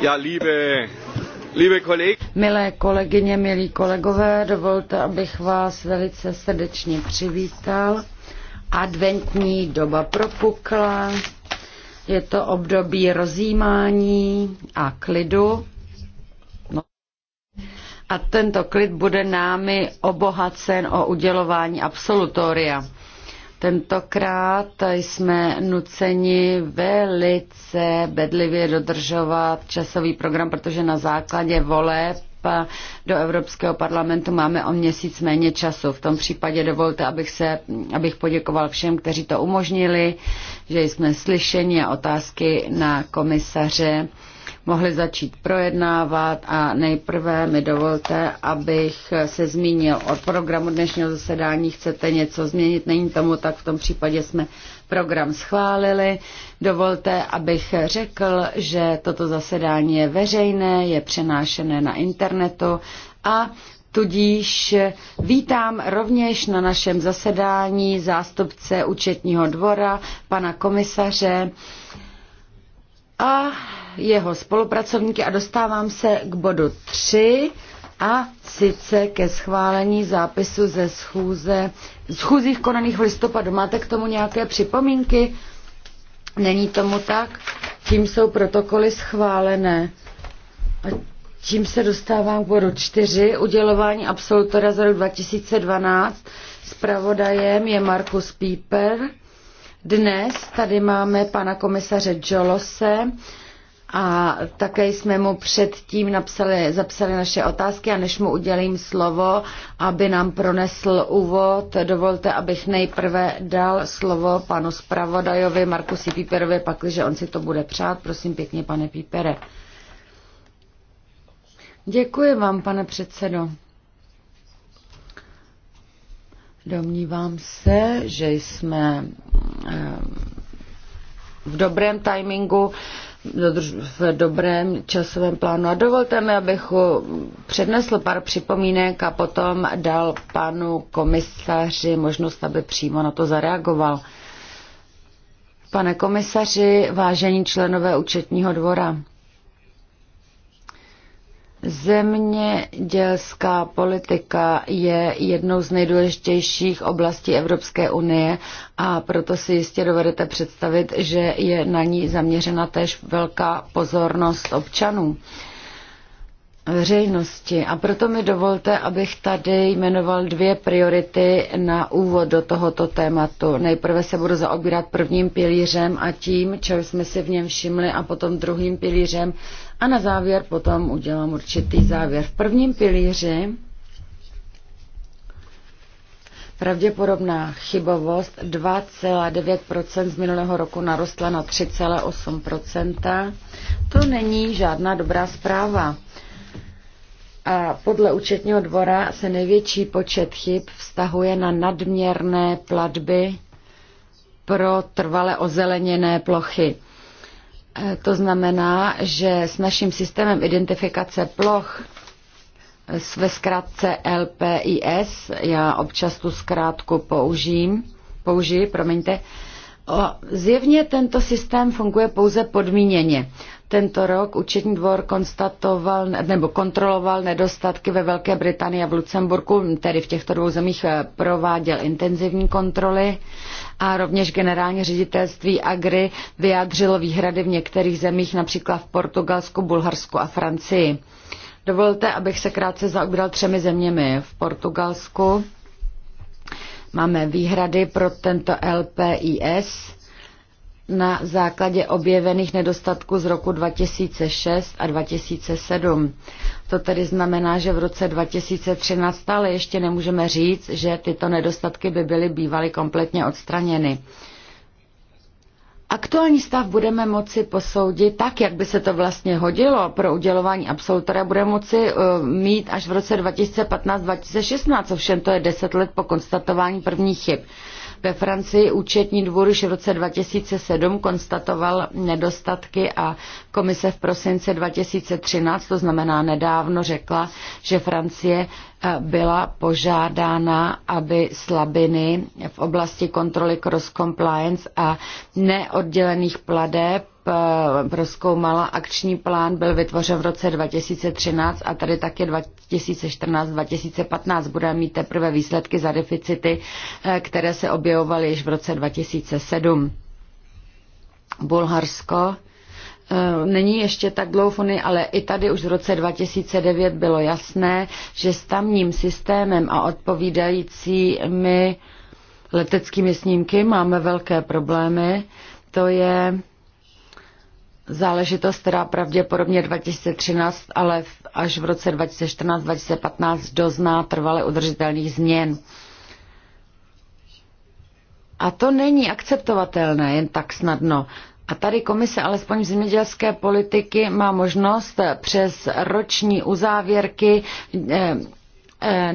Já, líbe, líbe koleg... Milé kolegyně, milí kolegové, dovolte, abych vás velice srdečně přivítal. Adventní doba propukla, je to období rozjímání a klidu. No. A tento klid bude námi obohacen o udělování absolutoria. Tentokrát jsme nuceni velice bedlivě dodržovat časový program, protože na základě voleb do Evropského parlamentu máme o měsíc méně času. V tom případě dovolte, abych, se, abych poděkoval všem, kteří to umožnili, že jsme slyšeni a otázky na komisaře mohli začít projednávat a nejprve mi dovolte, abych se zmínil o programu dnešního zasedání. Chcete něco změnit? Není tomu tak, v tom případě jsme program schválili. Dovolte, abych řekl, že toto zasedání je veřejné, je přenášené na internetu a Tudíž vítám rovněž na našem zasedání zástupce účetního dvora, pana komisaře a jeho spolupracovníky a dostávám se k bodu 3 a sice ke schválení zápisu ze schůze, schůzích konaných v listopadu. Máte k tomu nějaké připomínky? Není tomu tak? Tím jsou protokoly schválené. A tím se dostávám k bodu 4, udělování absolutora za rok 2012. Spravodajem je Markus Pieper. Dnes tady máme pana komisaře Jolose a také jsme mu předtím napsali, zapsali naše otázky a než mu udělím slovo, aby nám pronesl úvod, dovolte, abych nejprve dal slovo panu zpravodajovi Markusi Píperovi, pakliže on si to bude přát. Prosím pěkně, pane Pípere. Děkuji vám, pane předsedo. Domnívám se, že jsme eh, v dobrém timingu, v dobrém časovém plánu. A dovolte mi, abych přednesl pár připomínek a potom dal panu komisaři možnost, aby přímo na to zareagoval. Pane komisaři, vážení členové účetního dvora, Zemědělská politika je jednou z nejdůležitějších oblastí Evropské unie a proto si jistě dovedete představit, že je na ní zaměřena též velká pozornost občanů veřejnosti. A proto mi dovolte, abych tady jmenoval dvě priority na úvod do tohoto tématu. Nejprve se budu zaobírat prvním pilířem a tím, čeho jsme si v něm všimli, a potom druhým pilířem. A na závěr potom udělám určitý závěr. V prvním pilíři pravděpodobná chybovost 2,9% z minulého roku narostla na 3,8%. To není žádná dobrá zpráva a podle účetního dvora se největší počet chyb vztahuje na nadměrné platby pro trvale ozeleněné plochy. E, to znamená, že s naším systémem identifikace ploch e, ve zkratce LPIS, já občas tu zkrátku použím, použiji, promiňte, o, zjevně tento systém funguje pouze podmíněně. Tento rok účetní dvor konstatoval nebo kontroloval nedostatky ve Velké Británii a v Lucemburku, tedy v těchto dvou zemích eh, prováděl intenzivní kontroly a rovněž generální ředitelství Agri vyjádřilo výhrady v některých zemích, například v Portugalsku, Bulharsku a Francii. Dovolte, abych se krátce zaobral třemi zeměmi. V Portugalsku máme výhrady pro tento LPIS na základě objevených nedostatků z roku 2006 a 2007. To tedy znamená, že v roce 2013 stále ještě nemůžeme říct, že tyto nedostatky by byly bývaly kompletně odstraněny. Aktuální stav budeme moci posoudit tak, jak by se to vlastně hodilo pro udělování absolutora, budeme moci eh, mít až v roce 2015-2016, ovšem to je 10 let po konstatování prvních chyb. Ve Francii účetní dvůr už v roce 2007 konstatoval nedostatky a komise v prosince 2013, to znamená nedávno, řekla, že Francie eh, byla požádána, aby slabiny v oblasti kontroly cross-compliance a neoddělených pladeb Eh, proskoumala. Akční plán byl vytvořen v roce 2013 a tady taky 2014-2015 bude mít teprve výsledky za deficity, eh, které se objevovaly již v roce 2007. Bulharsko eh, není ještě tak dlouho ale i tady už v roce 2009 bylo jasné, že s tamním systémem a odpovídajícími leteckými snímky máme velké problémy. To je záležitost, která pravděpodobně 2013, ale až v roce 2014-2015 dozná trvale udržitelných změn. A to není akceptovatelné jen tak snadno. A tady komise alespoň v zemědělské politiky má možnost přes roční uzávěrky eh, eh,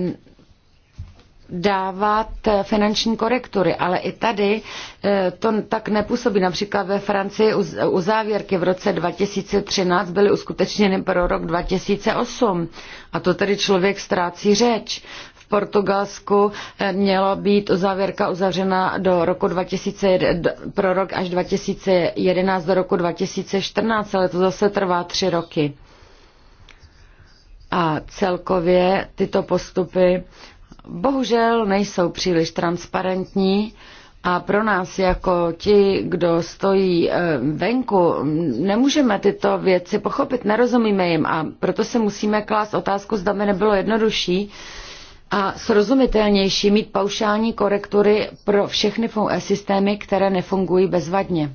dávat eh, finanční korektury, ale i tady eh, to tak nepůsobí. Například ve Francii u závěrky v roce 2013 byly uskutečněny pro rok 2008 a to tedy člověk ztrácí řeč. V Portugalsku eh, měla být závěrka uzavřena do roku 2011, pro rok až 2011 do roku 2014, ale to zase trvá tři roky. A celkově tyto postupy bohužel nejsou příliš transparentní a pro nás jako ti, kdo stojí eh, venku, nemůžeme tyto věci pochopit, nerozumíme jim a proto se musíme klást otázku, zda by nebylo jednodušší a srozumitelnější mít paušální korektury pro všechny eh, systémy, které nefungují bezvadně.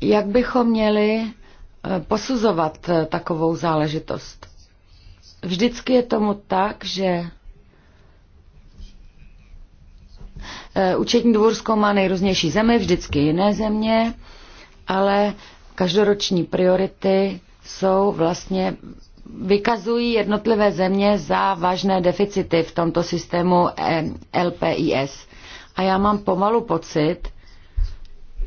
Jak bychom měli eh, posuzovat takovou záležitost? Vždycky je tomu tak, že e, Účetní dvůr má nejrůznější zemi, vždycky jiné země, ale každoroční priority jsou vlastně vykazují jednotlivé země za vážné deficity v tomto systému e, LPIS. A já mám pomalu pocit,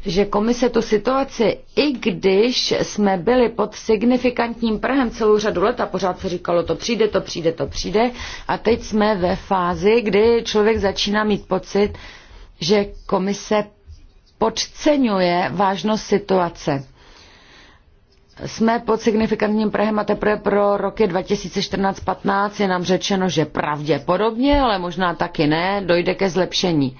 že komise tu situaci, i když jsme byli pod signifikantním prahem celou řadu let a pořád se říkalo, to přijde, to přijde, to přijde, a teď jsme ve fázi, kdy člověk začíná mít pocit, že komise podceňuje vážnost situace. Jsme pod signifikantním prahem a teprve pro roky 2014-15 je nám řečeno, že pravděpodobně, ale možná taky ne, dojde ke zlepšení.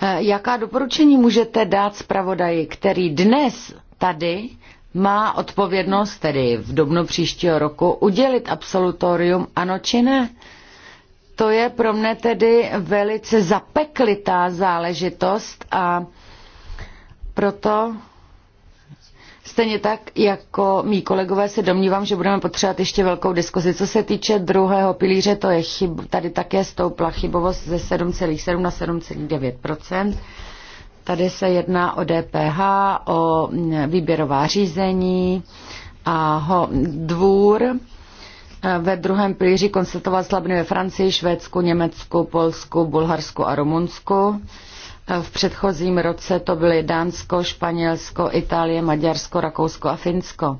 Eh, jaká doporučení můžete dát zpravodaji, který dnes tady má odpovědnost, tedy v dobnu příštího roku, udělit absolutorium, ano či ne? To je pro mne tedy velice zapeklitá záležitost a proto Stejně tak, jako mý kolegové se domnívám, že budeme potřebovat ještě velkou diskuzi. Co se týče druhého pilíře, to je chyb, tady také stoupla chybovost ze 7,7 na 7,9 Tady se jedná o DPH, o výběrová řízení a ho, dvůr ve druhém pilíři konstatoval slabiny ve Francii, Švédsku, Německu, Polsku, Bulharsku a Rumunsku. V předchozím roce to byly Dánsko, Španělsko, Itálie, Maďarsko, Rakousko a Finsko.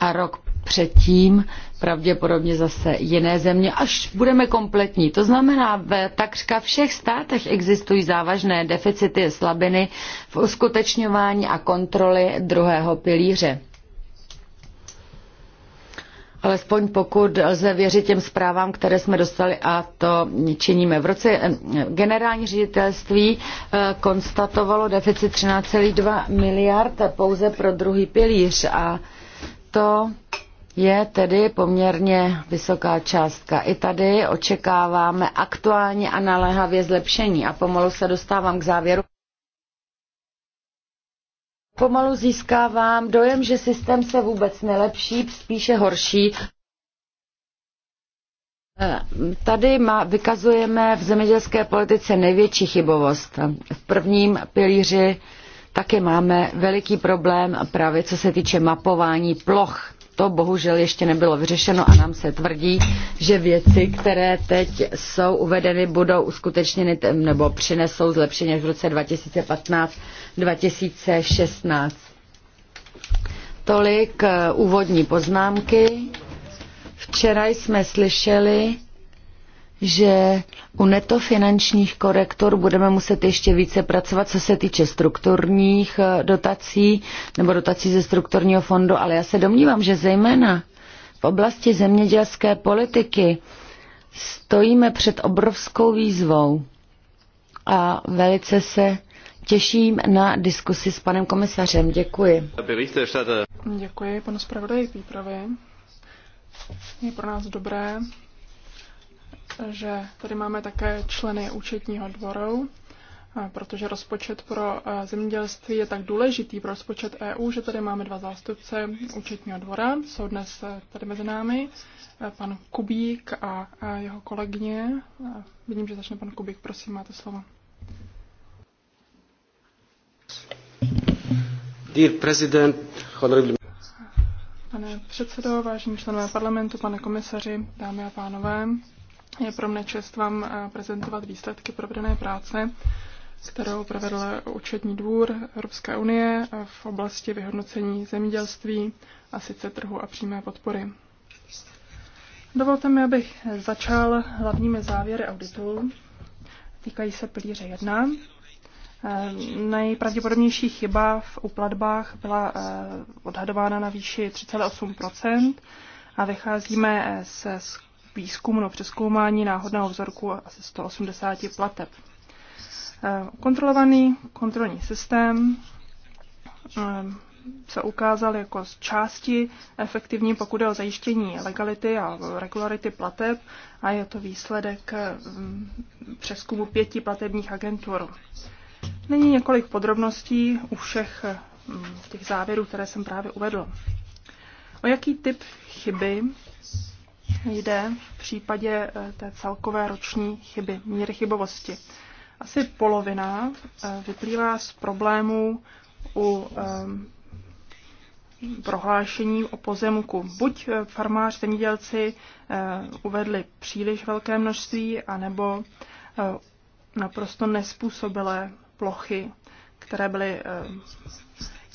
A rok předtím pravděpodobně zase jiné země, až budeme kompletní. To znamená, v takřka všech státech existují závažné deficity, slabiny v uskutečňování a kontroly druhého pilíře alespoň pokud lze věřit těm zprávám, které jsme dostali a to činíme. V roce eh, generální ředitelství eh, konstatovalo deficit 13,2 miliard pouze pro druhý pilíř a to je tedy poměrně vysoká částka. I tady očekáváme aktuálně a naléhavě zlepšení a pomalu se dostávám k závěru. Pomalu získávám dojem, že systém se vůbec nelepší, spíše horší. Tady má, vykazujeme v zemědělské politice největší chybovost. V prvním pilíři také máme veliký problém právě co se týče mapování ploch to bohužel ještě nebylo vyřešeno a nám se tvrdí, že věci, které teď jsou uvedeny, budou uskutečněny nebo přinesou zlepšení v roce 2015-2016. Tolik eh, úvodní poznámky. Včera jsme slyšeli že u netofinančních korektor budeme muset ještě více pracovat, co se týče strukturních eh, dotací nebo dotací ze strukturního fondu, ale já se domnívám, že zejména v oblasti zemědělské politiky stojíme před obrovskou výzvou a velice se těším na diskusi s panem komisařem. Děkuji. Děkuji panu zpravodaji Píprovi. Je pro nás dobré, že tady máme také členy účetního dvoru, protože rozpočet pro zemědělství je tak důležitý pro rozpočet EU, že tady máme dva zástupce účetního dvora, jsou dnes tady mezi námi, pan Kubík a jeho kolegyně. Vidím, že začne pan Kubík, prosím, máte slovo. Dear President, honorable... Pane předsedo, vážení členové parlamentu, pane komisaři, dámy a pánové, je pro mne čest vám eh, prezentovat výsledky provedené práce, kterou provedl Účetní dvůr Evropské unie v oblasti vyhodnocení zemědělství a sice trhu a přímé podpory. Dovolte mi, abych začal hlavními závěry auditu. Týkají se pilíře 1. Eh, nejpravděpodobnější chyba v uplatbách byla eh, odhadována na výši 3,8 a vycházíme se výzkumu na no, přeskoumání náhodného vzorku asi 180 plateb. Eh, kontrolovaný kontrolní systém eh, se ukázal jako z části efektivní, pokud je o zajištění legality a regularity plateb a je to výsledek eh, přeskumu pěti platebních agentur. Není několik podrobností u všech těch závěrů, které jsem právě uvedl. O jaký typ chyby jde v případě eh, té celkové roční chyby, míry chybovosti. Asi polovina eh, vyplývá z problémů u eh, prohlášení o pozemku. Buď farmář, zemědělci uvedli příliš velké množství, anebo naprosto nespůsobilé plochy, které byly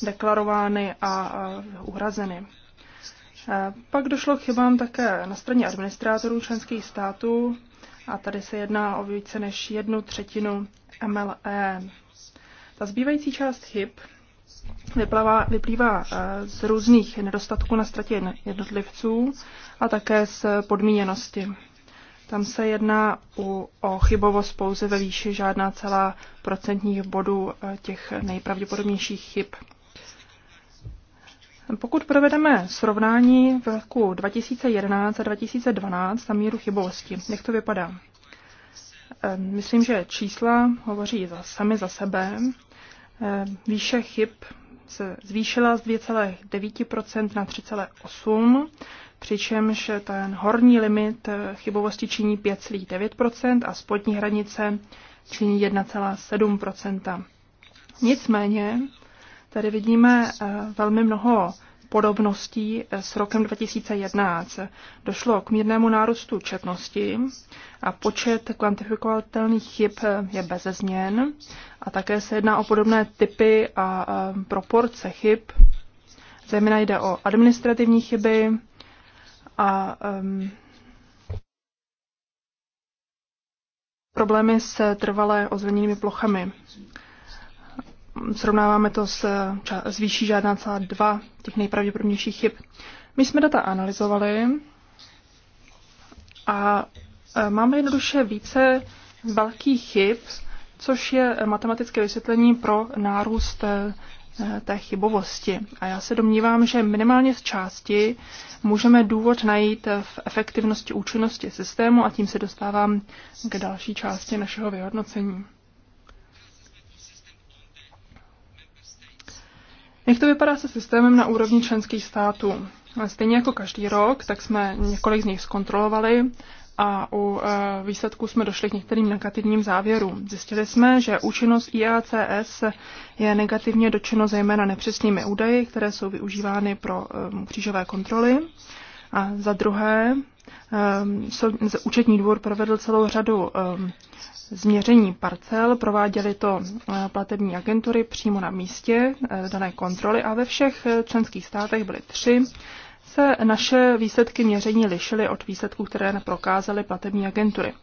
deklarovány a uhrazeny. Pak došlo k chybám také na straně administrátorů členských států a tady se jedná o více než jednu třetinu MLE. Ta zbývající část chyb vyplavá, vyplývá eh, z různých nedostatků na straně jednotlivců a také z podmíněnosti. Tam se jedná u, o chybovost pouze ve výši žádná celá procentních bodů eh, těch nejpravděpodobnějších chyb. Pokud provedeme srovnání v roku 2011 a 2012 na míru chybovosti, jak to vypadá? Ehm, myslím, že čísla hovoří za sami za sebe. Ehm, výše chyb se zvýšila z 2,9% na 3,8%, přičemž ten horní limit chybovosti činí 5,9% a spodní hranice činí 1,7%. Nicméně Tady vidíme eh, velmi mnoho podobností eh, s rokem 2011. Došlo k mírnému nárůstu četnosti a počet kvantifikovatelných chyb eh, je bez změn a také se jedná o podobné typy a proporce chyb. Zejména jde o administrativní chyby a um, problémy s trvalé ozeleněnými plochami srovnáváme to s, s výší žádná celá dva těch nejpravděpodobnějších chyb. My jsme data analyzovali a e, máme jednoduše více velkých chyb, což je matematické vysvětlení pro nárůst e, té chybovosti. A já se domnívám, že minimálně z části můžeme důvod najít v efektivnosti účinnosti systému a tím se dostávám k další části našeho vyhodnocení. Jak to vypadá se systémem na úrovni členských států? Stejně jako každý rok, tak jsme několik z nich zkontrolovali a u e, výsledků jsme došli k některým negativním závěrům. Zjistili jsme, že účinnost IACS je negativně dočeno zejména nepřesnými údaji, které jsou využívány pro e, křížové kontroly. A za druhé, e, účetní dvůr provedl celou řadu změření parcel, prováděly to eh, platební agentury přímo na místě eh, dané kontroly a ve všech eh, členských státech byly tři se naše výsledky měření lišily od výsledků, které prokázaly platební agentury.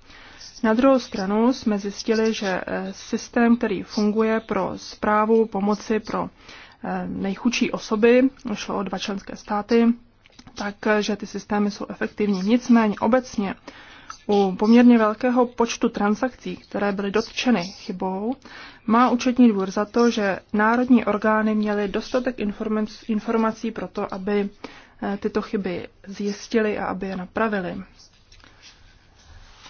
Na druhou stranu jsme zjistili, že systém, který funguje pro zprávu pomoci pro nejchudší osoby, šlo o dva členské státy, takže ty systémy jsou efektivní. Nicméně obecně u poměrně velkého počtu transakcí, které byly dotčeny chybou, má účetní dvůr za to, že národní orgány měly dostatek informací pro to, aby eh, tyto chyby zjistili a aby je napravili.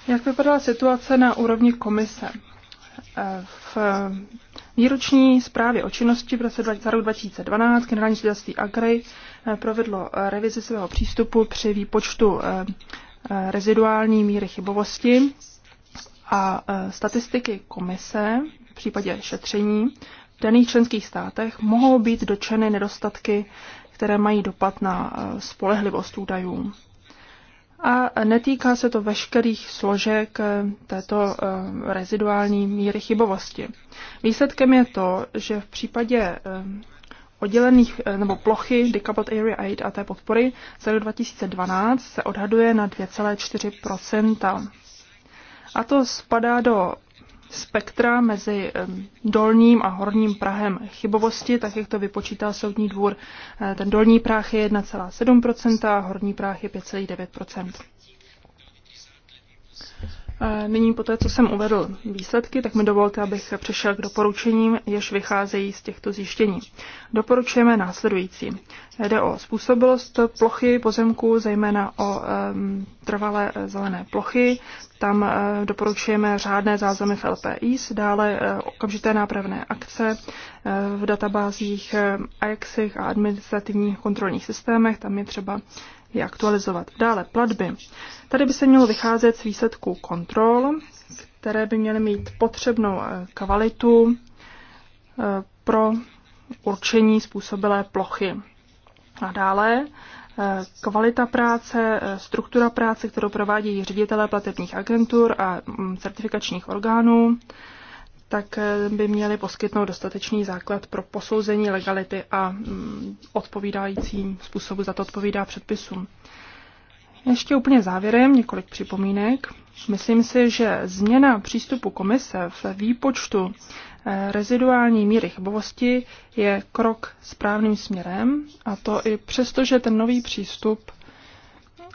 Jak vypadala situace na úrovni komise? Eh, v výroční zprávě o činnosti v roce za rok 2012 generální ředitelství Agri eh, provedlo revizi svého přístupu při výpočtu Eh, reziduální míry chybovosti a eh, statistiky komise v případě šetření v daných členských státech mohou být dočeny nedostatky, které mají dopad na eh, spolehlivost údajů. A netýká se to veškerých složek této reziduální míry chybovosti. Výsledkem je to, že v případě oddělených eh, nebo plochy Decoupled Area Aid a té podpory za rok 2012 se odhaduje na 2,4 A to spadá do spektra mezi eh, dolním a horním prahem chybovosti, tak jak to vypočítá soudní dvůr. Eh, ten dolní práh je 1,7 a horní práh je 5,9 Nyní po té, co jsem uvedl výsledky, tak mi dovolte, abych přešel k doporučením, jež vycházejí z těchto zjištění. Doporučujeme následující. Jde o způsobilost plochy pozemku, zejména o um, trvalé eh, zelené plochy. Tam uh, doporučujeme řádné zázemy v LPIs, dále uh, okamžité nápravné akce uh, v databázích uh, AXech a administrativních kontrolních systémech. Tam je třeba je aktualizovat. Dále platby. Tady by se mělo vycházet z výsledků kontrol, které by měly mít potřebnou eh, kvalitu eh, pro určení způsobilé plochy. A dále eh, kvalita práce, struktura práce, kterou provádějí ředitelé platebních agentur a mm, certifikačních orgánů, tak eh, by měly poskytnout dostatečný základ pro posouzení legality a mm, odpovídajícím způsobu za to odpovídá předpisům. Ještě úplně závěrem několik připomínek. Myslím si, že změna přístupu komise v výpočtu eh, reziduální míry chybovosti je krok správným směrem a to i přesto, že ten nový přístup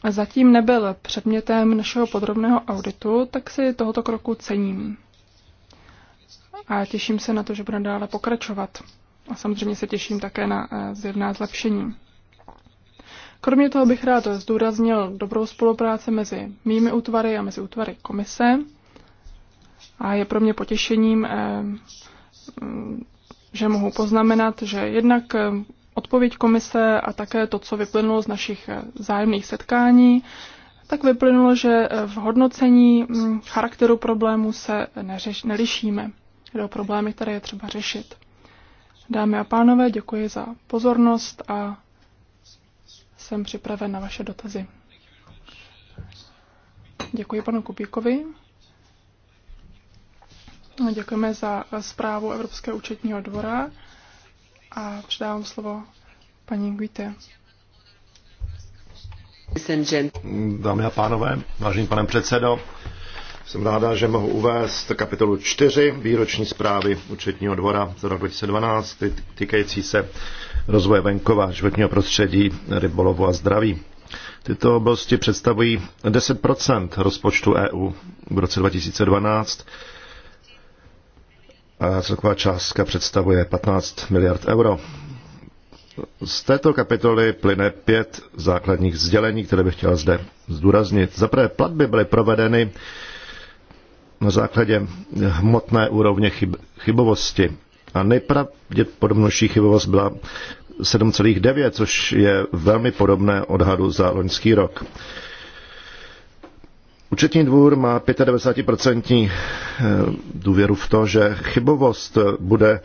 zatím nebyl předmětem našeho podrobného auditu, tak si tohoto kroku cením a těším se na to, že budeme dále pokračovat. A samozřejmě se těším také na eh, zjevná zlepšení. Kromě toho bych rád zdůraznil dobrou spolupráci mezi mými útvary a mezi útvary komise. A je pro mě potěšením, eh, mm, že mohu poznamenat, že jednak eh, odpověď komise a také to, co vyplynulo z našich zájemných setkání, tak vyplynulo, že v hodnocení mm, charakteru problému se neřeš, nelišíme. Jde o problémy, které je třeba řešit. Dámy a pánové, děkuji za pozornost a jsem připraven na vaše dotazy. Děkuji panu Kupíkovi. No, děkujeme za zprávu Evropského účetního dvora a předávám slovo paní Guite. Dámy a pánové, vážený pane předsedo, jsem ráda, že mohu uvést kapitolu 4 výroční zprávy účetního dvora za rok 2012 týkající se rozvoje venkova, životního prostředí, rybolovu a zdraví. Tyto oblasti představují 10 rozpočtu EU v roce 2012 a celková částka představuje 15 miliard euro. Z této kapitoly plyne pět základních sdělení, které bych chtěl zde zdůraznit. Za prvé platby byly provedeny na základě hmotné úrovně chyb, chybovosti. A nejpravděpodobnější chybovost byla 7,9, což je velmi podobné odhadu za loňský rok. Účetní dvůr má 95% eh, důvěru v to, že chybovost bude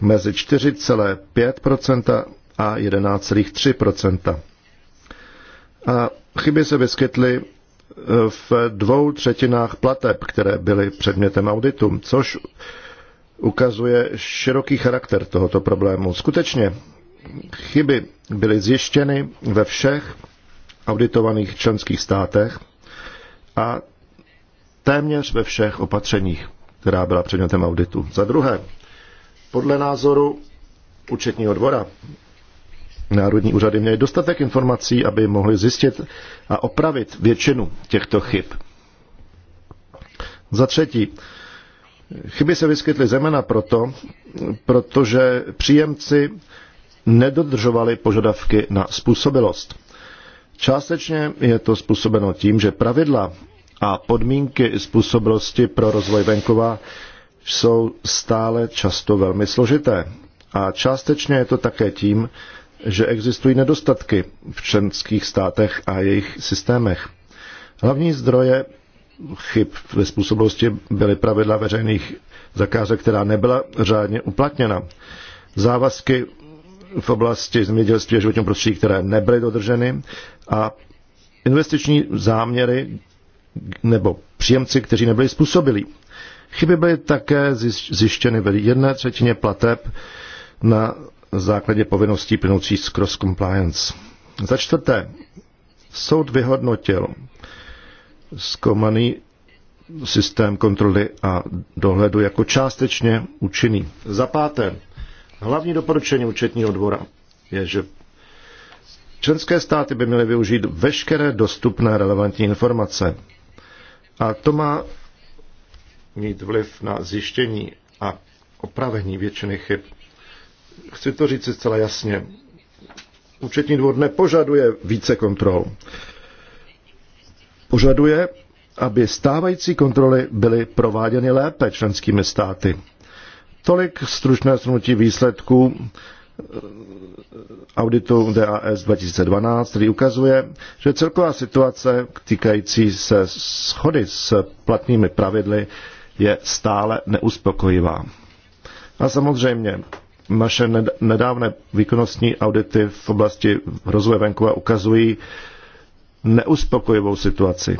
mezi 4,5% a 11,3%. A chyby se vyskytly v dvou třetinách plateb, které byly předmětem auditu, což ukazuje široký charakter tohoto problému. Skutečně chyby byly zjištěny ve všech auditovaných členských státech a téměř ve všech opatřeních, která byla předmětem auditu. Za druhé, podle názoru účetního dvora národní úřady měly dostatek informací, aby mohly zjistit a opravit většinu těchto chyb. Za třetí, chyby se vyskytly zemena proto, protože příjemci nedodržovali požadavky na způsobilost. Částečně je to způsobeno tím, že pravidla a podmínky způsobilosti pro rozvoj venkova jsou stále často velmi složité. A částečně je to také tím, že existují nedostatky v členských státech a jejich systémech. Hlavní zdroje chyb ve způsobilosti byly pravidla veřejných zakázek, která nebyla řádně uplatněna. Závazky v oblasti zemědělství a životního prostředí, které nebyly dodrženy a investiční záměry nebo příjemci, kteří nebyli způsobili. Chyby byly také zjištěny ve jedné třetině plateb na na základě povinností plynoucí z cross compliance. Za čtvrté, soud vyhodnotil zkoumaný systém kontroly a dohledu jako částečně účinný. Za páté, hlavní doporučení účetního dvora je, že členské státy by měly využít veškeré dostupné relevantní informace. A to má mít vliv na zjištění a opravení většiny chyb. Chci to říct zcela jasně. Účetní dvůr nepožaduje více kontrol. Požaduje, aby stávající kontroly byly prováděny lépe členskými státy. Tolik stručné shrnutí výsledků eh, auditu DAS 2012, který ukazuje, že celková situace týkající se schody s platnými pravidly je stále neuspokojivá. A samozřejmě naše nedávné výkonnostní audity v oblasti rozvoje venkova ukazují neuspokojivou situaci.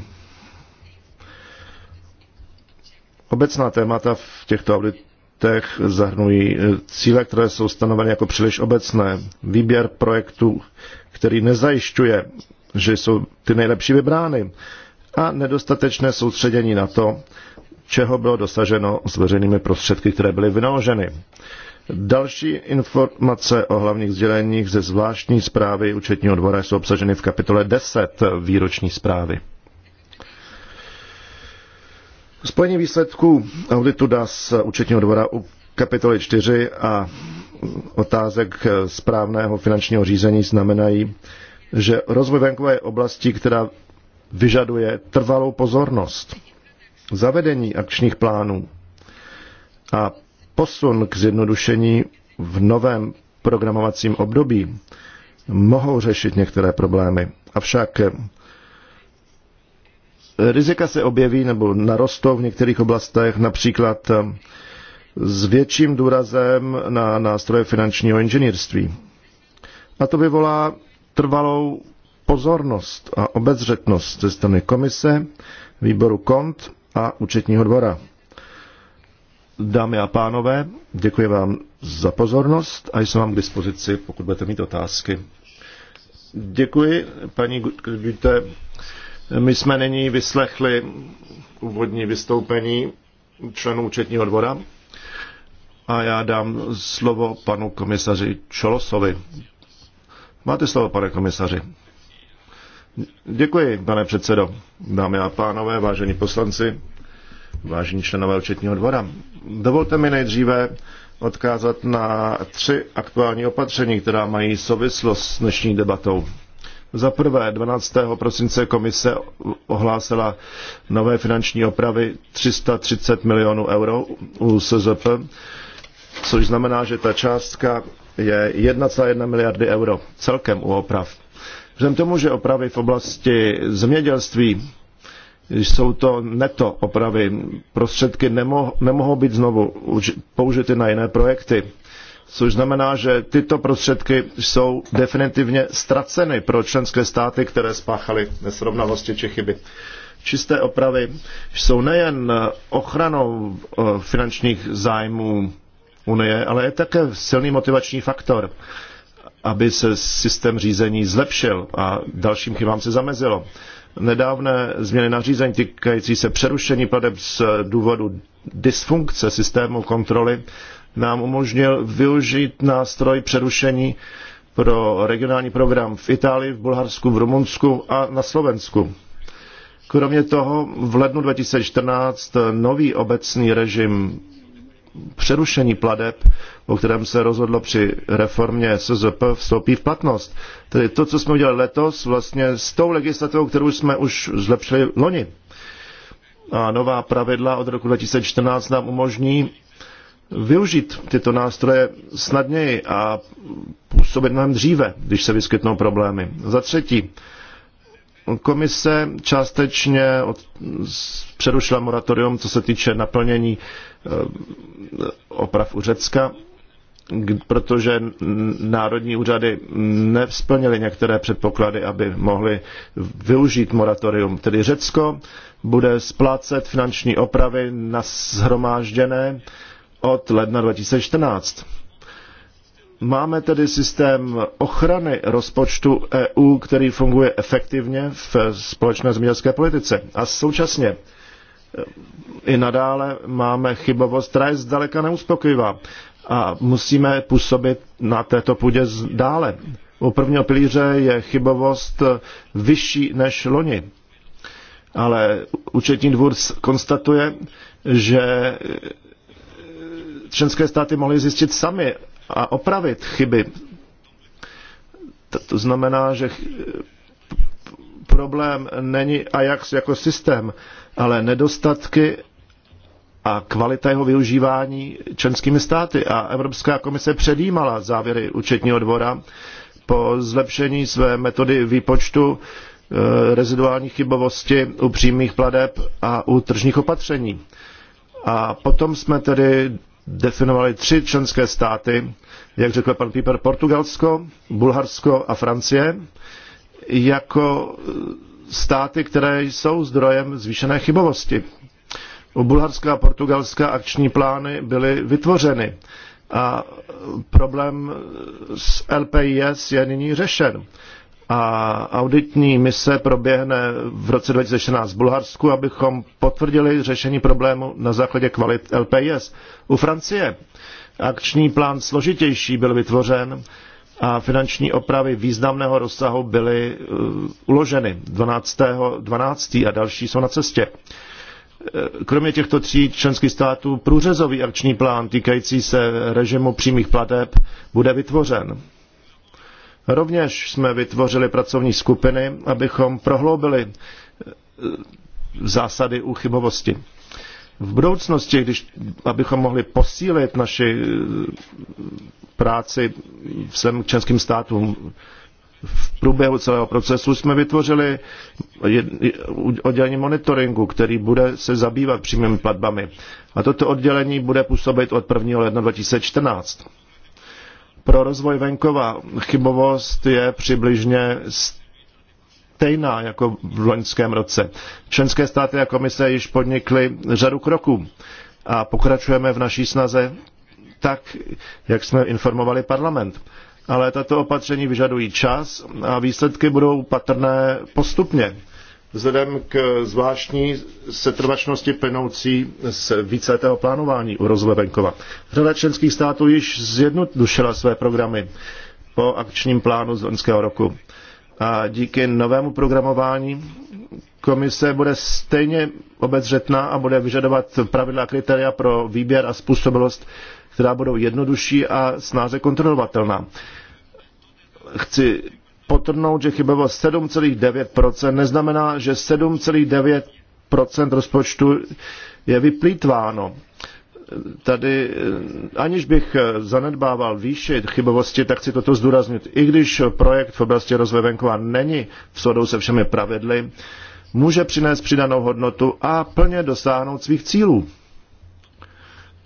Obecná témata v těchto auditech zahrnují eh, cíle, které jsou stanoveny jako příliš obecné, výběr projektů, který nezajišťuje, že jsou ty nejlepší vybrány, a nedostatečné soustředění na to, čeho bylo dosaženo s veřejnými prostředky, které byly vynaloženy. Další informace o hlavních sděleních ze zvláštní zprávy účetního dvora jsou obsaženy v kapitole 10 výroční zprávy. Spojení výsledků auditu DAS účetního dvora u kapitoly 4 a otázek správného finančního řízení znamenají, že rozvoj venkové oblasti, která vyžaduje trvalou pozornost, zavedení akčních plánů a posun k zjednodušení v novém programovacím období mohou řešit některé problémy. Avšak eh, rizika se objeví nebo narostou v některých oblastech, například eh, s větším důrazem na nástroje finančního inženýrství. A to vyvolá trvalou pozornost a obezřetnost ze strany komise, výboru KONT a účetního dvora. Dámy a pánové, děkuji vám za pozornost a jsem vám k dispozici, pokud budete mít otázky. Děkuji, paní Gudite. My jsme nyní vyslechli úvodní vystoupení členů účetního dvora a já dám slovo panu komisaři Čolosovi. Máte slovo, pane komisaři. Děkuji, pane předsedo. Dámy a pánové, vážení poslanci, vážení členové účetního dvora. Dovolte mi nejdříve odkázat na tři aktuální opatření, která mají souvislost s dnešní debatou. Za prvé, 12. prosince komise ohlásila nové finanční opravy 330 milionů euro u SZP, což znamená, že ta částka je 1,1 miliardy euro celkem u oprav. Vzhledem tomu, že opravy v oblasti zemědělství jsou to neto opravy. Prostředky nemoh- nemohou být znovu použity na jiné projekty, což znamená, že tyto prostředky jsou definitivně ztraceny pro členské státy, které spáchaly nesrovnalosti či chyby. Čisté opravy jsou nejen ochranou eh, finančních zájmů Unie, ale je také silný motivační faktor, aby se systém řízení zlepšil a dalším chybám se zamezilo nedávné změny nařízení týkající se přerušení plateb z důvodu dysfunkce systému kontroly nám umožnil využít nástroj přerušení pro regionální program v Itálii, v Bulharsku, v Rumunsku a na Slovensku. Kromě toho v lednu 2014 nový obecný režim přerušení pladeb, o kterém se rozhodlo při reformě SZP, vstoupí v platnost. Tedy to, co jsme udělali letos, vlastně s tou legislativou, kterou jsme už zlepšili loni. A nová pravidla od roku 2014 nám umožní využít tyto nástroje snadněji a působit mnohem dříve, když se vyskytnou problémy. Za třetí, komise částečně od, přerušila moratorium, co se týče naplnění Eh, oprav u Řecka, protože národní úřady nevzplnily některé předpoklady, aby mohly využít moratorium. Tedy Řecko bude splácet finanční opravy na zhromážděné od ledna 2014. Máme tedy systém ochrany rozpočtu EU, který funguje efektivně v společné zemědělské politice. A současně i nadále máme chybovost, která je zdaleka neuspokojivá a musíme působit na této půdě dále. U prvního pilíře je chybovost vyšší než loni. Ale účetní dvůr konstatuje, že členské státy mohly zjistit sami a opravit chyby. To znamená, že problém není Ajax jako systém, ale nedostatky a kvalita jeho využívání členskými státy. A Evropská komise předjímala závěry účetního dvora po zlepšení své metody výpočtu eh, reziduální chybovosti u přímých pladeb a u tržních opatření. A potom jsme tedy definovali tři členské státy, jak řekl pan Píper, Portugalsko, Bulharsko a Francie, jako státy, které jsou zdrojem zvýšené chybovosti. U Bulharska a Portugalska akční plány byly vytvořeny a problém s LPIS je nyní řešen. A auditní mise proběhne v roce 2016 v Bulharsku, abychom potvrdili řešení problému na základě kvalit LPIS. U Francie akční plán složitější byl vytvořen a finanční opravy významného rozsahu byly e, uloženy 12. 12. a další jsou na cestě. E, kromě těchto tří členských států průřezový akční plán týkající se režimu přímých plateb bude vytvořen. Rovněž jsme vytvořili pracovní skupiny, abychom prohloubili e, zásady uchybovosti. V budoucnosti, když, abychom mohli posílit naši práci všem členským státům. V průběhu celého procesu jsme vytvořili oddělení monitoringu, který bude se zabývat přímými platbami. A toto oddělení bude působit od 1. ledna 2014. Pro rozvoj venkova chybovost je přibližně stejná jako v loňském roce. Členské státy a komise již podnikly řadu kroků a pokračujeme v naší snaze tak, jak jsme informovali parlament. Ale tato opatření vyžadují čas a výsledky budou patrné postupně. Vzhledem k zvláštní setrvačnosti plynoucí z víceletého plánování u rozvoje venkova. Řada členských států již zjednodušila své programy po akčním plánu z loňského roku. A díky novému programování komise bude stejně obezřetná a bude vyžadovat pravidla kritéria pro výběr a způsobilost která budou jednodušší a snáze kontrolovatelná. Chci potrhnout, že chybovost 7,9% neznamená, že 7,9% rozpočtu je vyplýtváno. Tady, eh, aniž bych eh, zanedbával výši chybovosti, tak chci toto zdůraznit. I když projekt v oblasti rozvoje venkova není v sodu se všemi pravidly, může přinést přidanou hodnotu a plně dosáhnout svých cílů.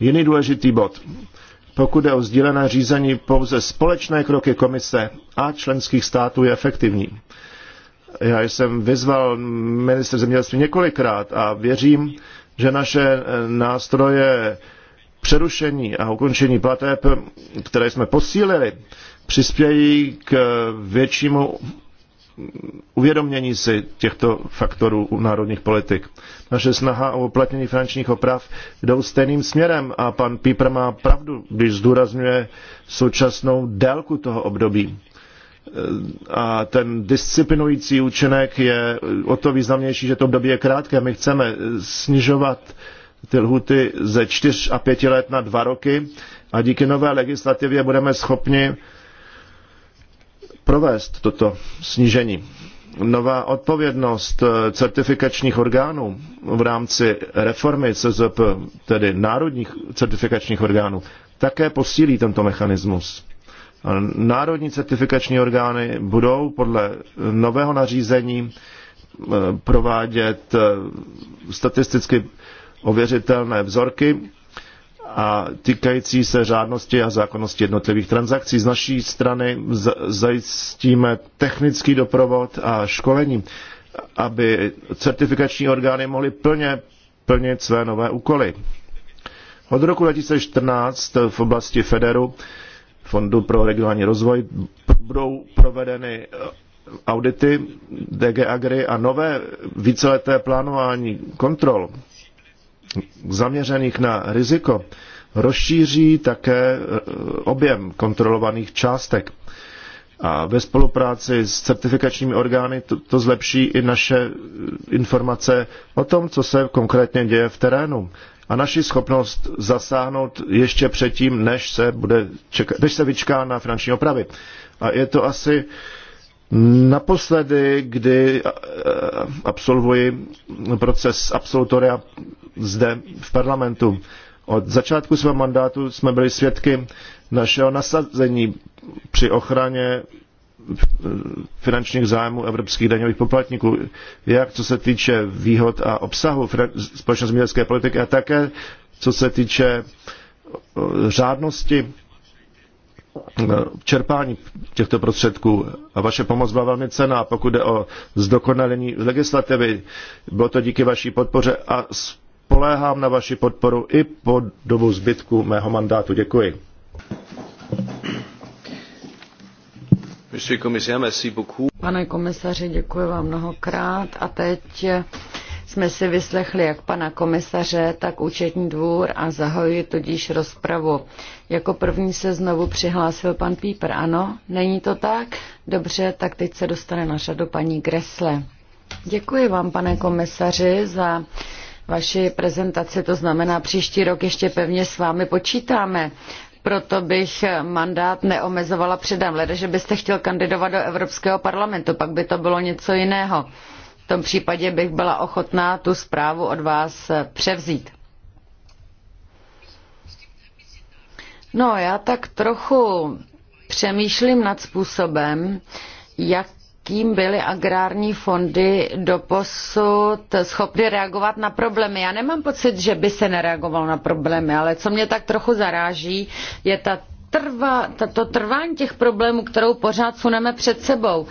Jiný důležitý bod. Pokud je o sdílené řízení, pouze společné kroky komise a členských států je efektivní. Já jsem vyzval minister zemědělství několikrát a věřím, že naše eh, nástroje přerušení a ukončení plateb, které jsme posílili, přispějí k eh, většímu uvědomění si těchto faktorů u národních politik. Naše snaha o uplatnění finančních oprav jdou stejným směrem a pan Píper má pravdu, když zdůrazňuje současnou délku toho období. A ten disciplinující účinek je o to významnější, že to období je krátké. My chceme snižovat ty lhuty ze 4 a 5 let na 2 roky a díky nové legislativě budeme schopni provést toto snížení. Nová odpovědnost eh, certifikačních orgánů v rámci reformy CZP, tedy národních certifikačních orgánů, také posílí tento mechanismus. Národní certifikační orgány budou podle nového nařízení eh, provádět eh, statisticky ověřitelné vzorky a týkající se řádnosti a zákonnosti jednotlivých transakcí. Z naší strany zajistíme technický doprovod a školení, aby certifikační orgány mohly plně plnit své nové úkoly. Od roku 2014 v oblasti Federu, Fondu pro regionální rozvoj, budou provedeny eh, audity DG Agri a nové víceleté plánování kontrol zaměřených na riziko rozšíří také e, objem kontrolovaných částek. A ve spolupráci s certifikačními orgány to, to zlepší i naše e, informace o tom, co se konkrétně děje v terénu. A naši schopnost zasáhnout ještě předtím, než se, bude čeka- než se vyčká na finanční opravy. A je to asi uh, Naposledy, kdy eh, absolvuji proces absolutoria zde v parlamentu, od začátku svého mandátu jsme byli svědky našeho nasazení při ochraně eh, finančních zájmů evropských daňových poplatníků, jak co se týče výhod a obsahu společné zemědělské politiky a také co se týče eh, řádnosti No, čerpání těchto prostředků a vaše pomoc byla velmi cená, pokud jde o zdokonalení legislativy. Bylo to díky vaší podpoře a spoléhám na vaši podporu i po dobu zbytku mého mandátu. Děkuji. Pane komisaři, děkuji vám mnohokrát a teď jsme si vyslechli jak pana komisaře, tak účetní dvůr a zahajuji tudíž rozpravu. Jako první se znovu přihlásil pan Píper. Ano, není to tak? Dobře, tak teď se dostane na řadu paní Gresle. Děkuji vám, pane komisaři, za vaši prezentaci. To znamená, příští rok ještě pevně s vámi počítáme proto bych mandát neomezovala předem. Lede, že byste chtěl kandidovat do Evropského parlamentu, pak by to bylo něco jiného tom případě bych byla ochotná tu zprávu od vás eh, převzít. No, já tak trochu přemýšlím nad způsobem, jakým byly agrární fondy doposud schopny reagovat na problémy. Já nemám pocit, že by se nereagoval na problémy, ale co mě tak trochu zaráží, je ta trva, to trvání těch problémů, kterou pořád suneme před sebou. Uh,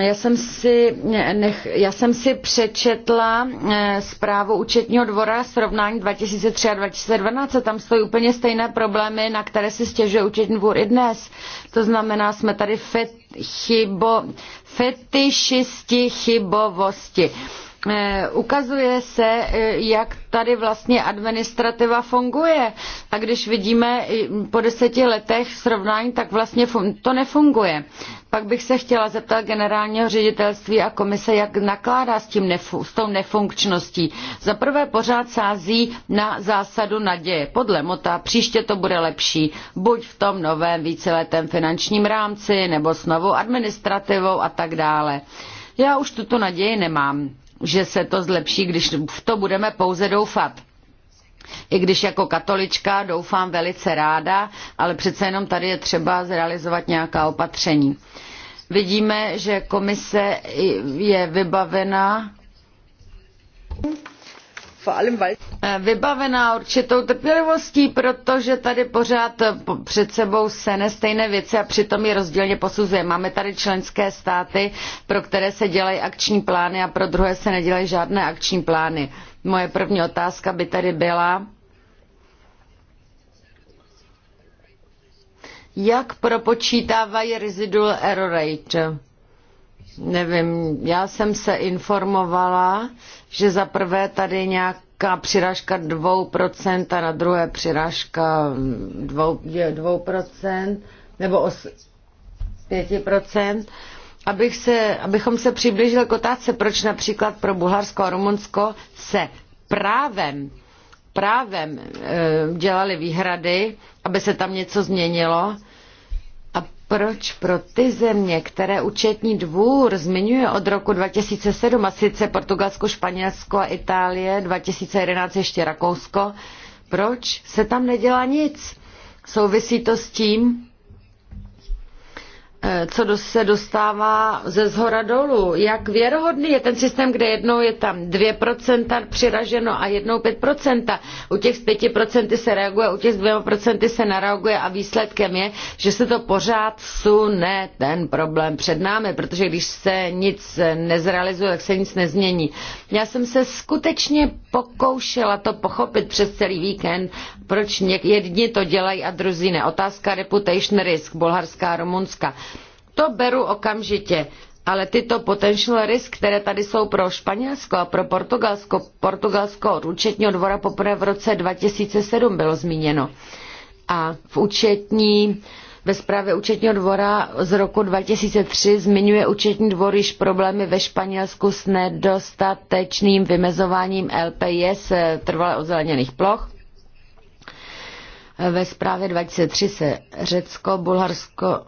já jsem, si, nech, já jsem si přečetla eh, zprávu účetního dvora srovnání 2003 a 2012 a tam stojí úplně stejné problémy, na které si stěžuje účetní dvůr i dnes. To znamená, jsme tady fet, chybo, fetišisti chybovosti. Eh, ukazuje se, eh, jak tady vlastně administrativa funguje. A když vidíme po deseti letech srovnání, tak vlastně to nefunguje. Pak bych se chtěla zeptat generálního ředitelství a komise, jak nakládá s, tím nefu- s tou nefunkčností. Za prvé pořád sází na zásadu naděje. Podle Mota příště to bude lepší, buď v tom novém víceletém finančním rámci, nebo s novou administrativou a tak dále. Já už tuto naději nemám, že se to zlepší, když v to budeme pouze doufat i když jako katolička doufám velice ráda, ale přece jenom tady je třeba zrealizovat nějaká opatření. Vidíme, že komise je vybavena Eh, vybavená určitou trpělivostí, protože tady pořád před sebou se stejné věci a přitom je rozdílně posuzuje. Máme tady členské státy, pro které se dělají akční plány a pro druhé se nedělají žádné akční plány. Moje první otázka by tady byla, jak propočítávají residual error rate? Nevím, já jsem se informovala, že za prvé tady nějaká přirážka 2% a na druhé přirážka 2%, procent nebo 8, 5%, abych se, abychom se přiblížili k otázce, proč například pro Bulharsko a Rumunsko se právem právem eh, dělali výhrady, aby se tam něco změnilo, proč pro ty země, které účetní dvůr zmiňuje od roku 2007, a sice Portugalsko, Španělsko a Itálie, 2011 ještě Rakousko, proč se tam nedělá nic? Souvisí to s tím, Eh, co se dostává ze zhora dolů. Jak věrohodný je ten systém, kde jednou je tam 2% přiraženo a jednou 5%. U těch z 5% se reaguje, u těch z 2% se nereaguje a výsledkem je, že se to pořád sune ten problém před námi, protože když se nic nezrealizuje, tak se nic nezmění. Já jsem se skutečně pokoušela to pochopit přes celý víkend, proč jedni to dělají a druzí ne. Otázka reputation risk, bulharská a rumunská. To beru okamžitě, ale tyto potential risk, které tady jsou pro Španělsko a pro Portugalsko, Portugalsko od účetního dvora poprvé v roce 2007 bylo zmíněno. A v účetní uh, ve zprávě účetního dvora z roku 2003 zmiňuje účetní dvor již problémy ve Španělsku s nedostatečným vymezováním LPS eh, trvale ozeleněných ploch. Eh, ve zprávě 2003 se Řecko, Bulharsko,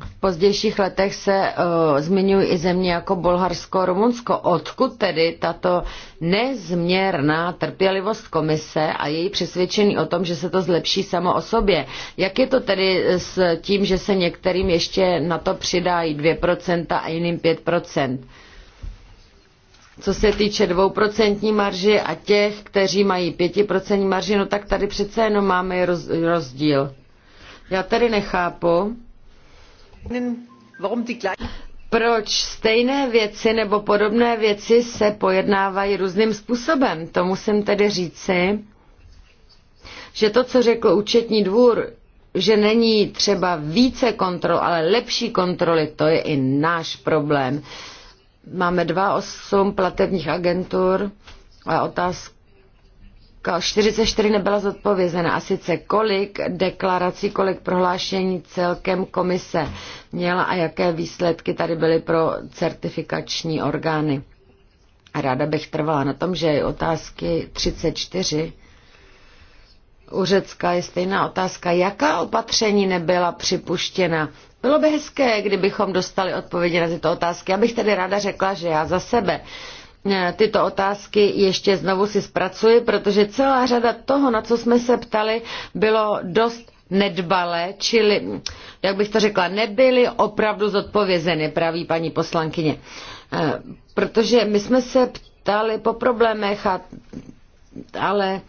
v pozdějších letech se uh, zmiňují i země jako Bulharsko, Rumunsko. Odkud tedy tato nezměrná trpělivost komise a její přesvědčení o tom, že se to zlepší samo o sobě? Jak je to tedy s tím, že se některým ještě na to přidají 2% a jiným 5%? Co se týče dvouprocentní marži a těch, kteří mají pětiprocentní marži, no tak tady přece jenom máme rozdíl. Já tedy nechápu, proč stejné věci nebo podobné věci se pojednávají různým způsobem? To musím tedy říci, že to, co řekl účetní dvůr, že není třeba více kontrol, ale lepší kontroly, to je i náš problém. Máme 2,8 platebních agentur a otázka, 44 nebyla zodpovězena. A sice kolik deklarací, kolik prohlášení celkem komise měla a jaké výsledky tady byly pro certifikační orgány. A Ráda bych trvala na tom, že otázky 34 u Řecka je stejná otázka, jaká opatření nebyla připuštěna. Bylo by hezké, kdybychom dostali odpovědi na tyto otázky. Já bych tedy ráda řekla, že já za sebe E, tyto otázky ještě znovu si zpracuji, protože celá řada toho, na co jsme se ptali, bylo dost nedbalé, čili, jak bych to řekla, nebyly opravdu zodpovězeny, praví paní poslankyně. E, protože my jsme se ptali po problémech, a, ale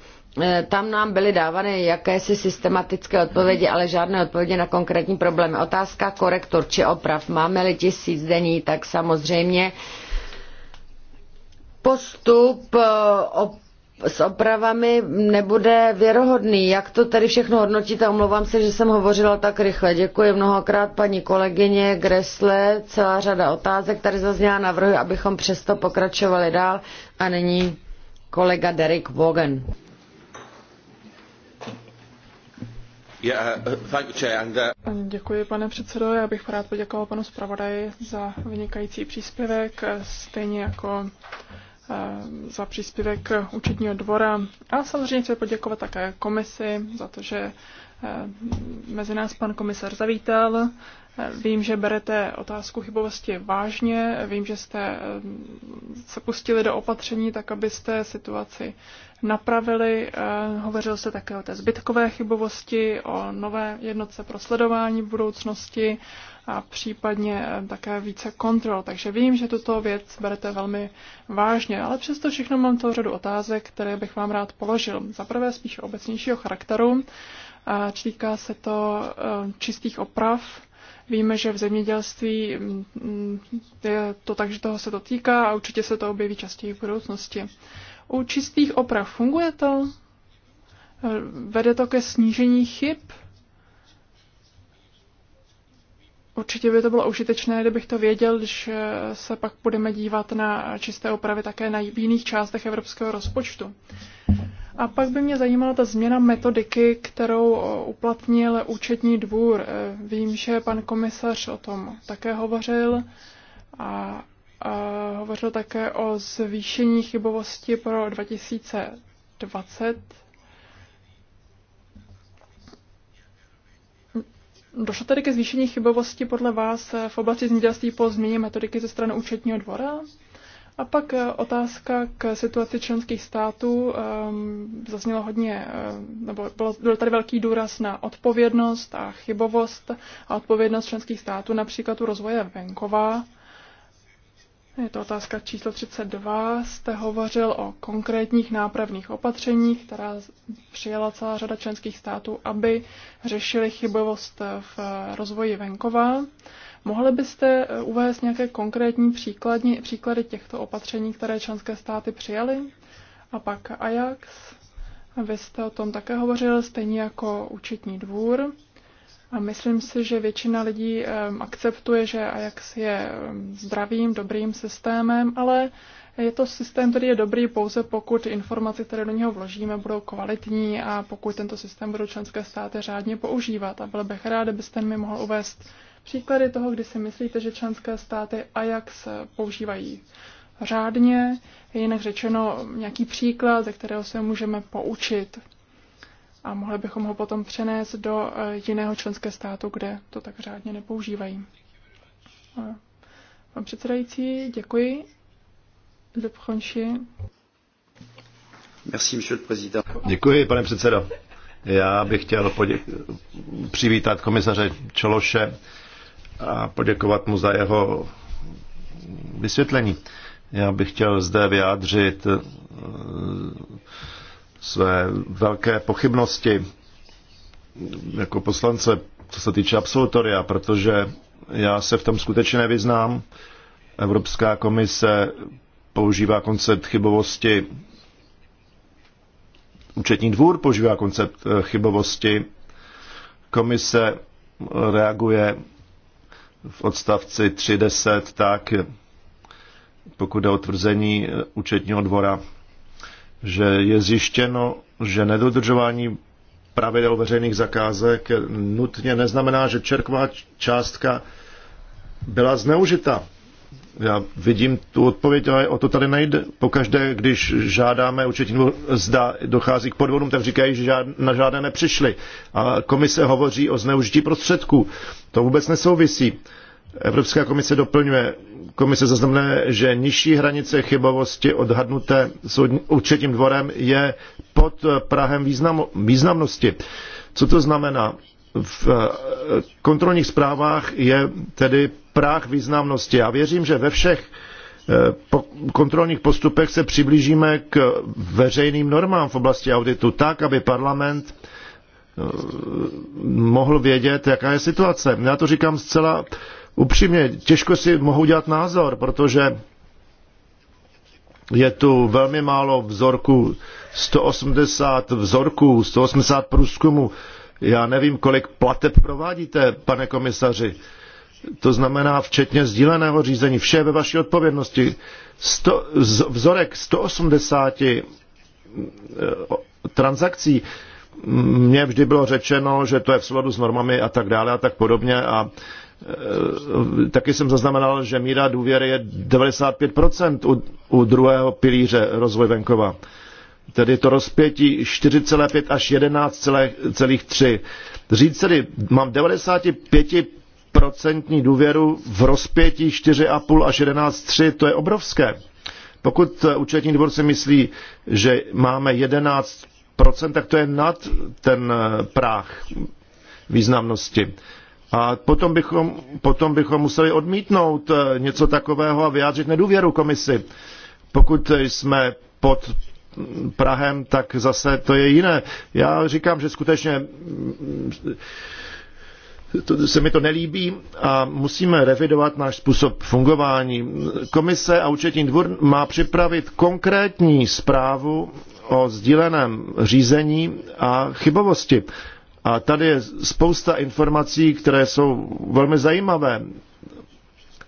e, tam nám byly dávány jakési systematické odpovědi, ale žádné odpovědi na konkrétní problémy. Otázka korektor či oprav. Máme-li tisíc denní, tak samozřejmě eh, postup eh, s opravami nebude věrohodný. Jak to tady všechno hodnotíte? Omlouvám se, že jsem hovořila tak rychle. Děkuji mnohokrát paní kolegyně Gresle. Celá řada otázek tady zazněla. Navrhuji, abychom přesto pokračovali dál. A nyní kolega Derek Wogen. Uh, uh, Děkuji, pane předsedo. Já bych rád poděkoval panu zpravodaji za vynikající příspěvek, stejně jako Eh, za příspěvek účetního dvora a samozřejmě chci poděkovat také komisi za to, že eh, mezi nás pan komisar zavítal. Vím, že berete otázku chybovosti vážně, vím, že jste eh, se pustili do opatření tak, abyste situaci napravili. Hovořil se také o té zbytkové chybovosti, o nové jednotce pro sledování budoucnosti, a případně eh, také více kontrol. Takže vím, že tuto věc berete velmi vážně, ale přesto všechno mám to řadu otázek, které bych vám rád položil. Za prvé spíš obecnějšího charakteru, a týká se to eh, čistých oprav. Víme, že v zemědělství mm, je to tak, že toho se to týká a určitě se to objeví častěji v budoucnosti. U čistých oprav funguje to? Eh, vede to ke snížení chyb? Určitě by to bylo užitečné, kdybych to věděl, když eh, se pak budeme dívat na čisté opravy také na jiných částech evropského rozpočtu. A pak by mě zajímala ta změna metodiky, kterou eh, uplatnil účetní dvůr. Eh, vím, že pan komisař o tom také hovořil a, a hovořil také o zvýšení chybovosti pro 2020 Došlo tedy ke zvýšení chybovosti podle vás v oblasti zemědělství po změně metodiky ze strany účetního dvora? A pak eh, otázka k situaci členských států. Ehm, zaznělo hodně, eh, nebo byl tady velký důraz na odpovědnost a chybovost a odpovědnost členských států, například u rozvoje venkova. Je to otázka číslo 32. Jste hovořil o konkrétních nápravných opatřeních, která přijala celá řada členských států, aby řešili chybovost v rozvoji venkova. Mohli byste eh, uvést nějaké konkrétní příklady, příklady těchto opatření, které členské státy přijaly? A pak Ajax. Vy jste o tom také hovořil, stejně jako účetní dvůr. A myslím si, že většina lidí ehm, akceptuje, že Ajax je ehm, zdravým, dobrým systémem, ale je to systém, který je dobrý pouze pokud informace, které do něho vložíme, budou kvalitní a pokud tento systém budou členské státy řádně používat. A byl bych rád, abyste mi mohl uvést příklady toho, kdy si myslíte, že členské státy Ajax používají řádně, jinak řečeno nějaký příklad, ze kterého se můžeme poučit a mohli bychom ho potom přenést do eh, jiného členské státu, kde to tak řádně nepoužívají. Pan předsedající, děkuji. Lepchonši. Merci, monsieur le président. Děkuji, pane předsedo. Já bych chtěl poděk- přivítat komisaře Čološe a poděkovat mu za jeho vysvětlení. Já bych chtěl zde vyjádřit eh, své velké pochybnosti jako poslance, co se týče absolutoria, protože já se v tom skutečně nevyznám. Evropská komise používá koncept chybovosti, účetní dvůr používá koncept eh, chybovosti, komise reaguje v odstavci 3.10 tak, pokud je o tvrzení eh, účetního dvora, že je zjištěno, že nedodržování pravidel veřejných zakázek nutně neznamená, že čerková částka byla zneužita. Já vidím tu odpověď, ale o to tady nejde. Pokaždé, když žádáme určitě zda dochází k podvodům, tak říkají, že žád, na žádné nepřišli. A komise hovoří o zneužití prostředků. To vůbec nesouvisí. Evropská komise doplňuje. Komise zaznamená, že nižší hranice chybovosti odhadnuté určitým dvorem je pod Prahem významnosti. Co to znamená? V eh, kontrolních zprávách je tedy práh významnosti. Já věřím, že ve všech eh, po kontrolních postupech se přiblížíme k veřejným normám v oblasti auditu tak, aby parlament eh, mohl vědět, jaká je situace. Já to říkám zcela upřímně těžko si mohu dělat názor, protože je tu velmi málo vzorků, 180 vzorků, 180 průzkumů. Já nevím, kolik plateb provádíte, pane komisaři. To znamená včetně sdíleného řízení. Vše je ve vaší odpovědnosti. Sto, vzorek 180 eh, transakcí. Mně vždy bylo řečeno, že to je v souladu s normami a tak dále a tak podobně a Eh, taky jsem zaznamenal, že míra důvěry je 95% u, u druhého pilíře rozvoj venkova. Tedy to rozpětí 4,5 až 11,3. Říct tedy, mám 95% důvěru v rozpětí 4,5 až 11,3, to je obrovské. Pokud eh, účetní dvor si myslí, že máme 11%, tak to je nad ten eh, práh významnosti. A potom bychom, potom bychom museli odmítnout eh, něco takového a vyjádřit nedůvěru komisi. Pokud jsme pod Prahem, tak zase to je jiné. Já říkám, že skutečně mm, to, se mi to nelíbí a musíme revidovat náš způsob fungování. Komise a účetní dvůr má připravit konkrétní zprávu o sdíleném řízení a chybovosti. A tady je spousta informací, které jsou velmi zajímavé.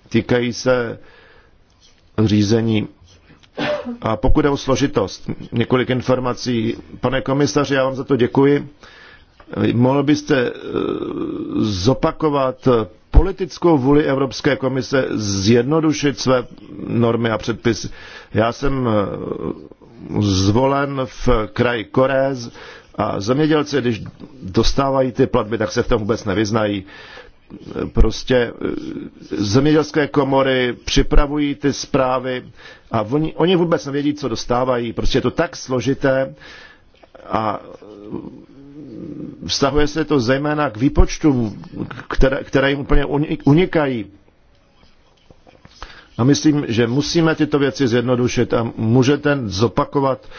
Týkají se řízení. A pokud je o složitost, několik informací. Pane komisaři, já vám za to děkuji. Mohl byste eh, zopakovat politickou vůli Evropské komise zjednodušit své normy a předpisy. Já jsem eh, zvolen v kraji Korez, a zemědělci, když dostávají ty platby, tak se v tom vůbec nevyznají. Prostě eh, zemědělské komory připravují ty zprávy a oni, oni vůbec nevědí, co dostávají. Prostě je to tak složité a eh, vztahuje se to zejména k výpočtům, které, které jim úplně unikají. A myslím, že musíme tyto věci zjednodušit a můžete zopakovat uh,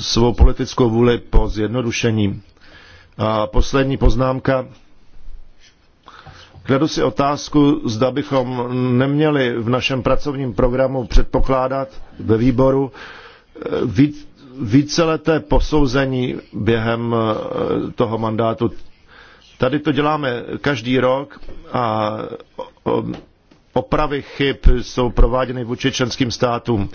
svou politickou vůli po zjednodušení. A poslední poznámka. Kladu si otázku, zda bychom neměli v našem pracovním programu předpokládat ve výboru eh, víceleté posouzení během eh, toho mandátu. Tady to děláme každý rok a eh, opravy chyb jsou prováděny vůči členským státům.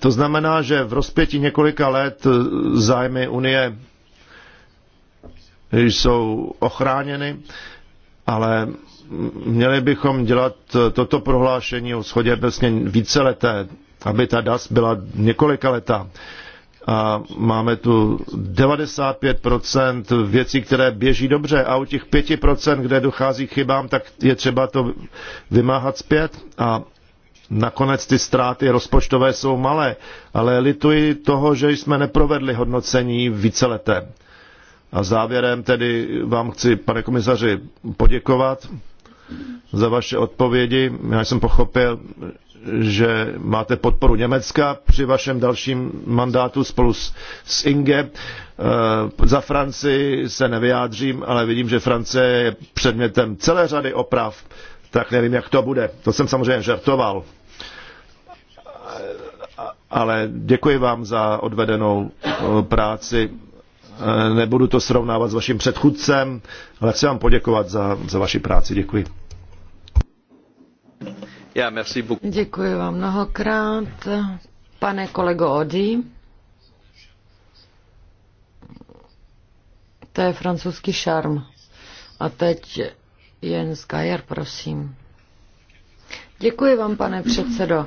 To znamená, že v rozpěti několika let eh, zájmy Unie jsou ochráněny, ale měli bychom dělat eh, toto prohlášení o schodě vlastně leté, aby ta DAS byla několika leta. A máme tu 95% věcí, které běží dobře a u těch 5%, kde dochází k chybám, tak je třeba to vymáhat zpět a Nakonec ty ztráty rozpočtové jsou malé, ale lituji toho, že jsme neprovedli hodnocení víceleté. A závěrem tedy vám chci, pane komisaři, poděkovat za vaše odpovědi. Já jsem pochopil, že máte podporu Německa při vašem dalším mandátu spolu s, s Inge. E, za Francii se nevyjádřím, ale vidím, že Francie je předmětem celé řady oprav, tak nevím, jak to bude. To jsem samozřejmě žartoval ale děkuji vám za odvedenou eh, práci. Eh, nebudu to srovnávat s vaším předchůdcem, ale chci vám poděkovat za, za vaši práci. Děkuji. Děkuji vám mnohokrát. Pane kolego Odi, to je francouzský šarm. A teď Jens Skajer, prosím. Děkuji vám, pane předsedo.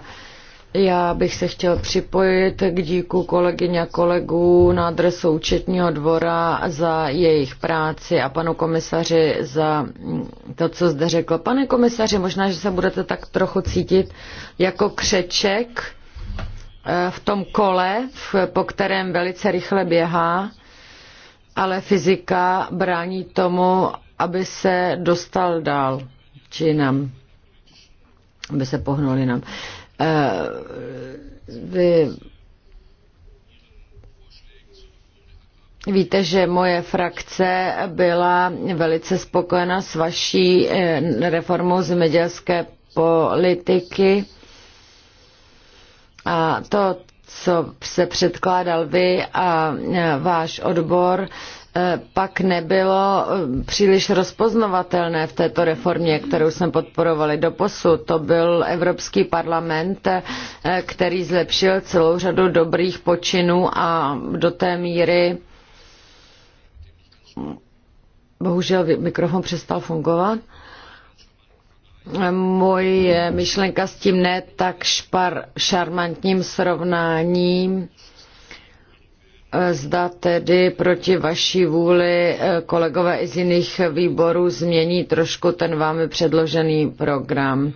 Já bych se chtěl připojit k díku kolegyně a kolegů na adresu účetního dvora za jejich práci a panu komisaři za mm, to, co zde řekl. Pane komisaři, možná, že se budete tak trochu cítit jako křeček eh, v tom kole, po kterém velice rychle běhá, ale fyzika brání tomu, aby se dostal dál, či nám, aby se pohnul jinam. Vy Víte, že moje frakce byla velice spokojena s vaší eh, reformou zemědělské politiky a to, co se předkládal vy a eh, váš odbor, Eh, pak nebylo eh, příliš rozpoznovatelné v této reformě, kterou jsem podporovali do posud. To byl Evropský parlament, eh, který zlepšil celou řadu dobrých počinů a do té míry bohužel mikrofon přestal fungovat. Moje myšlenka s tím ne tak špar, šarmantním srovnáním Zda tedy proti vaší vůli eh, kolegové i z jiných výborů změní trošku ten vámi předložený program.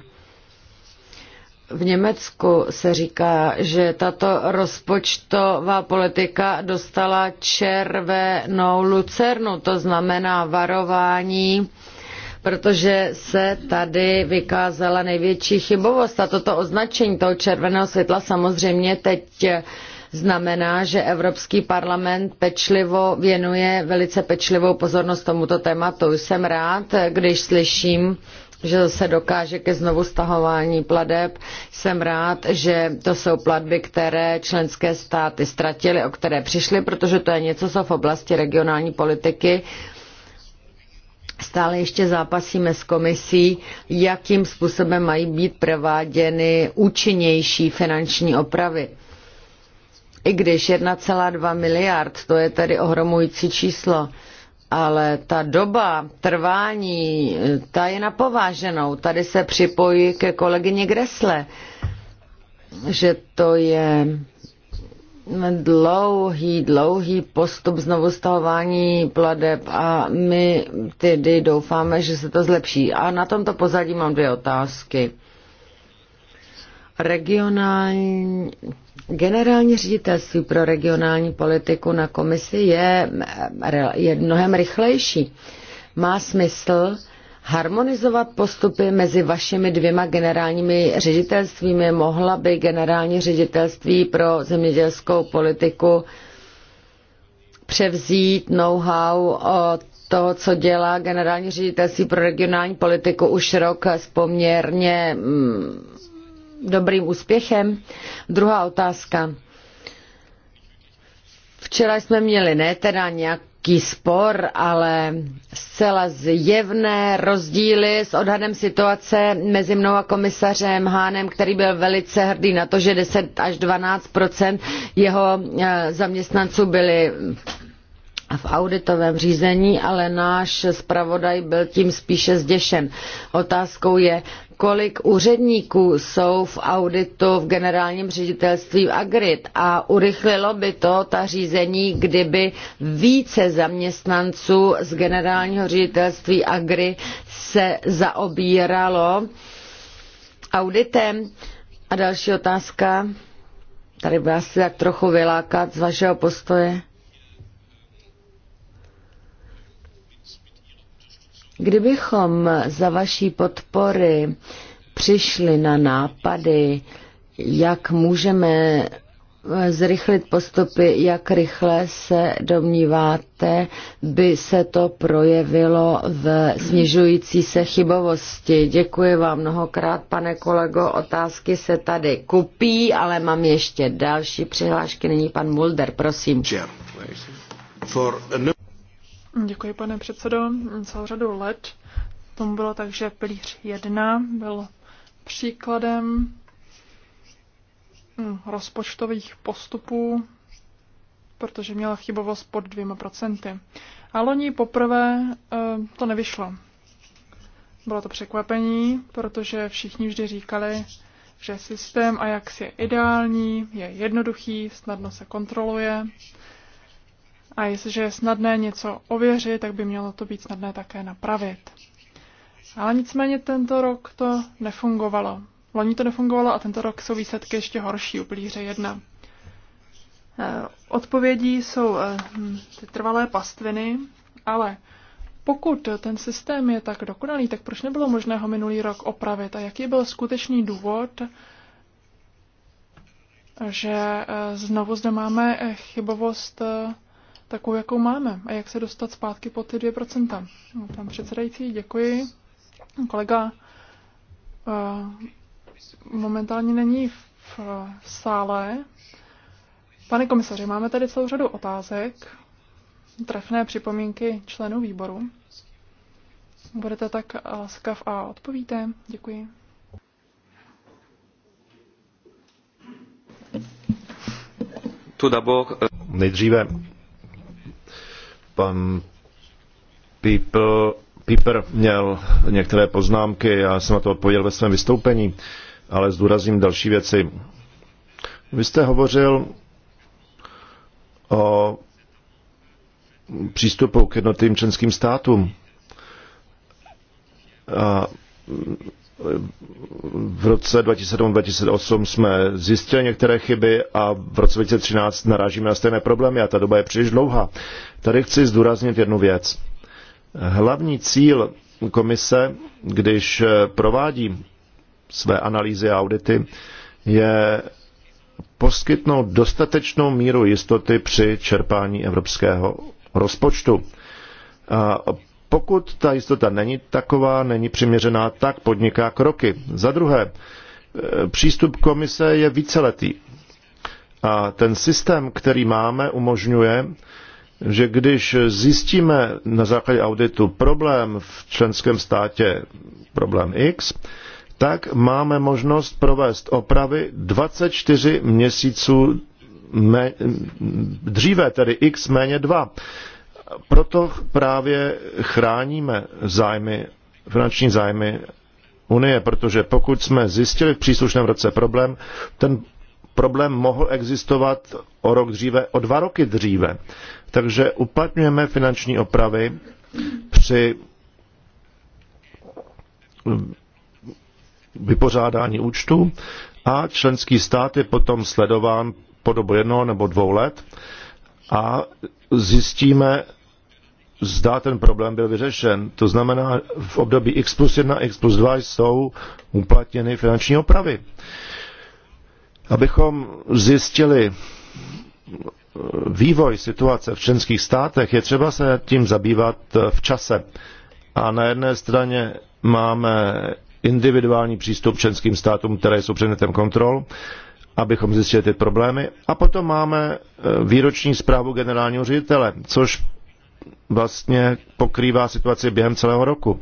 V Německu se říká, že tato rozpočtová politika dostala červenou lucernu, to znamená varování, protože se tady vykázala největší chybovost a toto označení toho červeného světla samozřejmě teď znamená, že Evropský parlament pečlivo věnuje velice pečlivou pozornost tomuto tématu. Jsem rád, když slyším, že se dokáže ke znovu stahování pladeb. Jsem rád, že to jsou platby, které členské státy ztratily, o které přišly, protože to je něco, co v oblasti regionální politiky stále ještě zápasíme s komisí, jakým způsobem mají být prováděny účinnější finanční opravy i když 1,2 miliard, to je tedy ohromující číslo, ale ta doba trvání, ta je napováženou. Tady se připojí ke kolegyni Gresle, že to je dlouhý, dlouhý postup znovu stahování pladeb a my tedy doufáme, že se to zlepší. A na tomto pozadí mám dvě otázky. Regionální Generální ředitelství pro regionální politiku na komisi je, je mnohem rychlejší. Má smysl harmonizovat postupy mezi vašimi dvěma generálními ředitelstvími. Mohla by generální ředitelství pro zemědělskou politiku převzít know-how od toho, co dělá generální ředitelství pro regionální politiku už rok s poměrně mm, dobrým úspěchem? Druhá otázka. Včera jsme měli ne teda nějaký spor, ale zcela zjevné rozdíly s odhadem situace mezi mnou a komisařem Hánem, který byl velice hrdý na to, že 10 až 12 jeho eh, zaměstnanců byli v auditovém řízení, ale náš zpravodaj byl tím spíše zděšen. Otázkou je, kolik úředníků jsou v auditu v generálním ředitelství Agrid a urychlilo by to ta řízení, kdyby více zaměstnanců z generálního ředitelství Agri se zaobíralo auditem. A další otázka, tady bych si tak trochu vylákat z vašeho postoje. Kdybychom za vaší podpory přišli na nápady, jak můžeme eh, zrychlit postupy, jak rychle se domníváte, by se to projevilo v snižující se chybovosti. Děkuji vám mnohokrát, pane kolego. Otázky se tady kupí, ale mám ještě další přihlášky. není pan Mulder, prosím. Děkuji, pane předsedo. Celou řadu let tomu bylo tak, že pilíř 1 byl příkladem mm, rozpočtových postupů, protože měla chybovost pod 2 procenty. A loni poprvé e, to nevyšlo. Bylo to překvapení, protože všichni vždy říkali, že systém a jak je ideální, je jednoduchý, snadno se kontroluje, a jestliže je snadné něco ověřit, tak by mělo to být snadné také napravit. Ale nicméně tento rok to nefungovalo. Loni to nefungovalo a tento rok jsou výsledky ještě horší u plíře 1. Eh, odpovědí jsou eh, hm, ty trvalé pastviny, ale pokud ten systém je tak dokonalý, tak proč nebylo možné ho minulý rok opravit? A jaký byl skutečný důvod, že eh, znovu zde máme chybovost takovou, jakou máme a jak se dostat zpátky po ty 2%. No, pan předsedající, děkuji. Kolega uh, momentálně není v, v sále. Pane komisaři, máme tady celou řadu otázek, trefné připomínky členů výboru. Budete tak laskav a odpovíte. Děkuji. Nejdříve Pan People, Piper měl některé poznámky, já jsem na to odpověděl ve svém vystoupení, ale zdůrazním další věci. Vy jste hovořil o přístupu k jednotlivým členským státům. A v roce 2007-2008 jsme zjistili některé chyby a v roce 2013 narážíme na stejné problémy a ta doba je příliš dlouhá. Tady chci zdůraznit jednu věc. Hlavní cíl komise, když provádí své analýzy a audity, je poskytnout dostatečnou míru jistoty při čerpání evropského rozpočtu. A pokud ta jistota není taková, není přiměřená, tak podniká kroky. Za druhé, e, přístup komise je víceletý. A ten systém, který máme, umožňuje, že když zjistíme na základě auditu problém v členském státě, problém X, tak máme možnost provést opravy 24 měsíců me- dříve, tedy X méně 2. Proto právě chráníme zájmy, finanční zájmy Unie, protože pokud jsme zjistili v příslušném roce problém, ten problém mohl existovat o rok dříve, o dva roky dříve. Takže uplatňujeme finanční opravy při vypořádání účtu a členský stát je potom sledován po dobu jednoho nebo dvou let a zjistíme, zda ten problém byl vyřešen. To znamená, v období x plus 1, x plus 2 jsou uplatněny finanční opravy. Abychom zjistili vývoj situace v členských státech, je třeba se tím zabývat eh, v čase. A na jedné straně máme individuální přístup členským státům, které jsou předmětem kontrol, abychom zjistili ty problémy. A potom máme eh, výroční zprávu generálního ředitele, což vlastně pokrývá situaci během celého roku.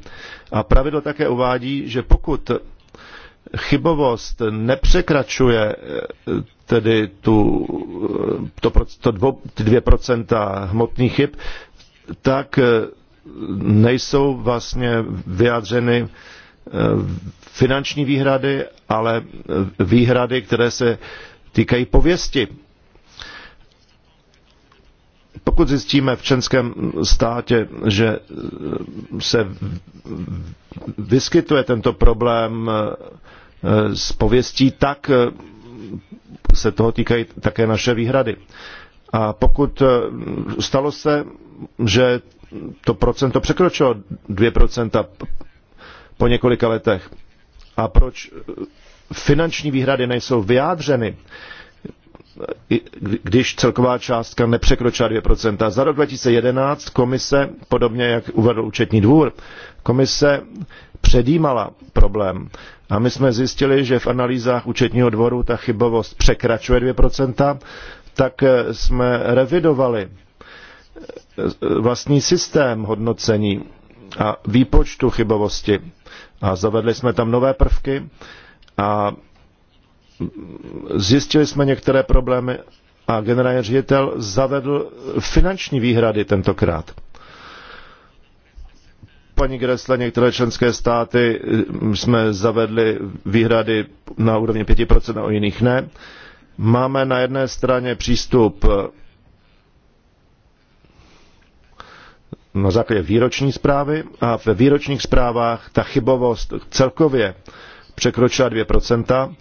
A pravidlo také uvádí, že pokud chybovost nepřekračuje eh, tedy tu, eh, to, to dvo, ty procenta hmotných chyb, tak eh, nejsou vlastně vyjádřeny finanční výhrady, ale výhrady, které se týkají pověsti pokud zjistíme v členském státě, že eh, se vyskytuje tento problém eh, s pověstí, tak eh, se toho týkají také naše výhrady. A pokud stalo se, že to procento překročilo 2% po několika letech, a proč finanční výhrady nejsou vyjádřeny, když celková částka nepřekročila 2%. Za rok 2011 komise, podobně jak uvedl účetní dvůr, komise předjímala problém. A my jsme zjistili, že v analýzách účetního dvoru ta chybovost překračuje 2%, tak eh, jsme revidovali eh, vlastní systém hodnocení a výpočtu chybovosti. A zavedli jsme tam nové prvky a Zjistili jsme některé problémy a generální ředitel zavedl finanční výhrady tentokrát. Paní Gressle, některé členské státy mm, jsme zavedli výhrady na úrovni 5% a o jiných ne. Máme na jedné straně přístup na základě výroční zprávy a ve výročních zprávách ta chybovost celkově překročila 2%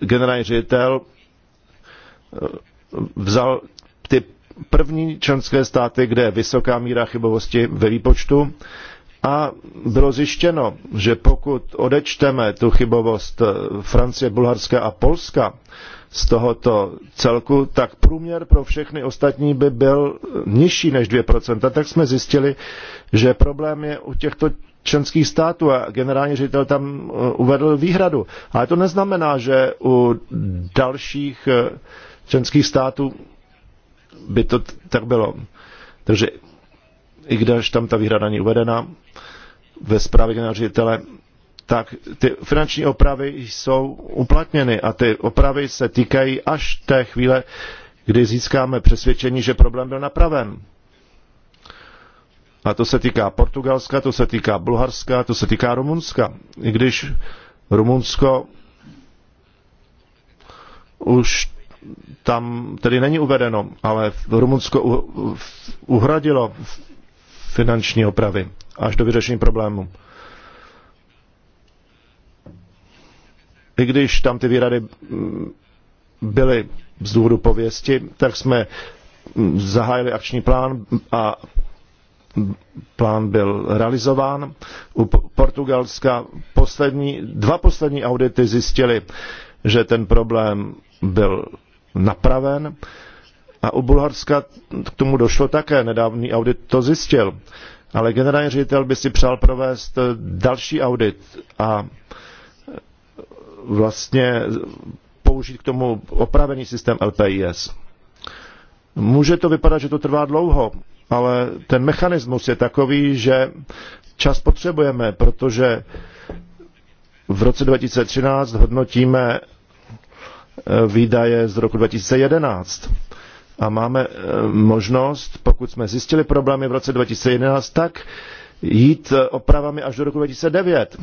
generální ředitel eh, vzal ty první členské státy, kde je vysoká míra chybovosti ve výpočtu a bylo zjištěno, že pokud odečteme tu chybovost eh, Francie, Bulharska a Polska z tohoto celku, tak průměr pro všechny ostatní by byl nižší než 2%. A tak jsme zjistili, že problém je u těchto členských států a generální ředitel tam eh, uvedl výhradu. Ale to neznamená, že u dalších eh, členských států by to tak bylo. Takže i když tam ta výhrada není uvedena ve zprávě generální ředitele, tak ty finanční opravy jsou uplatněny a ty opravy se týkají až té chvíle, kdy získáme přesvědčení, že problém byl napraven. A to se týká Portugalska, to se týká Bulharska, to se týká Rumunska. I když Rumunsko už tam tedy není uvedeno, ale Rumunsko uhradilo finanční opravy až do vyřešení problému. I když tam ty výrady mm, byly z důvodu pověsti, tak jsme mm, zahájili akční plán a plán byl realizován. U Portugalska poslední, dva poslední audity zjistily, že ten problém byl napraven a u Bulharska k tomu došlo také. Nedávný audit to zjistil. Ale generální ředitel by si přál provést další audit a vlastně použít k tomu opravený systém LPIS. Může to vypadat, že to trvá dlouho, ale ten mechanismus je takový, že čas potřebujeme, protože v roce 2013 hodnotíme eh, výdaje z roku 2011. A máme eh, možnost, pokud jsme zjistili problémy v roce 2011, tak jít eh, opravami až do roku 2009.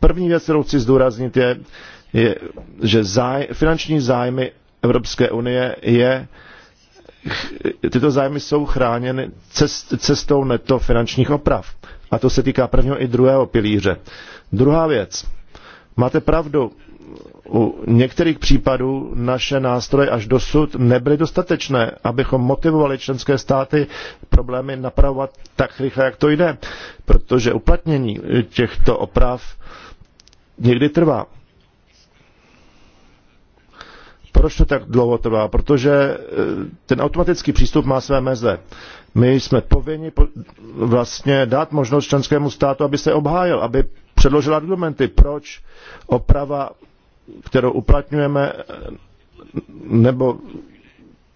První věc, kterou chci zdůraznit, je, je že záj, finanční zájmy Evropské unie je tyto zájmy jsou chráněny cestou neto finančních oprav. A to se týká prvního i druhého pilíře. Druhá věc. Máte pravdu, u některých případů naše nástroje až dosud nebyly dostatečné, abychom motivovali členské státy problémy napravovat tak rychle, jak to jde, protože uplatnění těchto oprav někdy trvá. Proč to tak dlouho trvá? Protože eh, ten automatický přístup má své meze. My jsme povinni vlastně dát možnost členskému státu, aby se obhájil, aby předložil argumenty, proč oprava, kterou uplatňujeme, nebo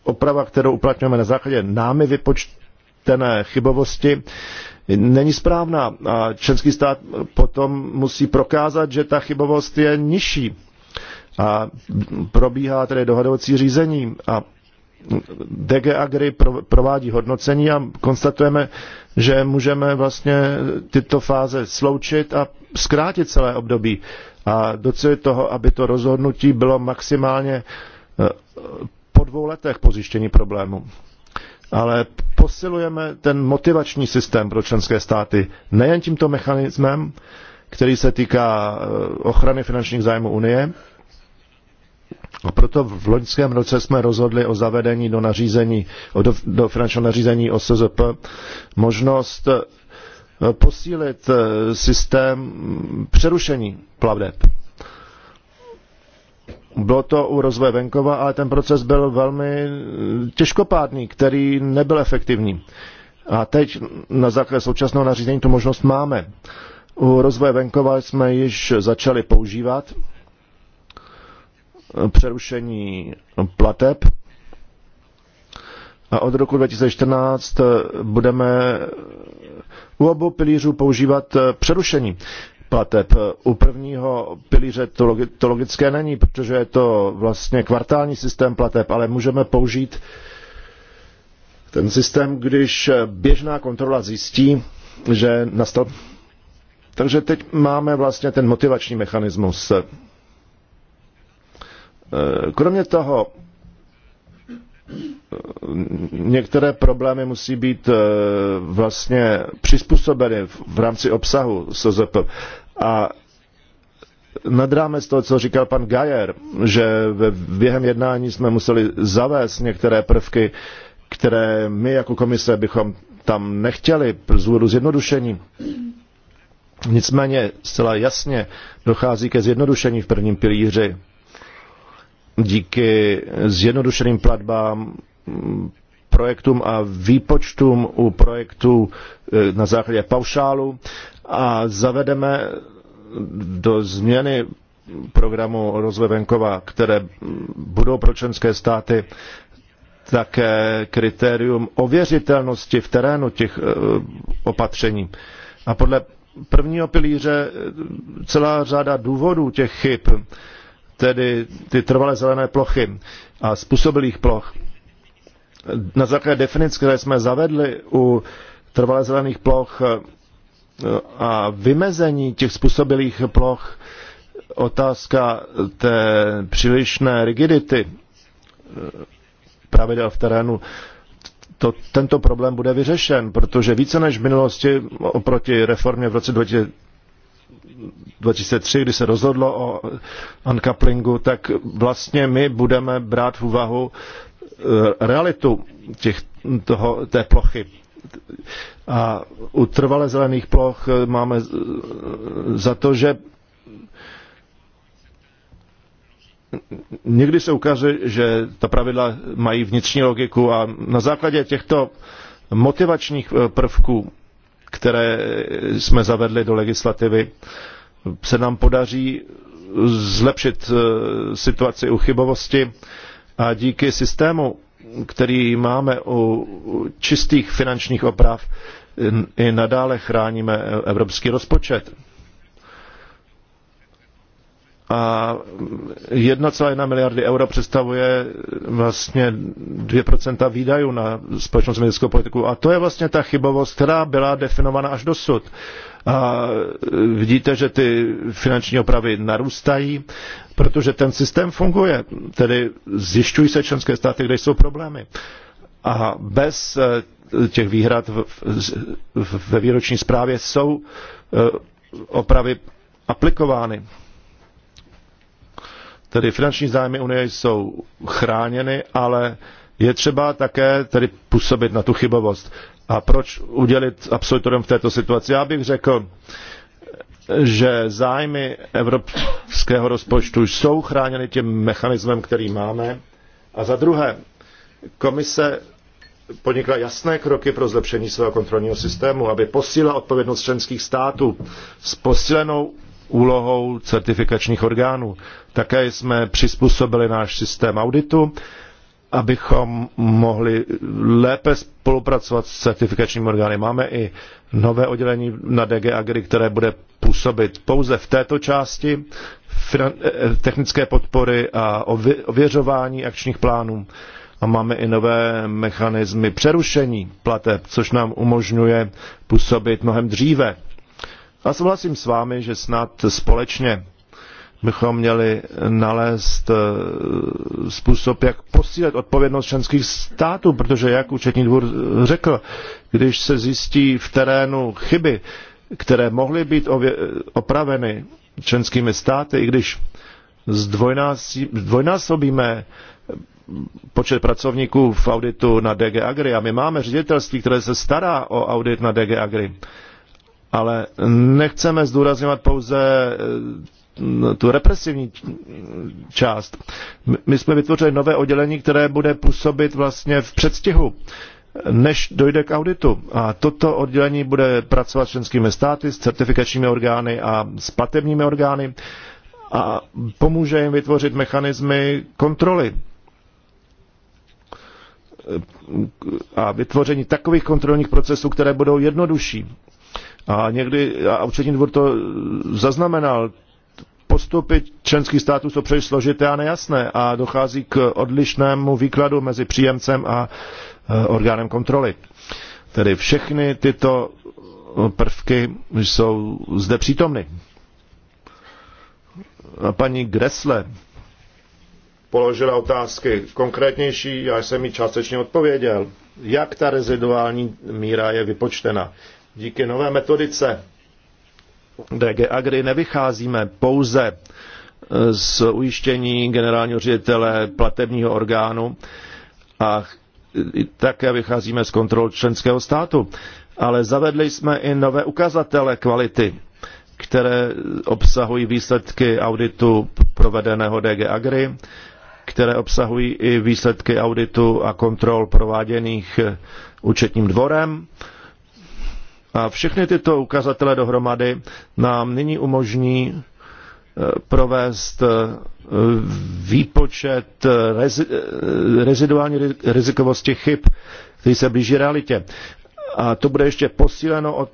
oprava, kterou uplatňujeme na základě námi vypočtené chybovosti, není správná. A členský stát potom musí prokázat, že ta chybovost je nižší a probíhá tedy dohadovací řízení a DG Agri provádí hodnocení a konstatujeme, že můžeme vlastně tyto fáze sloučit a zkrátit celé období a docílit toho, aby to rozhodnutí bylo maximálně eh, po dvou letech po zjištění problému. Ale posilujeme ten motivační systém pro členské státy nejen tímto mechanismem, který se týká eh, ochrany finančních zájmů Unie, a proto v loňském roce jsme rozhodli o zavedení do, nařízení, do, do finančního nařízení o SZP možnost eh, posílit eh, systém přerušení plavdeb. Bylo to u rozvoje venkova, ale ten proces byl velmi eh, těžkopádný, který nebyl efektivní. A teď na základě současného nařízení tu možnost máme. U rozvoje venkova jsme již začali používat přerušení plateb. A od roku 2014 eh, budeme u obou pilířů používat eh, přerušení plateb. U prvního pilíře to logické není, protože je to vlastně kvartální systém plateb, ale můžeme použít ten systém, když eh, běžná kontrola zjistí, že nastal. Takže teď máme vlastně ten motivační mechanismus. Eh, kromě toho, eh, některé problémy musí být eh, vlastně přizpůsobeny v rámci obsahu SZP. A nad rámec toho, co říkal pan Gajer, že během jednání jsme museli zavést některé prvky, které my jako komise bychom tam nechtěli z důvodu zjednodušení. Nicméně zcela jasně dochází ke zjednodušení v prvním pilíři díky zjednodušeným platbám, projektům a výpočtům u projektů eh, na základě paušálu a zavedeme do změny programu rozvoje venkova, které budou pro členské státy také kritérium ověřitelnosti v terénu těch eh, opatření. A podle prvního pilíře eh, celá řada důvodů těch chyb tedy ty trvalé zelené plochy a způsobilých ploch. Na základě definic, které jsme zavedli u trvalé zelených ploch eh, a vymezení těch způsobilých ploch, otázka té přílišné rigidity eh, pravidel v terénu, to, tento problém bude vyřešen, protože více než v minulosti oproti reformě v roce 2003, kdy se rozhodlo o uncouplingu, tak vlastně my budeme brát v úvahu eh, realitu těch, toho, té plochy. A u trvale zelených ploch eh, máme eh, za to, že někdy se ukáže, že ta pravidla mají vnitřní logiku a na základě těchto motivačních prvků které jsme zavedli do legislativy, se nám podaří zlepšit eh, situaci u chybovosti a díky systému, který máme u čistých finančních oprav, eh, i nadále chráníme evropský rozpočet a 1,1 miliardy euro představuje vlastně 2% výdajů na společnou zemědělskou politiku. A to je vlastně ta chybovost, která byla definována až dosud. A vidíte, že ty finanční opravy narůstají, protože ten systém funguje. Tedy zjišťují se členské státy, kde jsou problémy. A bez eh, těch výhrad ve výroční zprávě jsou eh, opravy aplikovány. Tedy finanční zájmy Unie jsou chráněny, ale je třeba také tedy působit na tu chybovost. A proč udělit absolutorium v této situaci? Já bych řekl, že zájmy evropského rozpočtu jsou chráněny tím mechanismem, který máme. A za druhé, komise podnikla jasné kroky pro zlepšení svého kontrolního systému, aby posílila odpovědnost členských států s posílenou úlohou certifikačních orgánů. Také jsme přizpůsobili náš systém auditu, abychom mohli lépe spolupracovat s certifikačními orgány. Máme i nové oddělení na DG Agri, které bude působit pouze v této části eh, eh, technické podpory a ověřování akčních plánů. A máme i nové mechanismy přerušení plateb, což nám umožňuje působit mnohem dříve a souhlasím s vámi, že snad společně bychom měli nalézt eh, způsob, jak posílit odpovědnost členských států, protože, jak účetní dvůr eh, řekl, když se zjistí v terénu chyby, které mohly být opraveny členskými státy, i když zdvojnásobíme počet pracovníků v auditu na DG Agri a my máme ředitelství, které se stará o audit na DG Agri ale nechceme zdůrazňovat pouze eh, tu represivní část. My jsme vytvořili nové oddělení, které bude působit vlastně v předstihu než dojde k auditu. A toto oddělení bude pracovat s členskými státy, s certifikačními orgány a s platebními orgány a pomůže jim vytvořit mechanismy kontroly eh, a vytvoření takových kontrolních procesů, které budou jednodušší a někdy, a účetní dvůr to zaznamenal, postupy členských států jsou příliš složité a nejasné a dochází k odlišnému výkladu mezi příjemcem a e, orgánem kontroly. Tedy všechny tyto prvky jsou zde přítomny. A paní Gresle položila otázky konkrétnější, já jsem mi částečně odpověděl. Jak ta reziduální míra je vypočtena? díky nové metodice DG Agri nevycházíme pouze eh, z ujištění generálního ředitele platebního orgánu a také vycházíme z kontrol členského státu, ale zavedli jsme i nové ukazatele kvality, které obsahují výsledky auditu provedeného DG Agri, které obsahují i výsledky auditu a kontrol prováděných účetním dvorem a všechny tyto ukazatele dohromady nám nyní umožní eh, provést eh, výpočet eh, reziduální rizikovosti chyb, který se blíží realitě. A to bude ještě posíleno od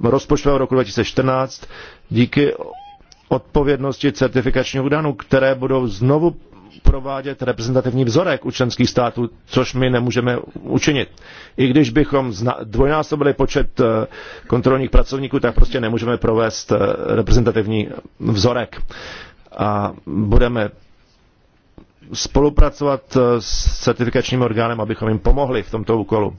rozpočtového roku 2014 díky odpovědnosti certifikačních údanů, které budou znovu provádět reprezentativní vzorek u členských států, což my nemůžeme učinit. I když bychom dvojnásobili počet eh, kontrolních pracovníků, tak prostě nemůžeme provést eh, reprezentativní vzorek. A budeme spolupracovat eh, s certifikačním orgánem, abychom jim pomohli v tomto úkolu.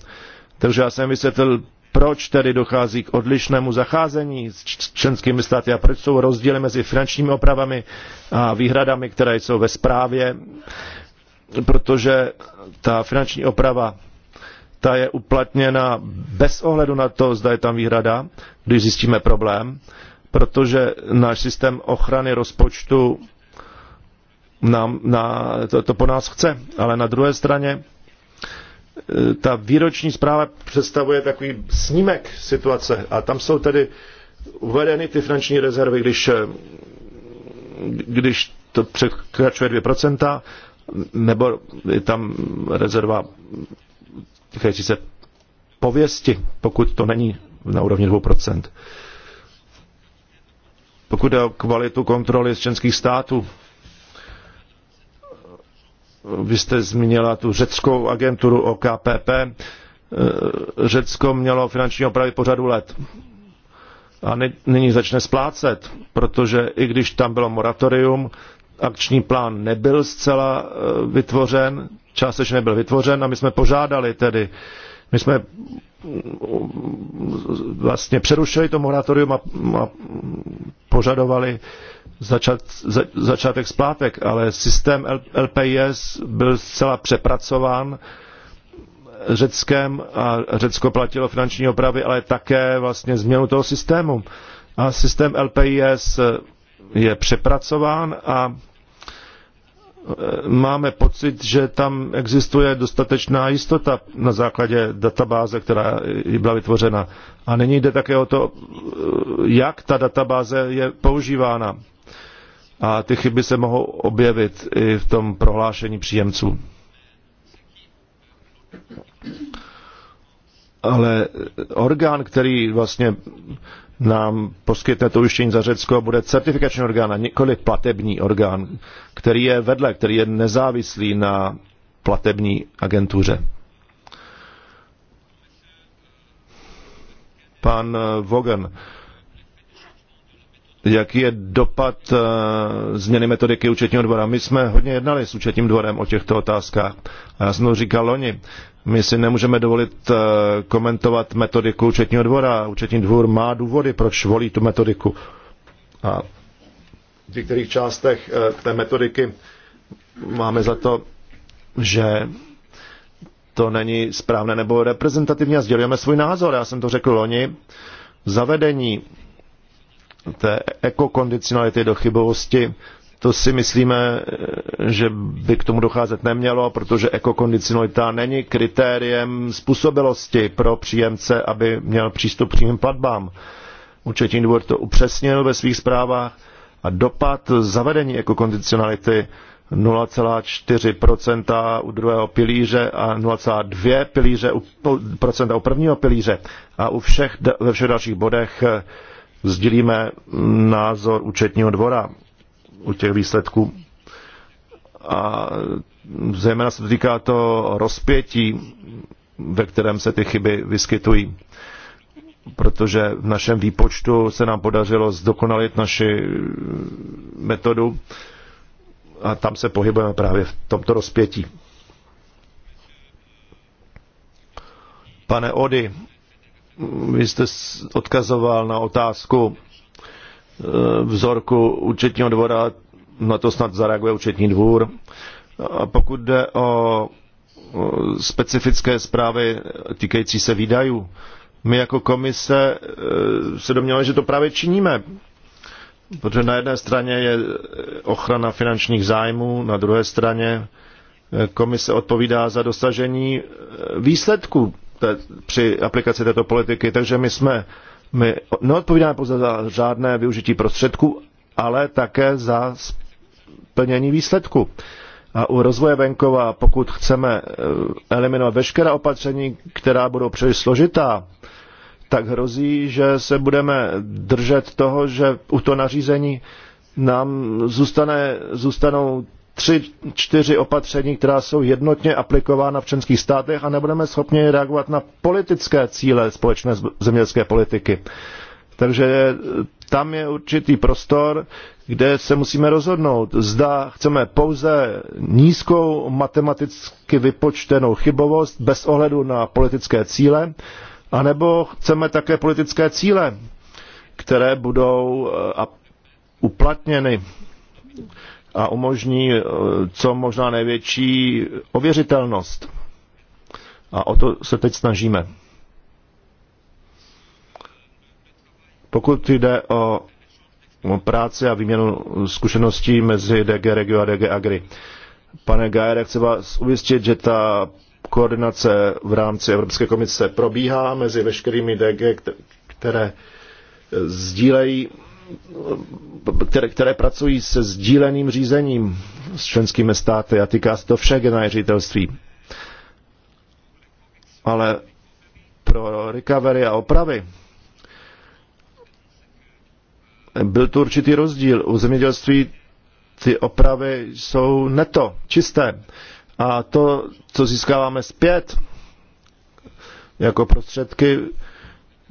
Takže já jsem vysvětlil proč tedy dochází k odlišnému zacházení s členskými státy a proč jsou rozdíly mezi finančními opravami a výhradami, které jsou ve zprávě, protože ta finanční oprava ta je uplatněna bez ohledu na to, zda je tam výhrada, když zjistíme problém, protože náš systém ochrany rozpočtu nám, na, to, to po nás chce. Ale na druhé straně ta výroční zpráva představuje takový snímek situace a tam jsou tedy uvedeny ty finanční rezervy, když, eh, když to překračuje 2%, nebo je tam rezerva týkající se pověsti, pokud to není na úrovni 2%. Pokud jde o kvalitu kontroly z členských států, vy jste zmínila tu řeckou agenturu OKPP. E, Řecko mělo finanční opravy po řadu let a nyní začne splácet, protože i když tam bylo moratorium, akční plán nebyl zcela e, vytvořen, částečně nebyl vytvořen a my jsme požádali tedy uh, my jsme vlastně přerušili to moratorium a, a požadovali začát, za, začátek splátek, ale systém LPIS byl zcela přepracován Řeckém a Řecko platilo finanční opravy, ale také vlastně změnu toho systému. A systém LPIS je přepracován a Eh, máme pocit, že tam existuje dostatečná jistota na základě databáze, která byla vytvořena. A nyní jde také o to, eh, jak ta databáze je používána. A ty chyby se mohou objevit i v tom prohlášení příjemců. Ale orgán, který vlastně nám poskytne to ujištění za Řecko, bude certifikační orgán a nikoli platební orgán, který je vedle, který je nezávislý na platební agentuře. Pan eh, Vogan, jaký je dopad eh, změny metodiky účetního dvora. My jsme hodně jednali s účetním dvorem o těchto otázkách. A já jsem to říkal loni. My si nemůžeme dovolit eh, komentovat metodiku účetního dvora. Účetní dvůr má důvody, proč volí tu metodiku. A v některých částech eh, té metodiky máme za to, že to není správné nebo reprezentativní a sdělujeme svůj názor. Já jsem to řekl loni. Zavedení té ekokondicionality do chybovosti to si myslíme, že by k tomu docházet nemělo, protože ekokondicionalita není kritériem způsobilosti pro příjemce, aby měl přístup k přímým platbám. Účetní dvůr to upřesnil ve svých zprávách a dopad zavedení ekokondicionality 0,4% u druhého pilíře a 0,2% pilíře u, procenta u prvního pilíře. A u všech, ve všech dalších bodech eh, sdílíme názor účetního dvora u těch výsledků. A zejména se to týká to rozpětí, ve kterém se ty chyby vyskytují protože v našem výpočtu se nám podařilo zdokonalit naši metodu a tam se pohybujeme právě v tomto rozpětí. Pane Ody, vy jste odkazoval na otázku Eh, vzorku účetního dvora, na to snad zareaguje účetní dvůr. A pokud jde o specifické zprávy týkající se výdajů, my jako komise eh, se domníváme, že to právě činíme. Protože na jedné straně je ochrana finančních zájmů, na druhé straně eh, komise odpovídá za dosažení výsledků té, při aplikaci této politiky. Takže my jsme my neodpovídáme pouze za řádné využití prostředků, ale také za splnění výsledku. A u rozvoje venkova, pokud chceme eh, eliminovat veškerá opatření, která budou příliš složitá, tak hrozí, že se budeme držet toho, že u to nařízení nám zůstane, zůstanou tři, čtyři opatření, která jsou jednotně aplikována v členských státech a nebudeme schopni reagovat na politické cíle společné zemědělské politiky. Takže tam je určitý prostor, kde se musíme rozhodnout. Zda chceme pouze nízkou matematicky vypočtenou chybovost bez ohledu na politické cíle, anebo chceme také politické cíle, které budou eh, uplatněny a umožní eh, co možná největší ověřitelnost. A o to se teď snažíme. Pokud jde o práci a výměnu zkušeností mezi DG Regio a DG Agri. Pane Gajer, chci vás ujistit, že ta koordinace v rámci Evropské komise probíhá mezi veškerými DG, které sdílejí které, které pracují se sdíleným řízením s členskými státy a týká se to všech generálních ředitelství. Ale pro recovery a opravy byl tu určitý rozdíl. U zemědělství ty opravy jsou neto, čisté. A to, co získáváme zpět jako prostředky,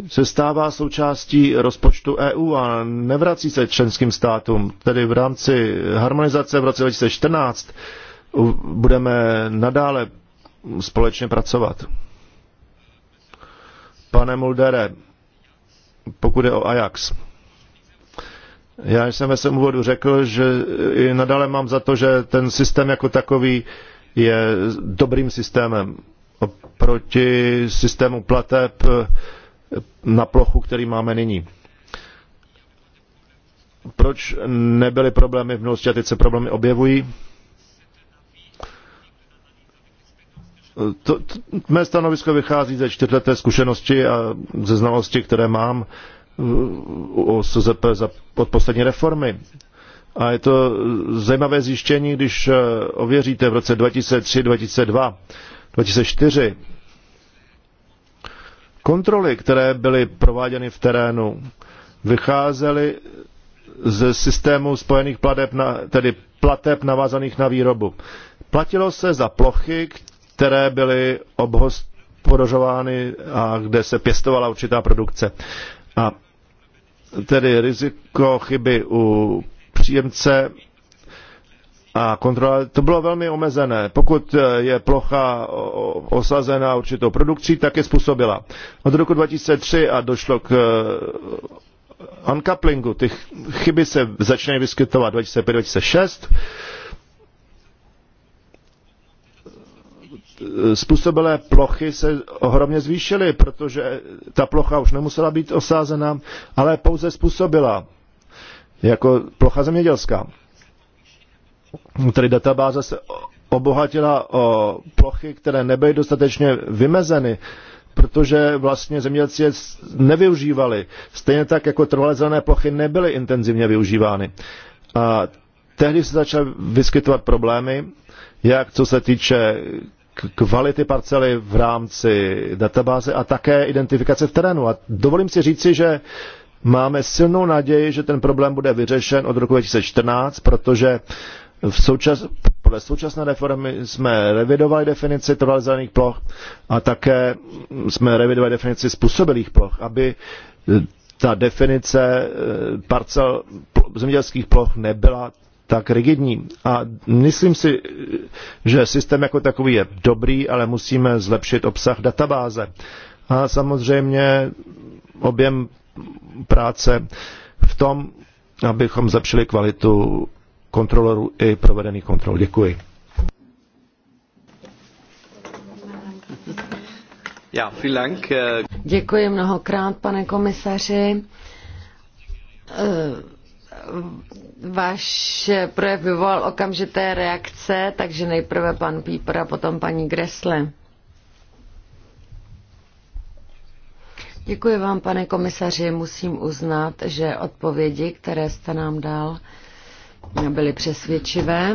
se stává součástí rozpočtu EU a nevrací se členským státům. Tedy v rámci harmonizace v roce 2014 budeme nadále společně pracovat. Pane Muldere, pokud je o Ajax, já jsem ve svém úvodu řekl, že i nadále mám za to, že ten systém jako takový je dobrým systémem oproti systému plateb na plochu, který máme nyní. Proč nebyly problémy v minulosti a teď se problémy objevují? To, to, mé stanovisko vychází ze čtyřleté zkušenosti a ze znalosti, které mám o SZP za, od poslední reformy. A je to zajímavé zjištění, když eh, ověříte v roce 2003, 2002, 2004, Kontroly, které byly prováděny v terénu, vycházely z systému spojených plateb, na, tedy plateb navázaných na výrobu. Platilo se za plochy, které byly obhospodařovány a kde se pěstovala určitá produkce. A tedy riziko chyby u příjemce a kontrola, to bylo velmi omezené. Pokud eh, je plocha osazená určitou produkcí, tak je způsobila. Od roku 2003 a došlo k eh, uncouplingu, ty chyby se začínají vyskytovat 2005-2006, způsobilé plochy se ohromně zvýšily, protože ta plocha už nemusela být osázena, ale pouze způsobila jako plocha zemědělská tedy databáze se obohatila o plochy, které nebyly dostatečně vymezeny, protože vlastně zemědělci je nevyužívali. Stejně tak jako trvalé zelené plochy nebyly intenzivně využívány. A tehdy se začaly vyskytovat problémy, jak co se týče kvality parcely v rámci databáze a také identifikace v terénu. A dovolím si říci, že máme silnou naději, že ten problém bude vyřešen od roku 2014, protože v součas, podle současné reformy jsme revidovali definici trvalizovaných ploch a také jsme revidovali definici způsobilých ploch, aby eh, ta definice eh, parcel zemědělských ploch nebyla tak rigidní. A myslím si, že systém jako takový je dobrý, ale musíme zlepšit obsah databáze. A samozřejmě objem práce v tom, abychom zlepšili kvalitu kontrolorů i provedených kontrol. Děkuji. Eh. Děkuji mnohokrát, pane komisaři. Eh, Váš projev vyvolal okamžité reakce, takže nejprve pan Píper a potom paní Gresle. Děkuji vám, pane komisaři. Musím uznat, že odpovědi, které jste nám dal, No, byly přesvědčivé.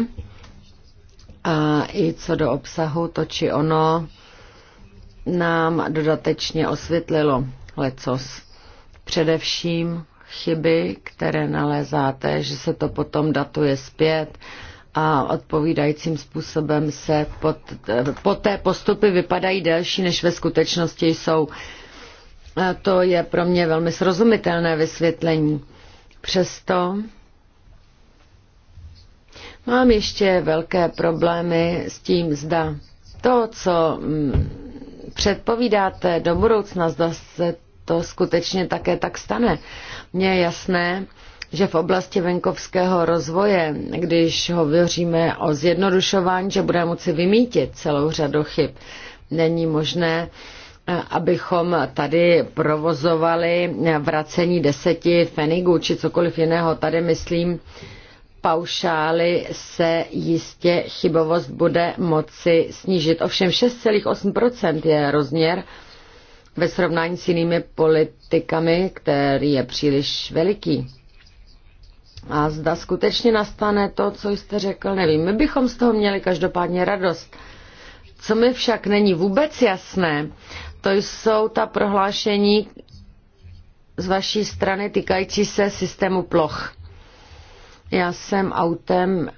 A i co do obsahu, to či ono nám dodatečně osvětlilo lecos. Především chyby, které nalézáte, že se to potom datuje zpět a odpovídajícím způsobem se po poté postupy vypadají delší, než ve skutečnosti jsou. A to je pro mě velmi srozumitelné vysvětlení. Přesto Mám ještě velké problémy s tím, zda to, co mm, předpovídáte do budoucna, zda se to skutečně také tak stane. Mně je jasné, že v oblasti venkovského rozvoje, když hovoříme o zjednodušování, že budeme moci vymítit celou řadu chyb. Není možné, eh, abychom tady provozovali vracení deseti fenigů či cokoliv jiného. Tady myslím, paušály se jistě chybovost bude moci snížit. Ovšem 6,8% je rozměr ve srovnání s jinými politikami, který je příliš veliký. A zda skutečně nastane to, co jste řekl, nevím. My bychom z toho měli každopádně radost. Co mi však není vůbec jasné, to jsou ta prohlášení z vaší strany týkající se systému ploch. Já jsem autem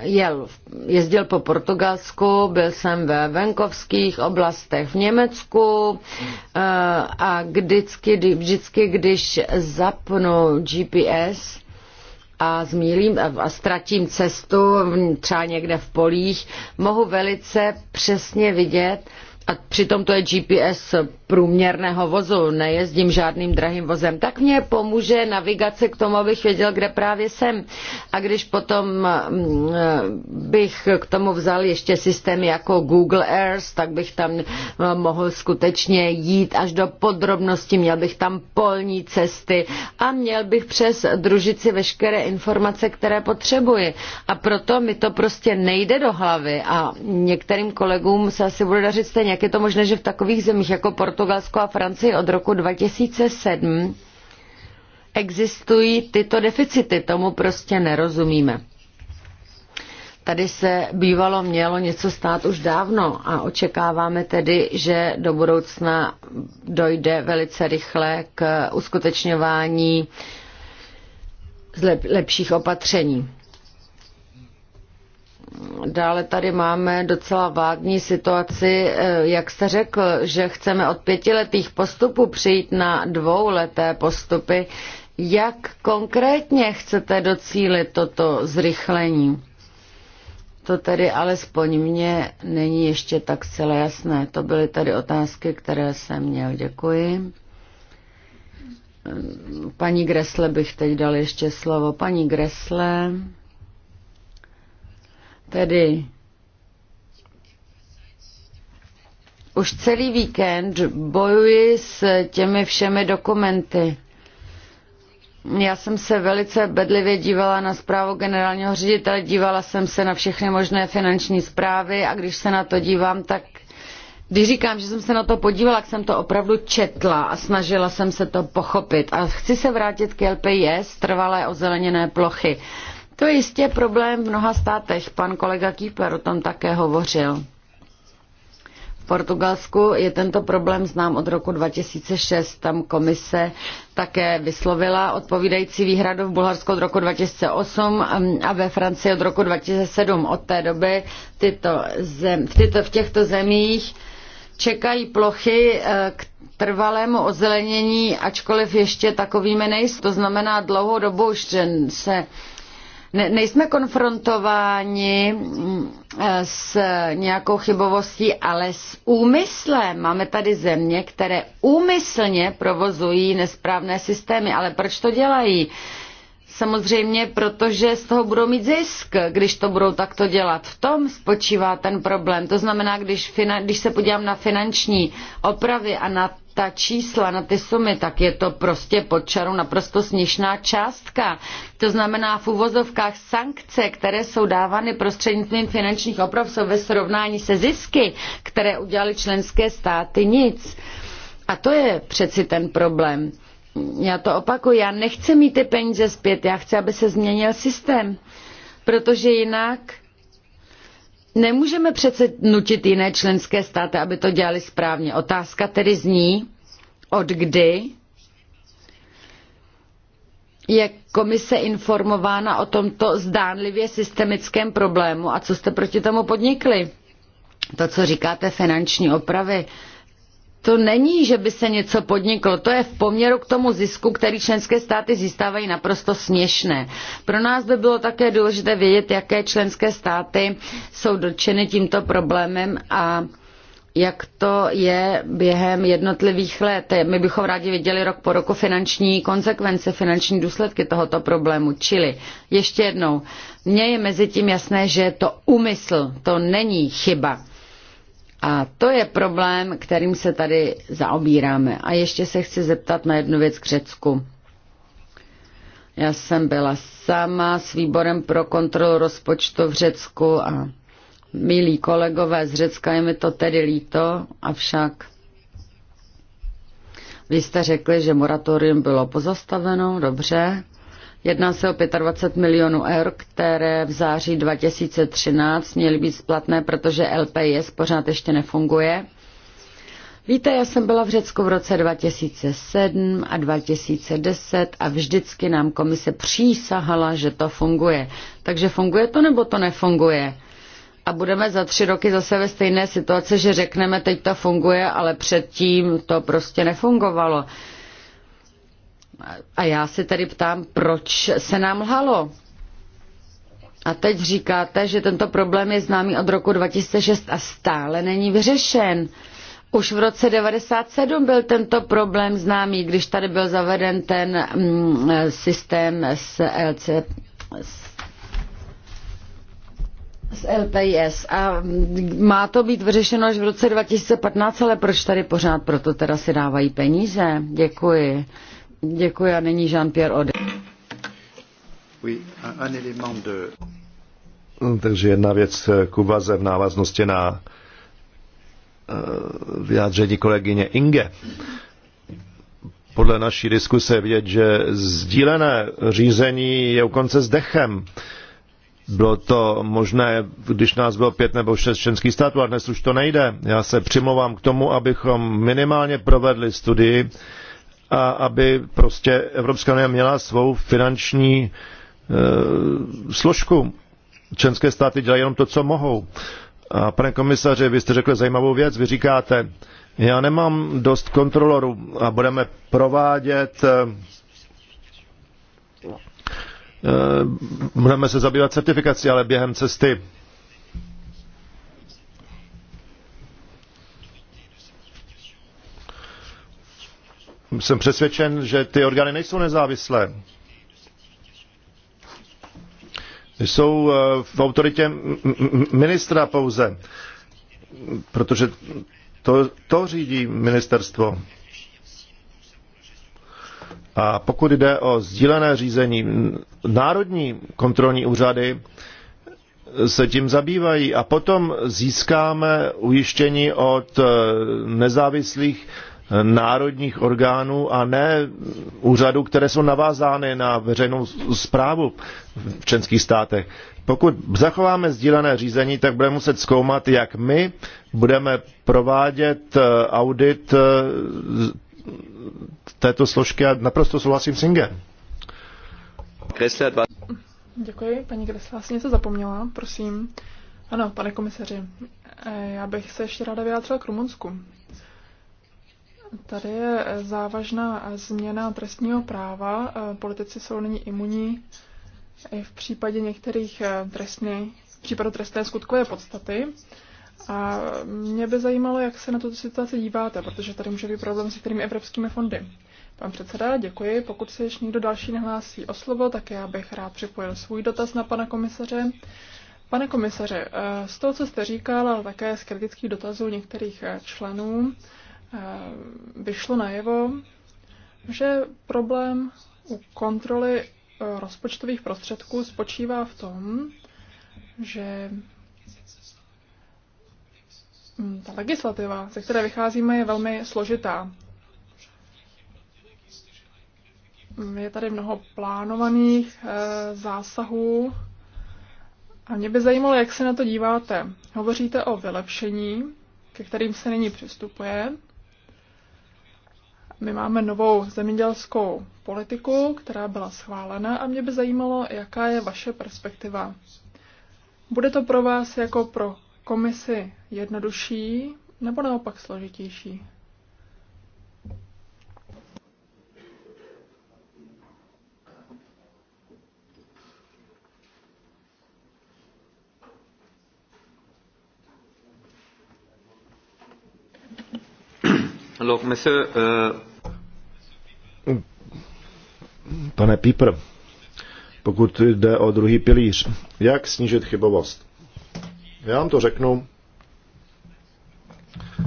jel, jezdil po Portugalsku, byl jsem ve venkovských oblastech v Německu eh, a vždycky, vždycky když zapnu GPS, a zmílím a ztratím cestu třeba někde v polích, mohu velice přesně vidět, a přitom to je GPS průměrného vozu, nejezdím žádným drahým vozem, tak mě pomůže navigace k tomu, abych věděl, kde právě jsem. A když potom mm, eh, bych k tomu vzal ještě systém jako Google Earth, tak bych tam eh, mohl skutečně jít až do podrobností, měl bych tam polní cesty a měl bych přes družici veškeré informace, které potřebuji. A proto mi to prostě nejde do hlavy a některým kolegům se asi bude dařit stejně jak je to možné, že v takových zemích jako Portugalsko a Francie od roku 2007 existují tyto deficity. Tomu prostě nerozumíme. Tady se bývalo mělo něco stát už dávno a očekáváme tedy, že do budoucna dojde velice rychle k uskutečňování lepších opatření. Dále tady máme docela vágní situaci, eh, jak jste řekl, že chceme od pětiletých postupů přijít na dvouleté postupy. Jak konkrétně chcete docílit toto zrychlení? To tedy alespoň mně není ještě tak celé jasné. To byly tady otázky, které jsem měl. Děkuji. Paní Gresle bych teď dal ještě slovo. Paní Gresle. Tedy už celý víkend bojuji s těmi všemi dokumenty. Já jsem se velice bedlivě dívala na zprávu generálního ředitele, dívala jsem se na všechny možné finanční zprávy a když se na to dívám, tak když říkám, že jsem se na to podívala, tak jsem to opravdu četla a snažila jsem se to pochopit. A chci se vrátit k LPS, trvalé ozeleněné plochy. Uh, to je jistě problém v mnoha státech. Pan kolega Kýpler o tom také hovořil. V Portugalsku je tento problém znám od roku 2006. Tam komise také vyslovila odpovídající výhradu v Bulharsku od roku 2008 a ve Francii od roku 2007. Od té doby tyto zem, v, tyto, v těchto zemích čekají plochy eh, k trvalému ozelenění, ačkoliv ještě takovými nejsou. To znamená dlouhou dobu už se ne, nejsme konfrontováni mm, e, s nějakou chybovostí, ale s úmyslem. Máme tady země, které úmyslně provozují nesprávné systémy, ale proč to dělají? Uh, samozřejmě, protože z toho budou mít zisk, když to budou takto dělat. V tom spočívá ten problém. To znamená, když, když se podívám na finanční opravy a na ta čísla, na ty sumy, tak je to prostě pod čarou naprosto směšná částka. To znamená v uvozovkách sankce, které jsou dávány prostřednictvím finančních oprav, jsou ve srovnání se zisky, které udělali členské státy nic. A to je přeci ten problém já to opakuju, já nechci mít ty peníze zpět, já chci, aby se změnil systém, protože jinak nemůžeme přece nutit jiné členské státy, aby to dělali správně. Otázka tedy zní, od kdy je komise informována o tomto zdánlivě systemickém problému a co jste proti tomu podnikli? To, co říkáte, finanční opravy, to není, že by se něco podniklo, to je v poměru k tomu zisku, který členské státy získávají naprosto směšné. Pro nás by bylo také důležité vědět, jaké členské státy jsou dotčeny tímto problémem a jak to je během jednotlivých let. My bychom rádi viděli rok po roku finanční konsekvence, finanční důsledky tohoto problému. Čili ještě jednou, mně je mezi tím jasné, že je to úmysl, to není chyba a to je problém, kterým se tady zaobíráme. A ještě se chci zeptat na jednu věc k Řecku. Já jsem byla sama s výborem pro kontrolu rozpočtu v Řecku a milí kolegové z Řecka, je mi to tedy líto, avšak vy jste řekli, že moratorium bylo pozastaveno, dobře, Jedná se o 25 milionů eur, které v září 2013 měly být splatné, protože LPS pořád ještě nefunguje. Víte, já jsem byla v Řecku v roce 2007 a 2010 a vždycky nám komise přísahala, že to funguje. Takže funguje to nebo to nefunguje? A budeme za tři roky zase ve stejné situaci, že řekneme, teď to funguje, ale předtím to prostě nefungovalo. A já se tady ptám, proč se nám lhalo? A teď říkáte, že tento problém je známý od roku 2006 a stále není vyřešen. Už v roce 97 byl tento problém známý, když tady byl zaveden ten mm, systém s LC, s, s LTIS. A má to být vyřešeno až v roce 2015, ale proč tady pořád proto teda si dávají peníze? Děkuji. Děkuji a nyní Jean-Pierre Ode. Oui, un, un de... Takže jedna věc eh, k uvaze v návaznosti na uh, vyjádření kolegyně Inge. Podle naší diskuse je vidět, že sdílené řízení je u konce s dechem. Bylo to možné, když nás bylo pět nebo šest členských států a dnes už to nejde. Já se přimlouvám k tomu, abychom minimálně provedli studii, uh, a aby prostě Evropská unie měla svou finanční e, složku. Členské státy dělají jenom to, co mohou. A pane komisaři, vy jste řekl zajímavou věc, vy říkáte, já nemám dost kontrolorů a budeme provádět, e, e, budeme se zabývat certifikací, ale během cesty jsem přesvědčen, že ty orgány nejsou nezávislé. Jsou eh, v autoritě ministra pouze, protože to, to řídí ministerstvo. A pokud jde o sdílené řízení, národní kontrolní úřady se tím zabývají a potom získáme ujištění od eh, nezávislých národních orgánů a ne úřadů, které jsou navázány na veřejnou zprávu v členských státech. Pokud zachováme sdílené řízení, tak budeme muset zkoumat, jak my budeme provádět eh, audit eh, této složky a naprosto souhlasím s Ingem. Děkuji, paní Kresla, asi něco zapomněla, prosím. Ano, pane komisaři, eh, já bych se ještě ráda vyjádřila k Rumunsku. Tady je závažná změna trestního práva. Politici jsou nyní imunní i v případě některých eh, trestně, v případu trestné skutkové podstaty. A mě by zajímalo, jak se na tuto situaci díváte, protože tady může být problém s některými evropskými fondy. Pan předseda, děkuji. Pokud se ještě někdo další nehlásí o slovo, tak já bych rád připojil svůj dotaz na pana komisaře. Pane komisaře, eh, z toho, co jste říkal, ale také z kritických dotazů některých eh, členů, Eh, vyšlo najevo, že problém u kontroly eh, rozpočtových prostředků spočívá v tom, že hm, ta legislativa, ze které vycházíme, je velmi složitá. Je tady mnoho plánovaných eh, zásahů a mě by zajímalo, jak se na to díváte. Hovoříte o vylepšení, ke kterým se nyní přistupuje, my máme novou zemědělskou politiku, která byla schválena a mě by zajímalo, jaká je vaše perspektiva. Bude to pro vás jako pro komisi jednodušší nebo naopak složitější? Alors, monsieur, euh, pane Pípr, pokud jde o druhý pilíř, jak snížit chybovost? Já vám to řeknu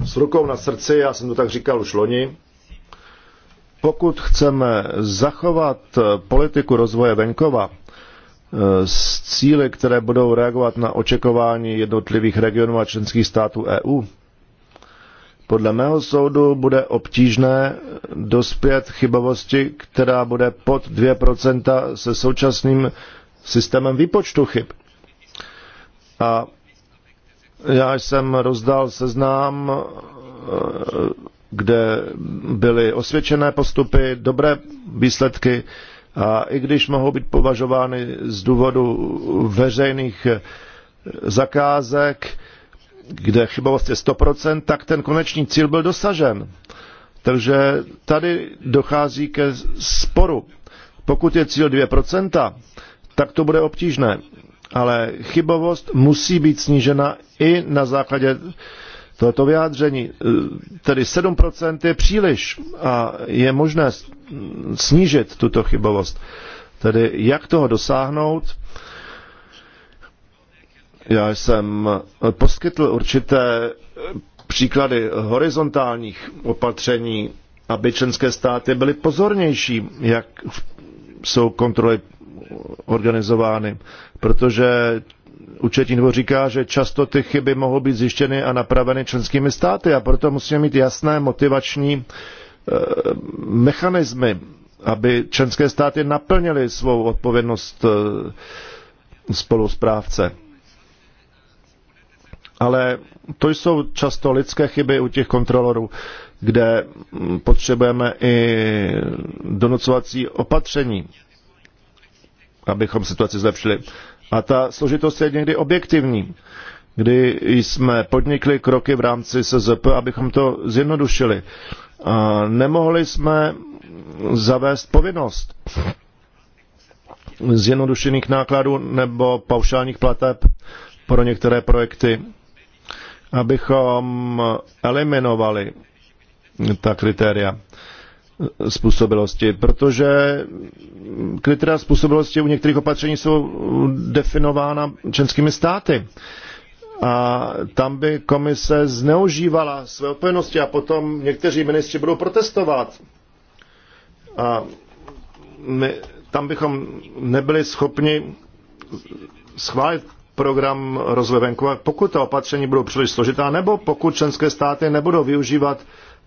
s rukou na srdci, já jsem to tak říkal už loni, pokud chceme zachovat politiku rozvoje venkova eh, s cíly, které budou reagovat na očekování jednotlivých regionů a členských států EU, podle mého soudu bude obtížné dospět chybovosti, která bude pod 2% se současným systémem výpočtu chyb. A já jsem rozdal seznám, eh, kde byly osvědčené postupy, dobré výsledky a i když mohou být považovány z důvodu veřejných zakázek, kde chybovost je 100%, tak ten konečný cíl byl dosažen. Takže tady dochází ke sporu. Pokud je cíl 2%, tak to bude obtížné. Ale chybovost musí být snížena i na základě tohoto vyjádření. Tedy 7% je příliš a je možné snížit tuto chybovost. Tedy jak toho dosáhnout, já jsem eh, poskytl určité eh, příklady horizontálních opatření, aby členské státy byly pozornější, jak jsou kontroly organizovány, protože Učetní dvo říká, že často ty chyby mohou být zjištěny a napraveny členskými státy a proto musíme mít jasné motivační eh, mechanismy, aby členské státy naplnily svou odpovědnost spoluzprávce ale to jsou často lidské chyby u těch kontrolorů, kde potřebujeme i donocovací opatření, abychom situaci zlepšili. A ta složitost je někdy objektivní, kdy jsme podnikli kroky v rámci SZP, abychom to zjednodušili. A nemohli jsme zavést povinnost zjednodušených nákladů nebo paušálních plateb pro některé projekty abychom eliminovali ta kritéria způsobilosti, protože kritéria způsobilosti u některých opatření jsou definována členskými státy. A tam by komise zneužívala své odpovědnosti a potom někteří ministři budou protestovat. A my tam bychom nebyli schopni schválit program rozvoje venkova, pokud ta opatření budou příliš složitá, nebo pokud členské státy nebudou využívat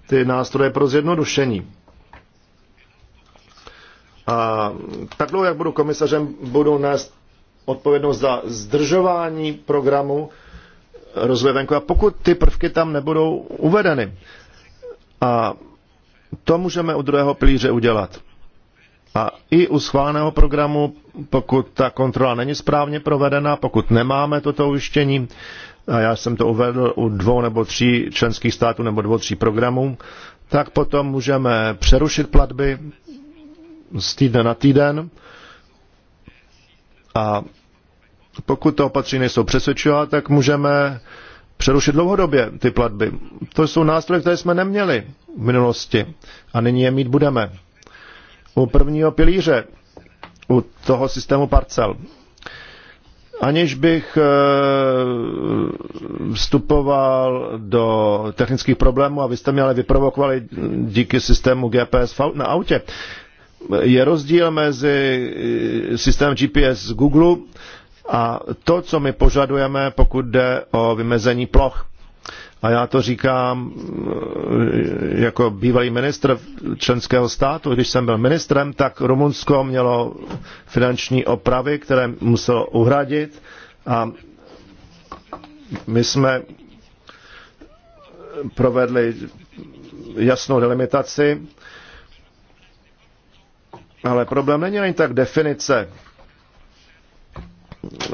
ty nástroje pro zjednodušení. A tak dlouho, jak budu komisařem, budu nést odpovědnost za zdržování programu rozvoje venkova, pokud ty prvky tam nebudou uvedeny. A to můžeme u druhého pilíře udělat. A i u schváleného programu, pokud ta kontrola není správně provedena, pokud nemáme toto ujištění, a já jsem to uvedl u dvou nebo tří členských států nebo dvou, tří programů, tak potom můžeme přerušit platby z týdne na týden a pokud to opatření nejsou přesvědčová, tak můžeme přerušit dlouhodobě ty platby. To jsou nástroje, které jsme neměli v minulosti a nyní je mít budeme u prvního pilíře, u toho systému parcel. Aniž bych eh, vstupoval do technických problémů, a vy jste mě ale vyprovokovali díky systému GPS na autě, je rozdíl mezi eh, systémem GPS z Google a to, co my požadujeme, pokud jde o vymezení ploch. A já to říkám eh, jako bývalý ministr členského státu. Když jsem byl ministrem, tak Rumunsko mělo finanční opravy, které muselo uhradit a my jsme provedli jasnou delimitaci, ale problém není ani tak definice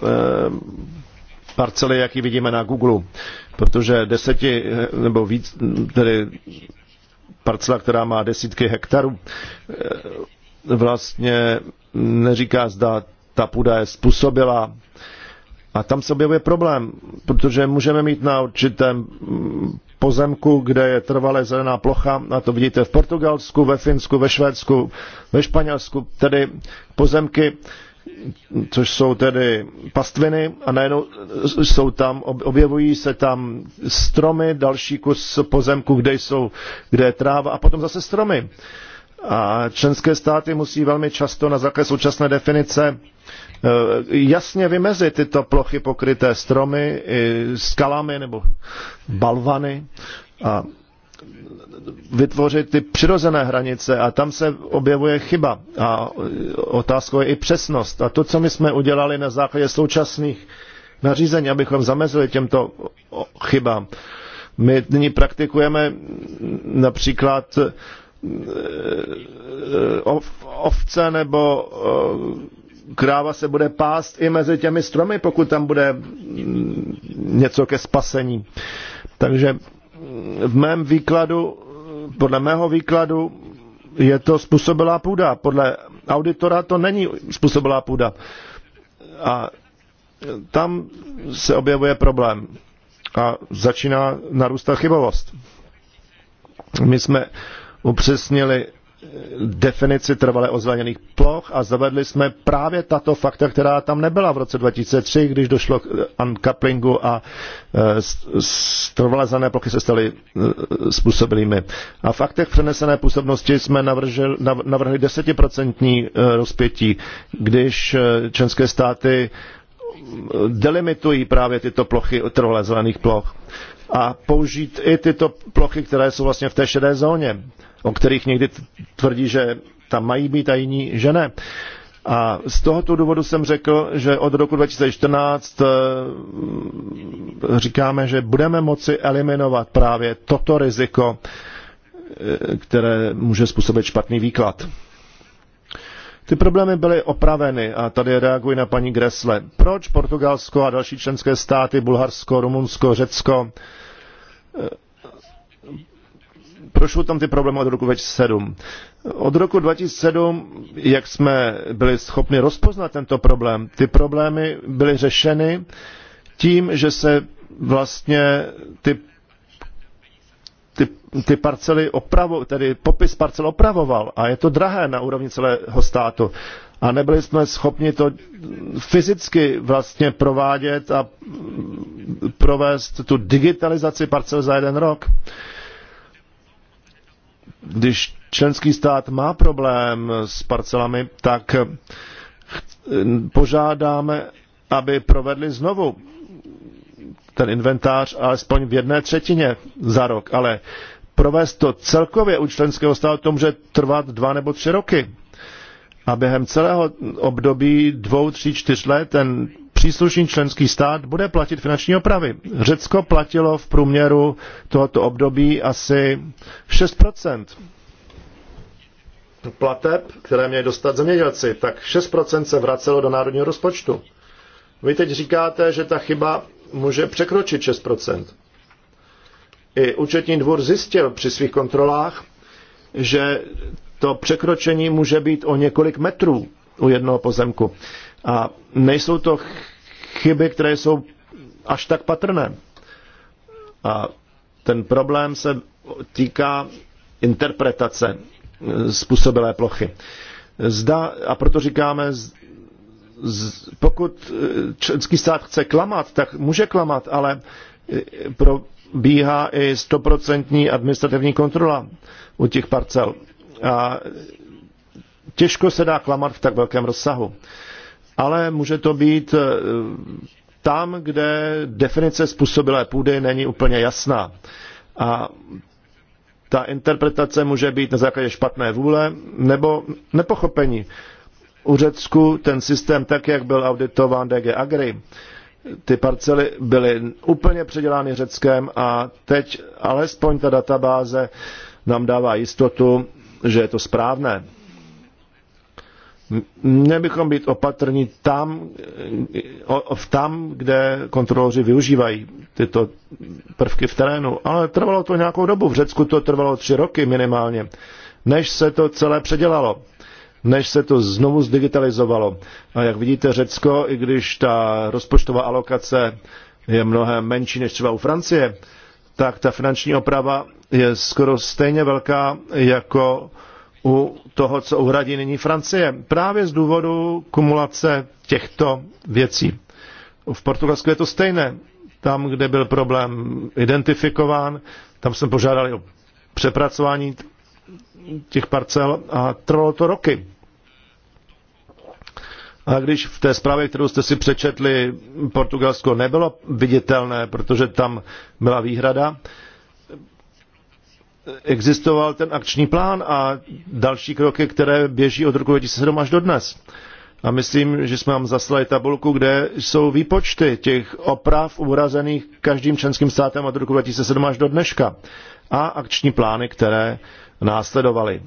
eh, parcely, jaký vidíme na Google, protože deseti nebo víc, tedy parcela, která má desítky hektarů, vlastně neříká, zda ta půda je způsobila. A tam se objevuje problém, protože můžeme mít na určitém pozemku, kde je trvalé zelená plocha, a to vidíte v Portugalsku, ve Finsku, ve Švédsku, ve Španělsku, tedy pozemky, což jsou tedy pastviny a najednou jsou tam, objevují se tam stromy, další kus pozemku, kde, jsou, kde je tráva a potom zase stromy. A členské státy musí velmi často na základě současné definice eh, jasně vymezit tyto plochy pokryté stromy, skalami nebo balvany. A vytvořit ty přirozené hranice a tam se objevuje chyba a otázkou je i přesnost. A to, co my jsme udělali na základě současných nařízení, abychom zamezili těmto chybám. My nyní praktikujeme například eh, eh, ovce nebo eh, kráva se bude pást i mezi těmi stromy, pokud tam bude mm, něco ke spasení. Takže v mém výkladu, podle mého výkladu, je to způsobilá půda. Podle auditora to není způsobilá půda. A tam se objevuje problém a začíná narůstat chybovost. My jsme upřesnili definici trvale ozvaněných ploch a zavedli jsme právě tato fakta, která tam nebyla v roce 2003, když došlo k eh, uncouplingu a eh, trvale zvané plochy se staly eh, způsobilými. A v faktech přenesené působnosti jsme navrhli desetiprocentní rozpětí, když členské státy delimitují právě tyto plochy trvale zvaných ploch a použít i tyto plochy, které jsou vlastně v té šedé zóně o kterých někdy tvrdí, že tam mají být a jiní, že ne. A z tohoto důvodu jsem řekl, že od roku 2014 eh, říkáme, že budeme moci eliminovat právě toto riziko, eh, které může způsobit špatný výklad. Ty problémy byly opraveny a tady reaguji na paní Gresle. Proč Portugalsko a další členské státy, Bulharsko, Rumunsko, Řecko eh, prošlo tam ty problémy od roku 2007. Od roku 2007, jak jsme byli schopni rozpoznat tento problém, ty problémy byly řešeny tím, že se vlastně ty ty, ty parcely opravo, tedy popis parcel opravoval a je to drahé na úrovni celého státu. A nebyli jsme schopni to fyzicky vlastně provádět a provést tu digitalizaci parcel za jeden rok. Uh, když členský stát má problém s parcelami, tak eh, požádáme, aby provedli znovu ten inventář alespoň v jedné třetině za rok, ale provést to celkově u členského státu to může trvat dva nebo tři roky. A během celého období dvou, tří, čtyř let ten příslušný členský stát bude platit finanční opravy. Řecko platilo v průměru tohoto období asi 6 plateb, které měli dostat zemědělci, tak 6% se vracelo do národního rozpočtu. Vy teď říkáte, že ta chyba může překročit 6%. I účetní dvůr zjistil při svých kontrolách, že to překročení může být o několik metrů u jednoho pozemku. A nejsou to chyby, které jsou až tak patrné. A ten problém se týká interpretace způsobilé plochy. Zda, a proto říkáme, z, pokud eh, členský stát chce klamat, tak může klamat, ale eh, probíhá i stoprocentní administrativní kontrola u těch parcel. A eh, těžko se dá klamat v tak velkém rozsahu ale může to být eh, tam, kde definice způsobilé půdy není úplně jasná. A ta interpretace může být na základě špatné vůle nebo nepochopení. U Řecku ten systém, tak jak byl auditován DG Agri, ty parcely byly úplně předělány Řeckem a teď alespoň ta databáze nám dává jistotu, že je to správné. Měli bychom být opatrní tam, tam, kde kontroloři využívají tyto prvky v terénu. Ale trvalo to nějakou dobu. V Řecku to trvalo tři roky minimálně, než se to celé předělalo než se to znovu zdigitalizovalo. A jak vidíte, Řecko, i když ta rozpočtová alokace je mnohem menší než třeba u Francie, tak ta finanční oprava je skoro stejně velká jako u toho, co uhradí nyní Francie. Právě z důvodu kumulace těchto věcí. V Portugalsku je to stejné. Tam, kde byl problém identifikován, tam jsme požádali o přepracování těch parcel a trvalo to roky. A když v té zprávě, kterou jste si přečetli, Portugalsko nebylo viditelné, protože tam byla výhrada, existoval ten akční plán a další kroky, které běží od roku 2007 až do dnes. A myslím, že jsme vám zaslali tabulku, kde jsou výpočty těch oprav urazených každým členským státem od roku 2007 až do dneška a akční plány, které následovaly.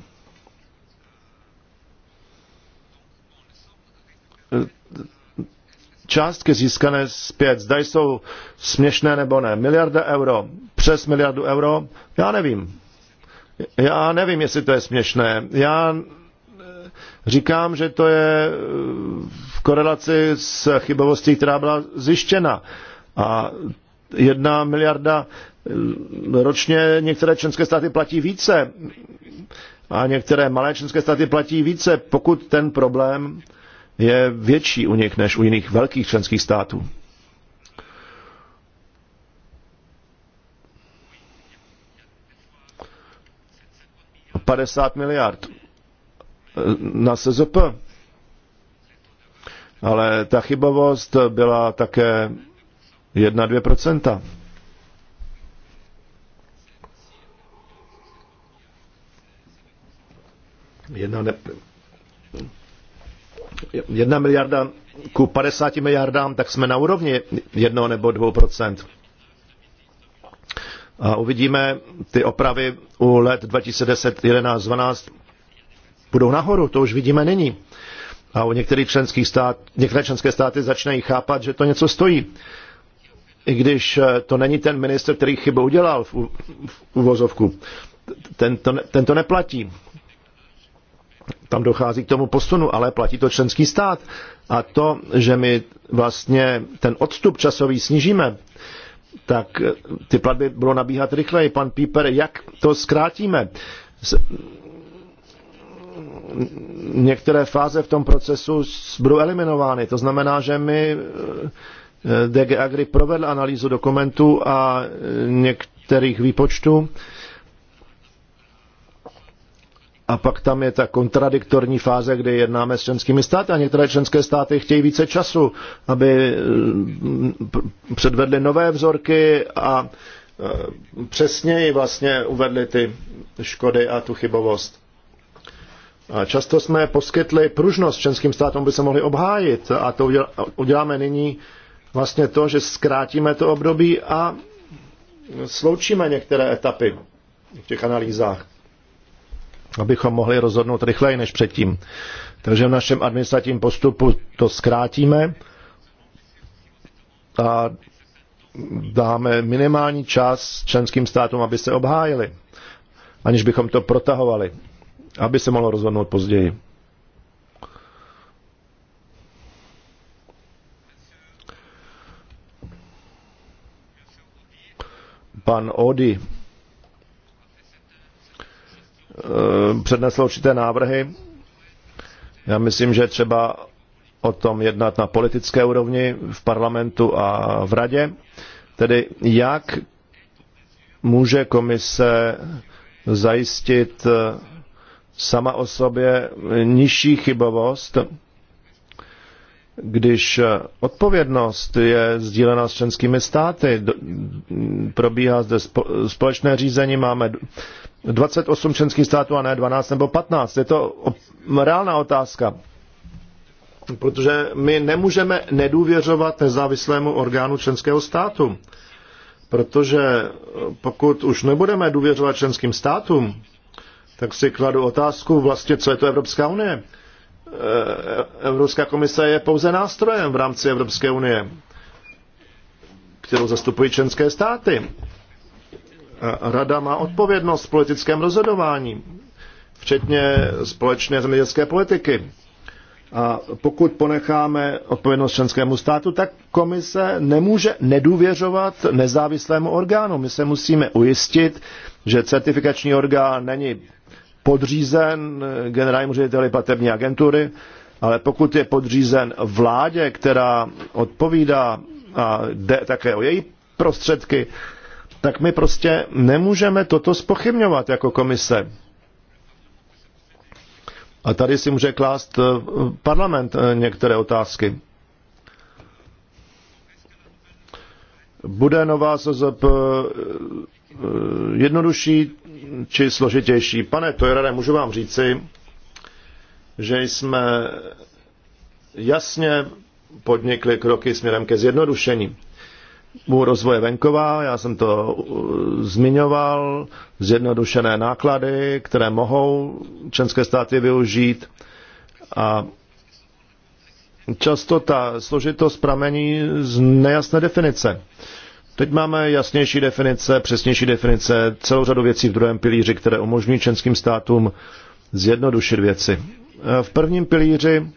Částky získané zpět, zda jsou směšné nebo ne. Miliarda euro, přes miliardu euro, já nevím. Já nevím, jestli to je směšné. Já eh, říkám, že to je eh, v korelaci s chybovostí, která byla zjištěna. A jedna miliarda eh, ročně některé členské státy platí více a některé malé členské státy platí více, pokud ten problém je větší u nich než u jiných velkých členských států. 50 miliard eh, na SZP. Ale ta chybovost byla také 1-2%. Jedna, ne... jedna miliarda ku 50 miliardám, tak jsme na úrovni 1 nebo dvou a uvidíme, ty opravy u let 2010, 11, 12 budou nahoru, to už vidíme nyní. A u některých členských stát, některé členské státy začínají chápat, že to něco stojí. I když eh, to není ten minister, který chybu udělal v, v uvozovku. Ten to, ten to neplatí. Tam dochází k tomu posunu, ale platí to členský stát. A to, že my vlastně ten odstup časový snížíme, tak eh, ty platby budou nabíhat rychleji. Pan Píper, jak to zkrátíme? Některé fáze v tom procesu budou eliminovány. To znamená, že my eh, eh, DG Agri provedl analýzu dokumentů a některých výpočtů a pak tam je ta kontradiktorní fáze, kdy jednáme s členskými státy a některé členské státy chtějí více času, aby eh, předvedly nové vzorky a eh, přesněji vlastně uvedly ty škody a tu chybovost. A často jsme poskytli pružnost členským státům, by se mohli obhájit a to uděláme nyní vlastně to, že zkrátíme to období a sloučíme některé etapy v těch analýzách abychom mohli rozhodnout rychleji než předtím. Takže v našem administrativním postupu to zkrátíme a dáme minimální čas členským státům, aby se obhájili, aniž bychom to protahovali, aby se mohlo rozhodnout později. Pan Odi Eh, přednesl určité návrhy. Já myslím, že třeba o tom jednat na politické úrovni v parlamentu a v radě. Tedy jak může komise zajistit eh, sama o sobě nižší chybovost, když eh, odpovědnost je sdílena s členskými státy, probíhá zde společné řízení, máme 28 členských států a ne 12 nebo 15. Je to reálná otázka. Protože my nemůžeme nedůvěřovat nezávislému orgánu členského státu. Protože eh, pokud už nebudeme důvěřovat členským státům, tak si kladu otázku vlastně, co je to Evropská unie. Eh, Evropská komise je pouze nástrojem v rámci Evropské unie, kterou zastupují členské státy. E, Rada má odpovědnost v politickém rozhodování, včetně společné zemědělské politiky. A pokud ponecháme odpovědnost členskému státu, tak komise nemůže nedůvěřovat nezávislému orgánu. My se musíme ujistit, že certifikační orgán není podřízen generálnímu řediteli platební agentury, ale pokud je podřízen vládě, která odpovídá a jde také o její prostředky, tak my prostě nemůžeme toto spochybňovat jako komise. A tady si může klást eh, parlament eh, některé otázky. Bude nová SZP eh, jednodušší či složitější? Pane Tojrade, můžu vám říci, že jsme jasně podnikli kroky směrem ke zjednodušení u rozvoje venkova, já jsem to uh, zmiňoval, zjednodušené náklady, které mohou členské státy využít a často ta složitost pramení z nejasné definice. Teď máme jasnější definice, přesnější definice, celou řadu věcí v druhém pilíři, které umožňují členským státům zjednodušit věci. Eh, v prvním pilíři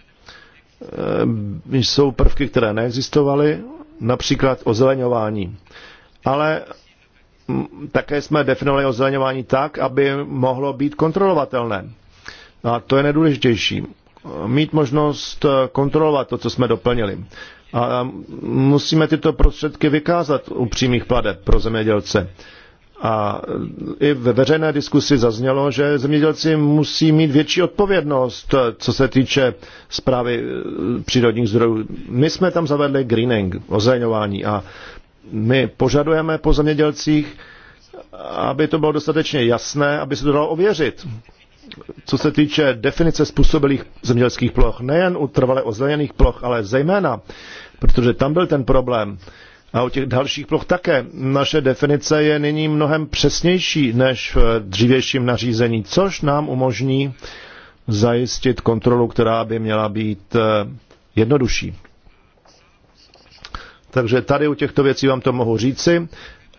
eh, jsou prvky, které neexistovaly například ozeleňování. Ale také jsme definovali ozeleňování tak, aby mohlo být kontrolovatelné. A to je nejdůležitější. Mít možnost eh, kontrolovat to, co jsme doplnili. A musíme tyto prostředky vykázat u přímých pladeb pro zemědělce. A i ve veřejné diskusi zaznělo, že zemědělci musí mít větší odpovědnost, co se týče zprávy eh, přírodních zdrojů. My jsme tam zavedli greening, ozeňování a my požadujeme po zemědělcích, aby to bylo dostatečně jasné, aby se to dalo ověřit. Co se týče definice způsobilých zemědělských ploch, nejen u trvale ozeleněných ploch, ale zejména, protože tam byl ten problém, a o těch dalších ploch také. Naše definice je nyní mnohem přesnější než v dřívějším nařízení, což nám umožní zajistit kontrolu, která by měla být eh, jednodušší. Takže tady u těchto věcí vám to mohu říci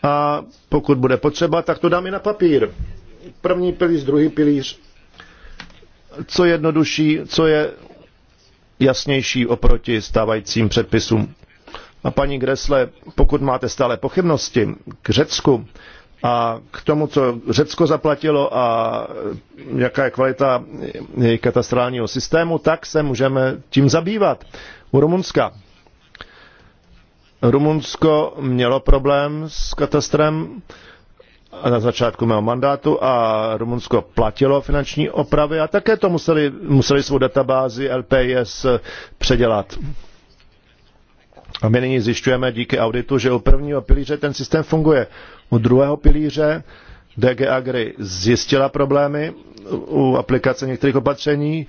a pokud bude potřeba, tak to dám i na papír. První pilíř, druhý pilíř, co je jednodušší, co je jasnější oproti stávajícím předpisům. A paní Gresle, pokud máte stále pochybnosti k Řecku a k tomu, co Řecko zaplatilo a jaká je kvalita jejich katastrálního systému, tak se můžeme tím zabývat. U Rumunska. Rumunsko mělo problém s katastrem na začátku mého mandátu a Rumunsko platilo finanční opravy a také to museli, museli svou databázi LPS předělat. A my nyní zjišťujeme díky auditu, že u prvního pilíře ten systém funguje. U druhého pilíře DG Agri zjistila problémy u aplikace některých opatření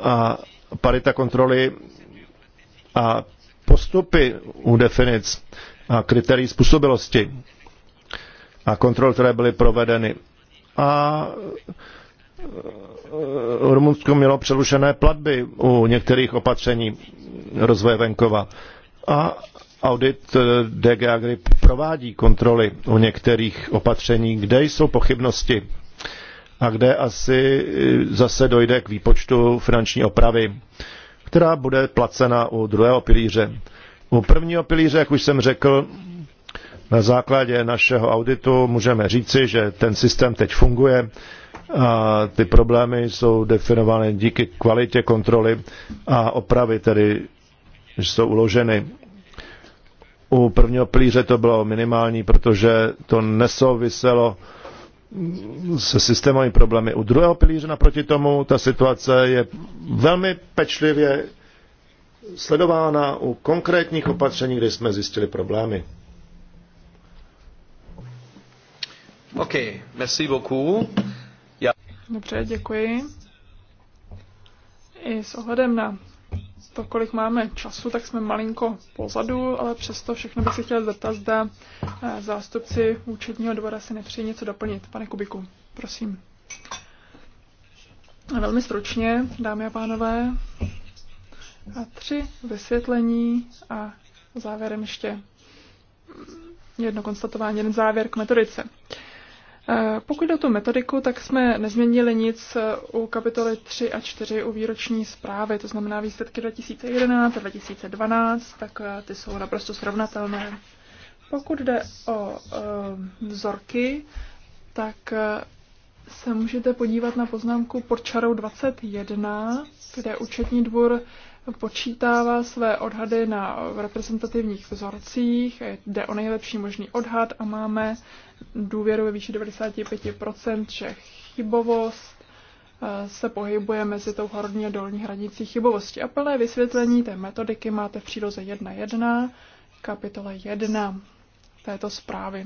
a parita kontroly a postupy u definic a kritérií způsobilosti a kontrol, které byly provedeny. A e, Rumunsko mělo přerušené platby u některých opatření rozvoje venkova. A audit eh, DG Agri provádí kontroly u některých opatření, kde jsou pochybnosti a kde asi eh, zase dojde k výpočtu finanční opravy, která bude placena u druhého pilíře. U prvního pilíře, jak už jsem řekl, na základě našeho auditu můžeme říci, že ten systém teď funguje a ty problémy jsou definovány díky kvalitě kontroly a opravy tedy jsou uloženy. U prvního plíře to bylo minimální, protože to nesouviselo se systémovými problémy. U druhého pilíře naproti tomu ta situace je velmi pečlivě sledována u konkrétních opatření, kde jsme zjistili problémy. OK, merci beaucoup. Dobře, děkuji. I s ohledem na to, kolik máme času, tak jsme malinko pozadu, ale přesto všechno bych se chtěl zeptat, zda eh, zástupci účetního dvora si nepřijí něco doplnit. Pane Kubiku, prosím. A velmi stručně, dámy a pánové, a tři vysvětlení a závěrem ještě jedno konstatování, jeden závěr k metodice. Uh, Eh, pokud o tu metodiku, tak jsme nezměnili nic eh, u kapitoly 3 a 4 u výroční zprávy, to znamená výsledky 2011 a 2012, tak eh, ty jsou naprosto srovnatelné. Pokud jde o vzorky, tak se můžete podívat na poznámku pod čarou 21, kde účetní dvůr počítává své odhady na reprezentativních vzorcích, jde o nejlepší možný odhad a máme důvěru ve výši 95%, že chybovost eh, se pohybuje mezi tou horní a dolní hranicí chybovosti. A plné vysvětlení té metodiky máte v příloze 1.1, kapitole 1 této zprávy.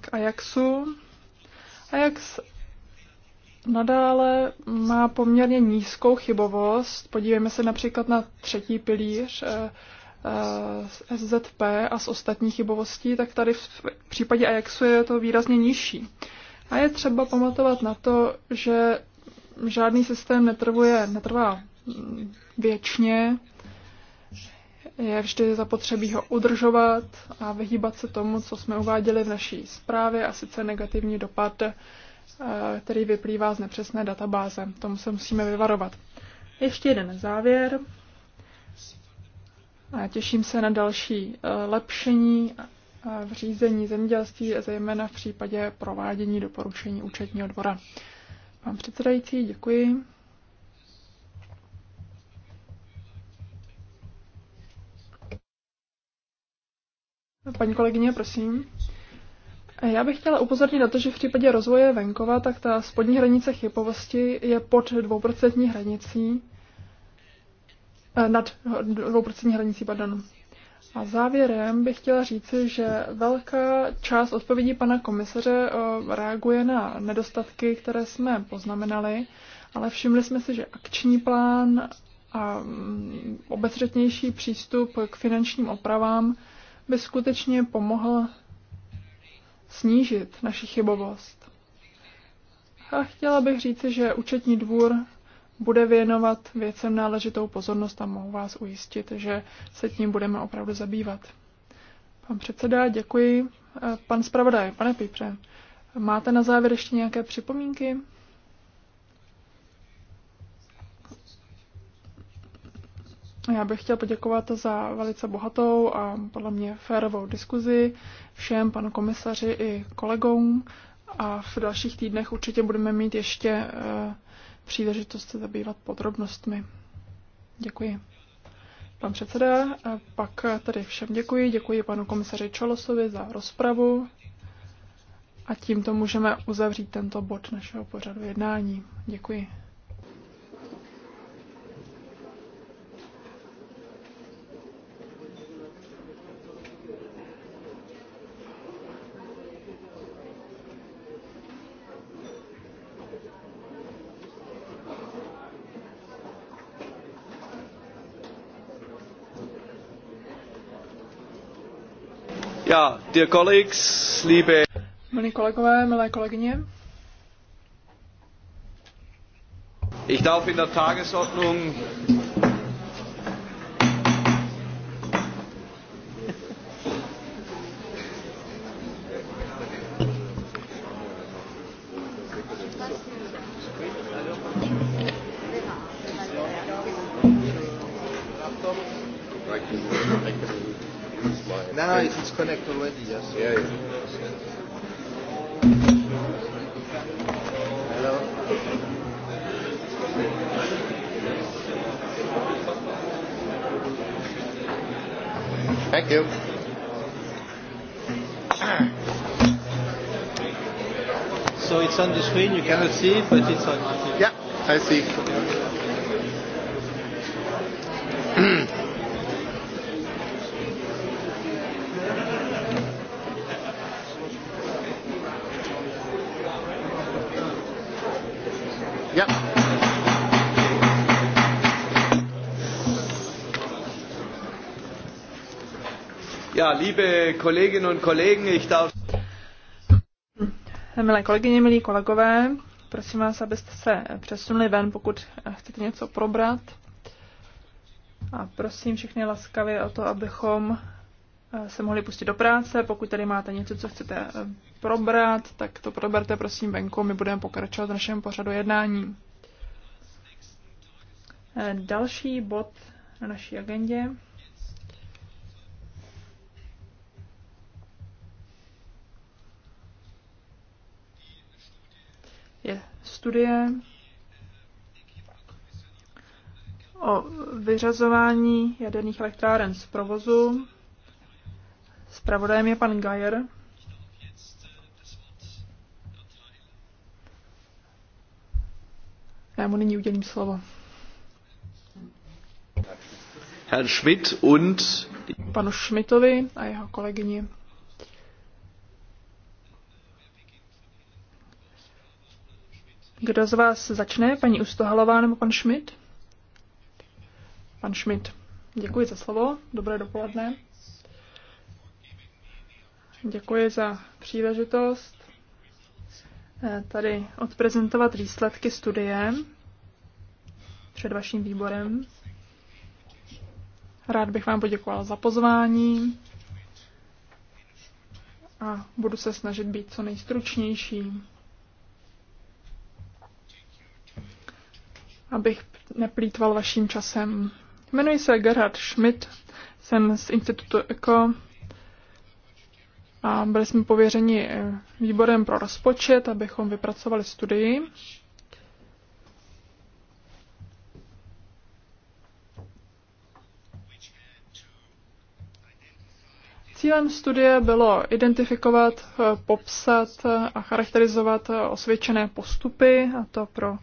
K Ajaxu. Ajax nadále má poměrně nízkou chybovost. Podívejme se například na třetí pilíř eh, eh, z SZP a z ostatních chybovostí, tak tady v případě Ajaxu je to výrazně nižší. A je třeba pamatovat na to, že žádný systém netrvuje, netrvá věčně, je vždy zapotřebí ho udržovat a vyhýbat se tomu, co jsme uváděli v naší zprávě, a sice negativní dopad Eh, který vyplývá z nepřesné databáze. Tomu se musíme vyvarovat. Ještě jeden závěr. Eh, těším se na další eh, lepšení v řízení zemědělství, zejména v případě provádění doporučení účetního dvora. Pan předsedající, děkuji. Paní kolegyně, prosím. Já bych chtěla upozornit na to, že v případě rozvoje venkova, tak ta spodní hranice chybovosti je pod dvouprocentní hranicí, eh, nad dvouprocentní hranicí, pardon. A závěrem bych chtěla říci, že velká část odpovědí pana komisaře eh, reaguje na nedostatky, které jsme poznamenali, ale všimli jsme si, že akční plán a mm, obecřetnější přístup k finančním opravám by skutečně pomohl snížit naši chybovost. A chtěla bych říci, že účetní dvůr bude věnovat věcem náležitou pozornost a mohu vás ujistit, že se tím budeme opravdu zabývat. Pan předseda, děkuji. Pan zpravodaj, pane Pípře, máte na závěr ještě nějaké připomínky? Já bych chtěl poděkovat za velice bohatou a podle mě férovou diskuzi všem panu komisaři i kolegům a v dalších týdnech určitě budeme mít ještě eh, příležitost se zabývat podrobnostmi. Děkuji. Pan předseda, a pak tady všem děkuji. Děkuji panu komisaři Čolosovi za rozpravu a tímto můžeme uzavřít tento bod našeho pořadu jednání. Děkuji. Ja, dear colleagues, liebe... Milí kolegové, milé kolegyně. Ich darf in der Tagesordnung you. So it's on the screen, you cannot see it, but it's on. Yeah, I see. liebe Kolleginnen und Kollegen, ich darf... Milé kolegyně, milí kolegové, prosím vás, abyste se přesunuli ven, pokud chcete něco probrat. A prosím všechny laskavě o to, abychom eh, se mohli pustit do práce. Pokud tady máte něco, co chcete eh, probrat, tak to proberte prosím venku. My budeme pokračovat v našem pořadu jednání. Eh, další bod na naší agendě studie o vyřazování jaderných elektráren z provozu. Spravodajem je pan Geyer. Já mu nyní udělím slovo. Herr Schmidt und panu Schmidtovi a jeho kolegyni Kdo z vás začne? Paní Ustohalová nebo pan Schmidt? Pan Schmidt. Děkuji za slovo. Dobré dopoledne. Děkuji za příležitost eh, tady odprezentovat výsledky studie před vaším výborem. Rád bych vám poděkoval za pozvání a budu se snažit být co nejstručnější. abych neplýtval vaším časem. Jmenuji se Gerhard Schmidt, jsem z Institutu ECO a byli jsme pověřeni eh, výborem pro rozpočet, abychom vypracovali studii. Cílem studie bylo identifikovat, eh, popsat a charakterizovat eh, osvědčené postupy, a to pro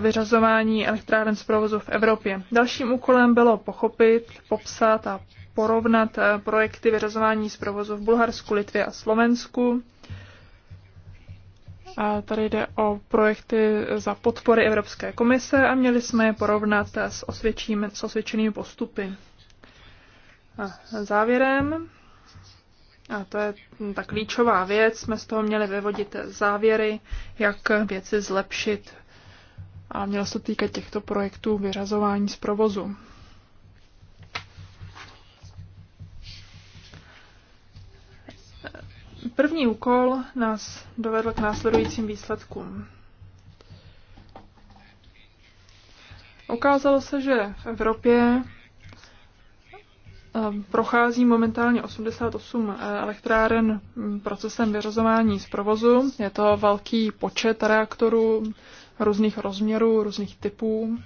vyřazování elektráren z provozu v Evropě. Dalším úkolem bylo pochopit, popsat a porovnat eh, projekty vyřazování z provozu v Bulharsku, Litvě a Slovensku. A tady jde o projekty za podpory Evropské komise a měli jsme je porovnat eh, s, osvědčím, s osvědčenými postupy. A závěrem, a to je ta klíčová věc, jsme z toho měli vyvodit závěry, jak věci zlepšit a měla se týkat těchto projektů vyřazování z provozu. První úkol nás dovedl k následujícím výsledkům. Ukázalo se, že v Evropě eh, prochází momentálně 88 eh, elektráren procesem vyřazování z provozu. Je to velký počet reaktorů, různých rozměrů, různých typů.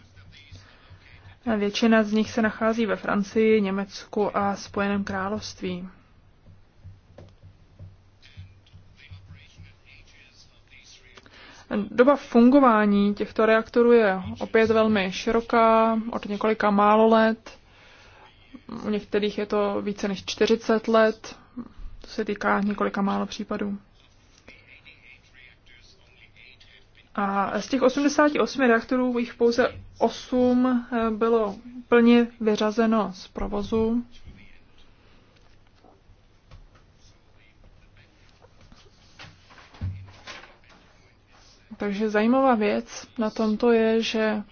Většina z nich se nachází ve Francii, Německu a Spojeném království. Doba fungování těchto reaktorů je opět velmi široká, od několika málo let. U některých je to více než 40 let, to se týká několika málo případů. A z těch 88 reaktorů jich pouze 8 eh, bylo plně vyřazeno z provozu. Takže zajímavá věc na tomto je, že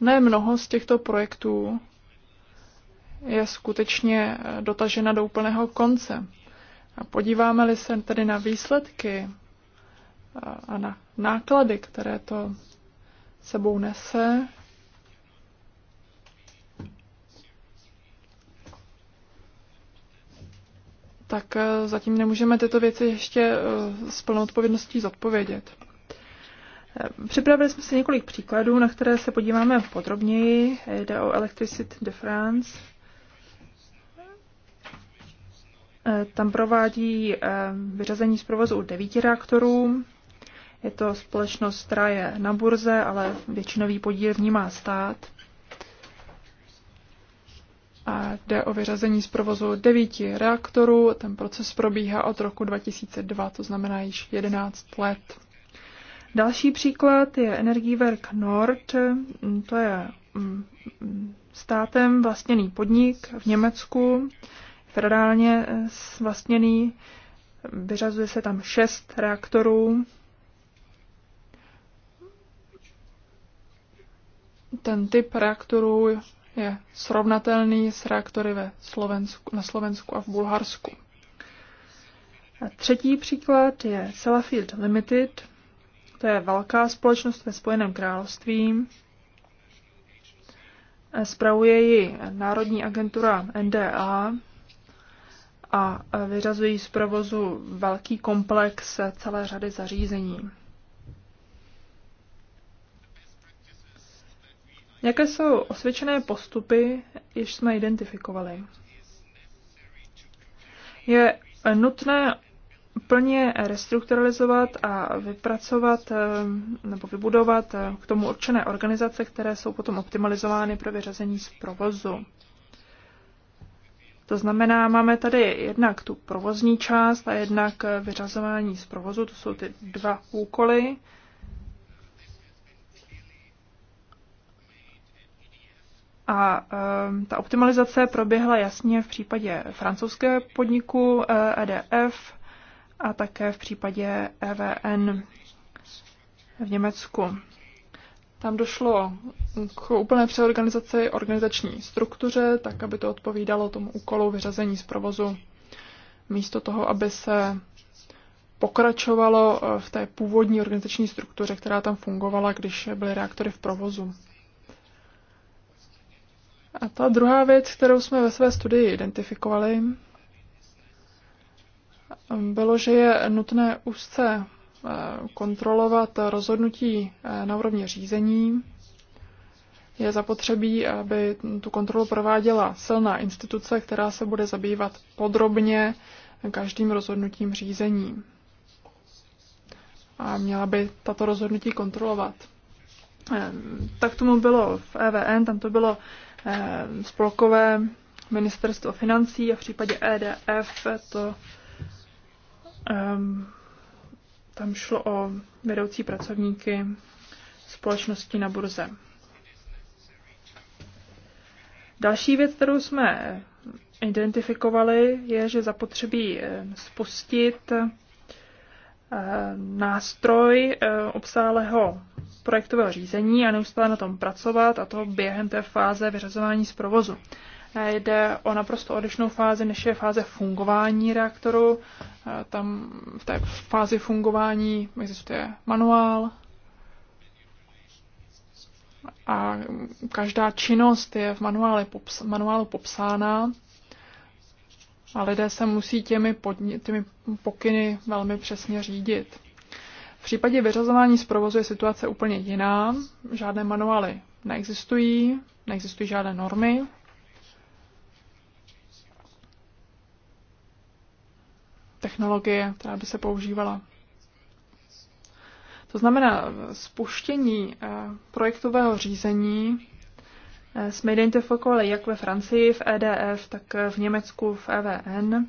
ne mnoho z těchto projektů je skutečně eh, dotažena do úplného konce. A podíváme-li se tedy na výsledky a na náklady, které to sebou nese. tak e, zatím nemůžeme tyto věci ještě e, s plnou odpovědností zodpovědět. E, připravili jsme si několik příkladů, na které se podíváme podrobněji. Jde o Electricity de France. Tam provádí vyřazení z provozu devíti reaktorů. Je to společnost, která je na burze, ale většinový podíl v ní má stát. A jde o vyřazení z provozu devíti reaktorů. Ten proces probíhá od roku 2002, to znamená již 11 let. Další příklad je Energiewerk Nord. To je mm, mm, státem vlastněný podnik v Německu, federálně eh, vlastněný. Vyřazuje se tam šest reaktorů ten typ reaktorů je srovnatelný s reaktory ve Slovensku, na Slovensku a v Bulharsku. A třetí příklad je Sellafield Limited, to je velká společnost ve Spojeném království. Spravuje ji Národní agentura NDA a vyřazují z provozu velký komplex celé řady zařízení. Jaké jsou osvědčené postupy, jež jsme identifikovali? Je nutné plně restrukturalizovat a vypracovat eh, nebo vybudovat eh, k tomu určené organizace, které jsou potom optimalizovány pro vyřazení z provozu. To znamená, máme tady jednak tu provozní část a jednak eh, vyřazování z provozu, to jsou ty dva úkoly. A e, ta optimalizace proběhla jasně v případě francouzského podniku eh, e, EDF a také v případě EVN v Německu. Tam došlo k úplné přeorganizaci organizační struktuře, tak aby to odpovídalo tomu úkolu vyřazení z provozu. Místo toho, aby se pokračovalo eh, v té původní organizační struktuře, která tam fungovala, když byly reaktory v provozu. A ta druhá věc, kterou jsme ve své studii identifikovali, bylo, že je nutné úzce eh, kontrolovat rozhodnutí eh, na úrovni řízení. Je zapotřebí, aby tu kontrolu prováděla silná instituce, která se bude zabývat podrobně každým rozhodnutím řízení. A měla by tato rozhodnutí kontrolovat. Eh, tak tomu bylo v EVN, tam to bylo Eh, spolkové ministerstvo financí a v případě EDF to um, tam šlo o vedoucí pracovníky společnosti na burze. Další věc, kterou jsme identifikovali, je, že zapotřebí eh, spustit eh, nástroj obsáhlého projektového řízení a neustále na tom pracovat a to během té fáze vyřazování z provozu. Jde o naprosto odlišnou fázi, než je fáze fungování reaktoru. Tam v té fázi fungování existuje manuál a každá činnost je v manuálu, pops, manuálu popsána a lidé se musí těmi, podni, těmi pokyny velmi přesně řídit. V případě vyřazování z provozu je situace úplně jiná. Žádné manuály neexistují, neexistují žádné normy. Technologie, která by se používala. To znamená, spuštění eh, projektového řízení eh, jsme identifikovali jak ve Francii, v EDF, tak v Německu, v EVN.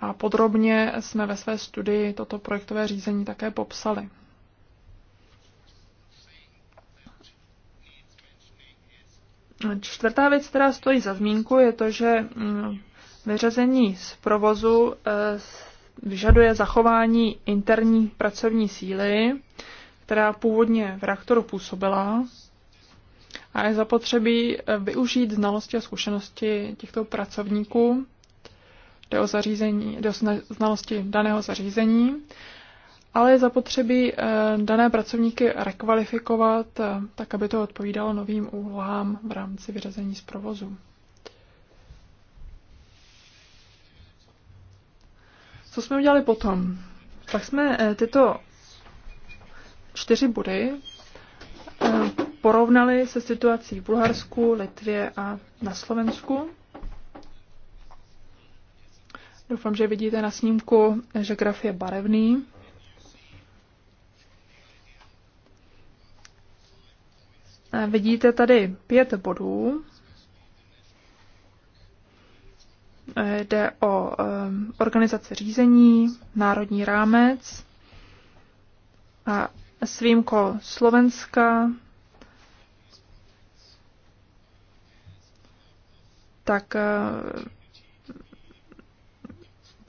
A podrobně jsme ve své studii toto projektové řízení také popsali. Čtvrtá věc, která stojí za zmínku, je to, že mm, vyřazení z provozu eh, vyžaduje zachování interní pracovní síly, která původně v reaktoru působila a je zapotřebí eh, využít znalosti a zkušenosti těchto pracovníků jde o zařízení, jde o znalosti daného zařízení, ale je zapotřebí eh, dané pracovníky rekvalifikovat eh, tak, aby to odpovídalo novým úlohám v rámci vyřazení z provozu. Co jsme udělali potom? Tak jsme eh, tyto čtyři body porovnali se situací v Bulharsku, Litvě a na Slovensku. Doufám, že vidíte na snímku, že graf je barevný. Vidíte tady pět bodů. Jde o organizaci řízení, národní rámec a s výjimkou Slovenska, tak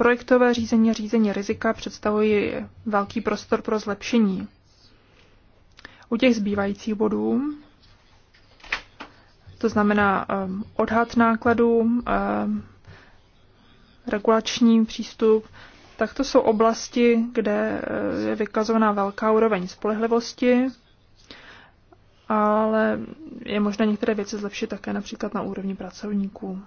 Projektové řízení a řízení rizika představují velký prostor pro zlepšení. U těch zbývajících bodů, to znamená ehm, odhad nákladů, ehm, regulační přístup, tak to jsou oblasti, kde eh, je vykazovaná velká úroveň spolehlivosti, ale je možné některé věci zlepšit také například na úrovni pracovníků.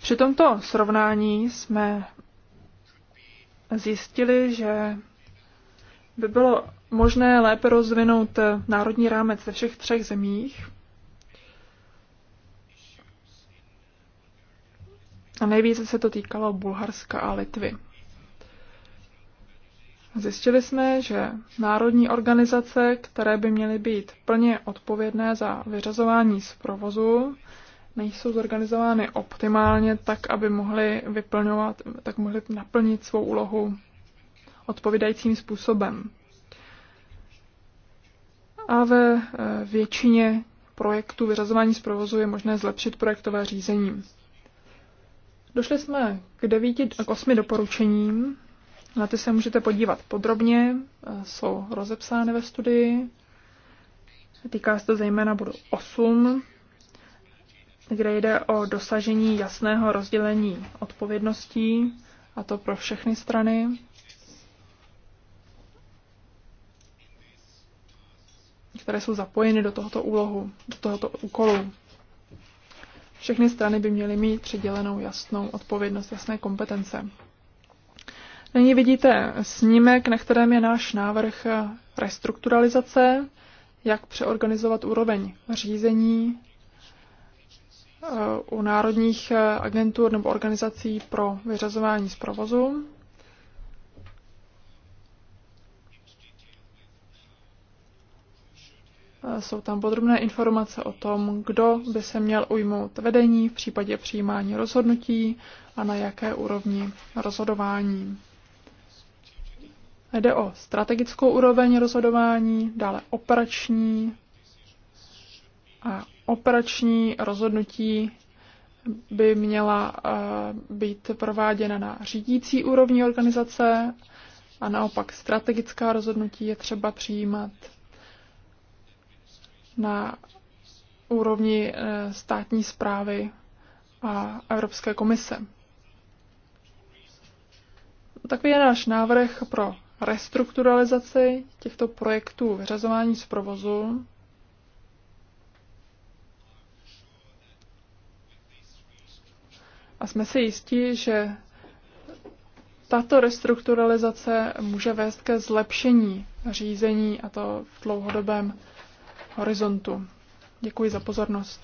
Při tomto srovnání jsme zjistili, že by bylo možné lépe rozvinout národní rámec ve všech třech zemích. A nejvíce se to týkalo Bulharska a Litvy. Zjistili jsme, že národní organizace, které by měly být plně odpovědné za vyřazování z provozu, nejsou zorganizovány optimálně tak, aby mohly vyplňovat, tak mohly naplnit svou úlohu odpovídajícím způsobem. A ve e, většině projektů vyřazování z provozu je možné zlepšit projektové řízení. Došli jsme k, devíti, k osmi doporučením. Na ty se můžete podívat podrobně, e, jsou rozepsány ve studii. Týká se to zejména bodu 8, kde jde o dosažení jasného rozdělení odpovědností, a to pro všechny strany. které jsou zapojeny do tohoto úlohu, do tohoto úkolu. Všechny strany by měly mít předělenou jasnou odpovědnost, jasné kompetence. Nyní vidíte snímek, na kterém je náš návrh restrukturalizace, jak přeorganizovat úroveň řízení Eh, u národních eh, agentur nebo organizací pro vyřazování z provozu. Eh, jsou tam podrobné informace o tom, kdo by se měl ujmout vedení v případě přijímání rozhodnutí a na jaké úrovni rozhodování. Jde o strategickou úroveň rozhodování, dále operační a operační rozhodnutí by měla eh, být prováděna na řídící úrovni organizace a naopak strategická rozhodnutí je třeba přijímat na úrovni eh, státní zprávy a Evropské komise. Takový je náš návrh pro restrukturalizaci těchto projektů vyřazování z provozu. A jsme si jistí, že tato restrukturalizace může vést ke zlepšení řízení a to v dlouhodobém horizontu. Děkuji za pozornost.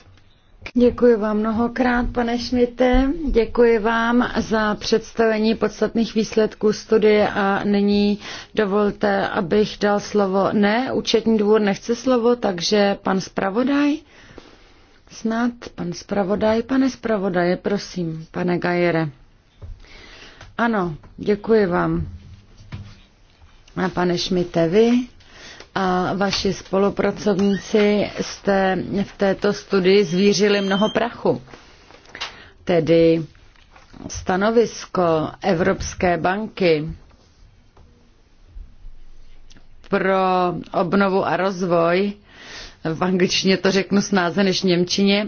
Děkuji vám mnohokrát, pane Šmite. Děkuji vám za představení podstatných výsledků studie a nyní dovolte, abych dal slovo. Ne, účetní dvůr nechce slovo, takže pan zpravodaj. Snad pan zpravodaj, pane zpravodaje, prosím, pane Gajere. Ano, děkuji vám. A pane Šmite, vy a vaši spolupracovníci jste v této studii zvířili mnoho prachu. Tedy stanovisko Evropské banky pro obnovu a rozvoj v angličtině to řeknu snáze než v němčině.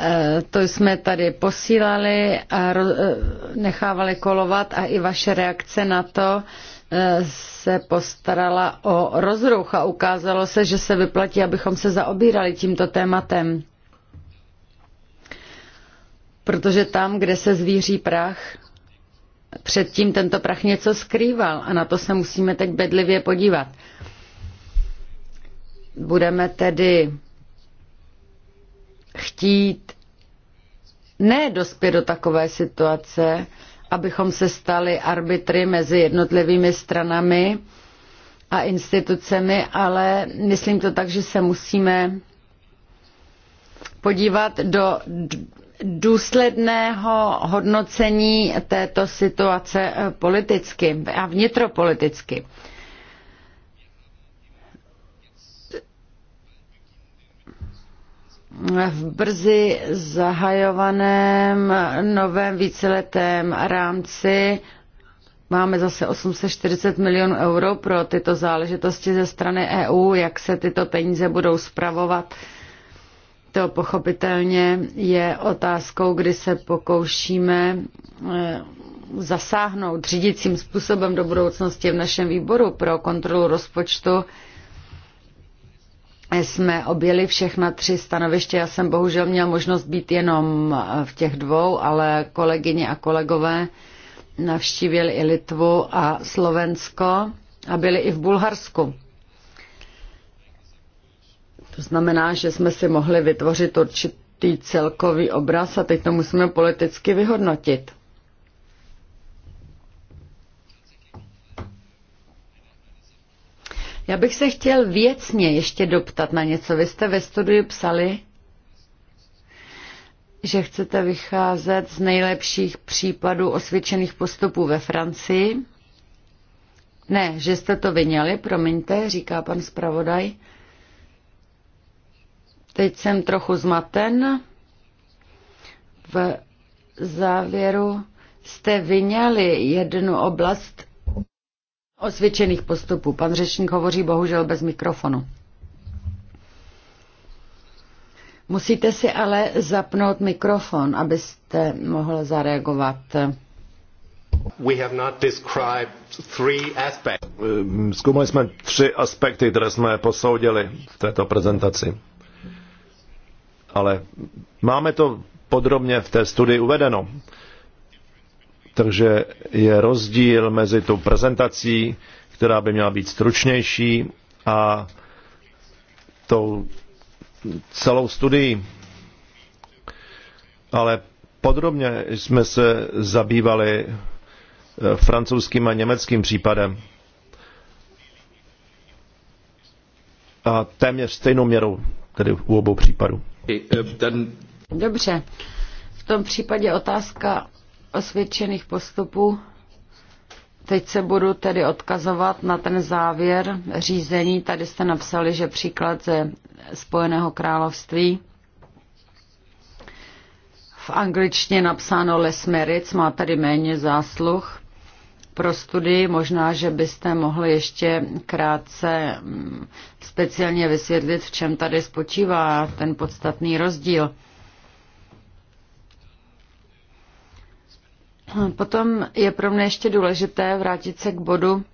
E, to jsme tady posílali a e, nechávali kolovat a i vaše reakce na to e, se postarala o rozruch a ukázalo se, že se vyplatí, abychom se zaobírali tímto tématem. Protože tam, kde se zvíří prach, předtím tento prach něco skrýval a na to se musíme teď bedlivě podívat budeme tedy chtít ne dospět do takové situace, abychom se stali arbitry mezi jednotlivými stranami a institucemi, ale myslím to tak, že se musíme podívat do důsledného hodnocení této situace politicky a vnitropoliticky. v brzy zahajovaném novém víceletém rámci Máme zase 840 milionů euro pro tyto záležitosti ze strany EU, jak se tyto peníze budou spravovat. To pochopitelně je otázkou, kdy se pokoušíme eh, zasáhnout řídícím způsobem do budoucnosti v našem výboru pro kontrolu rozpočtu jsme objeli všechna tři stanoviště. Já jsem bohužel měl možnost být jenom eh, v těch dvou, ale kolegyně a kolegové navštívili i Litvu a Slovensko a byli i v Bulharsku. To znamená, že jsme si mohli vytvořit určitý celkový obraz a teď to musíme politicky vyhodnotit. Já bych se chtěl věcně ještě doptat na něco. Vy jste ve studiu psali, že chcete vycházet z nejlepších případů osvědčených postupů ve Francii. Ne, že jste to vyněli, promiňte, říká pan zpravodaj. Teď jsem trochu zmaten. V závěru jste vyňali jednu oblast osvědčených postupů. Pan řečník hovoří bohužel bez mikrofonu. Musíte si ale zapnout mikrofon, abyste mohl zareagovat. We have not described three aspects. Ehm, zkoumali jsme tři aspekty, které jsme posoudili v této prezentaci. Ale máme to podrobně v té studii uvedeno takže je rozdíl mezi tou prezentací, která by měla být stručnější, a tou celou studií. Ale podrobně jsme se zabývali eh, francouzským a německým případem. A téměř stejnou měrou, tedy u obou případů. Eh, Dobře. V tom případě otázka osvědčených postupů. Teď se budu tedy odkazovat na ten závěr řízení. Tady jste napsali, že příklad ze Spojeného království v angličtině napsáno Les Merits, má tady méně zásluh pro studii. Možná, že byste mohli ještě krátce mm, speciálně vysvětlit, v čem tady spočívá ten podstatný rozdíl. Potom je pro mě ještě důležité vrátit se k bodu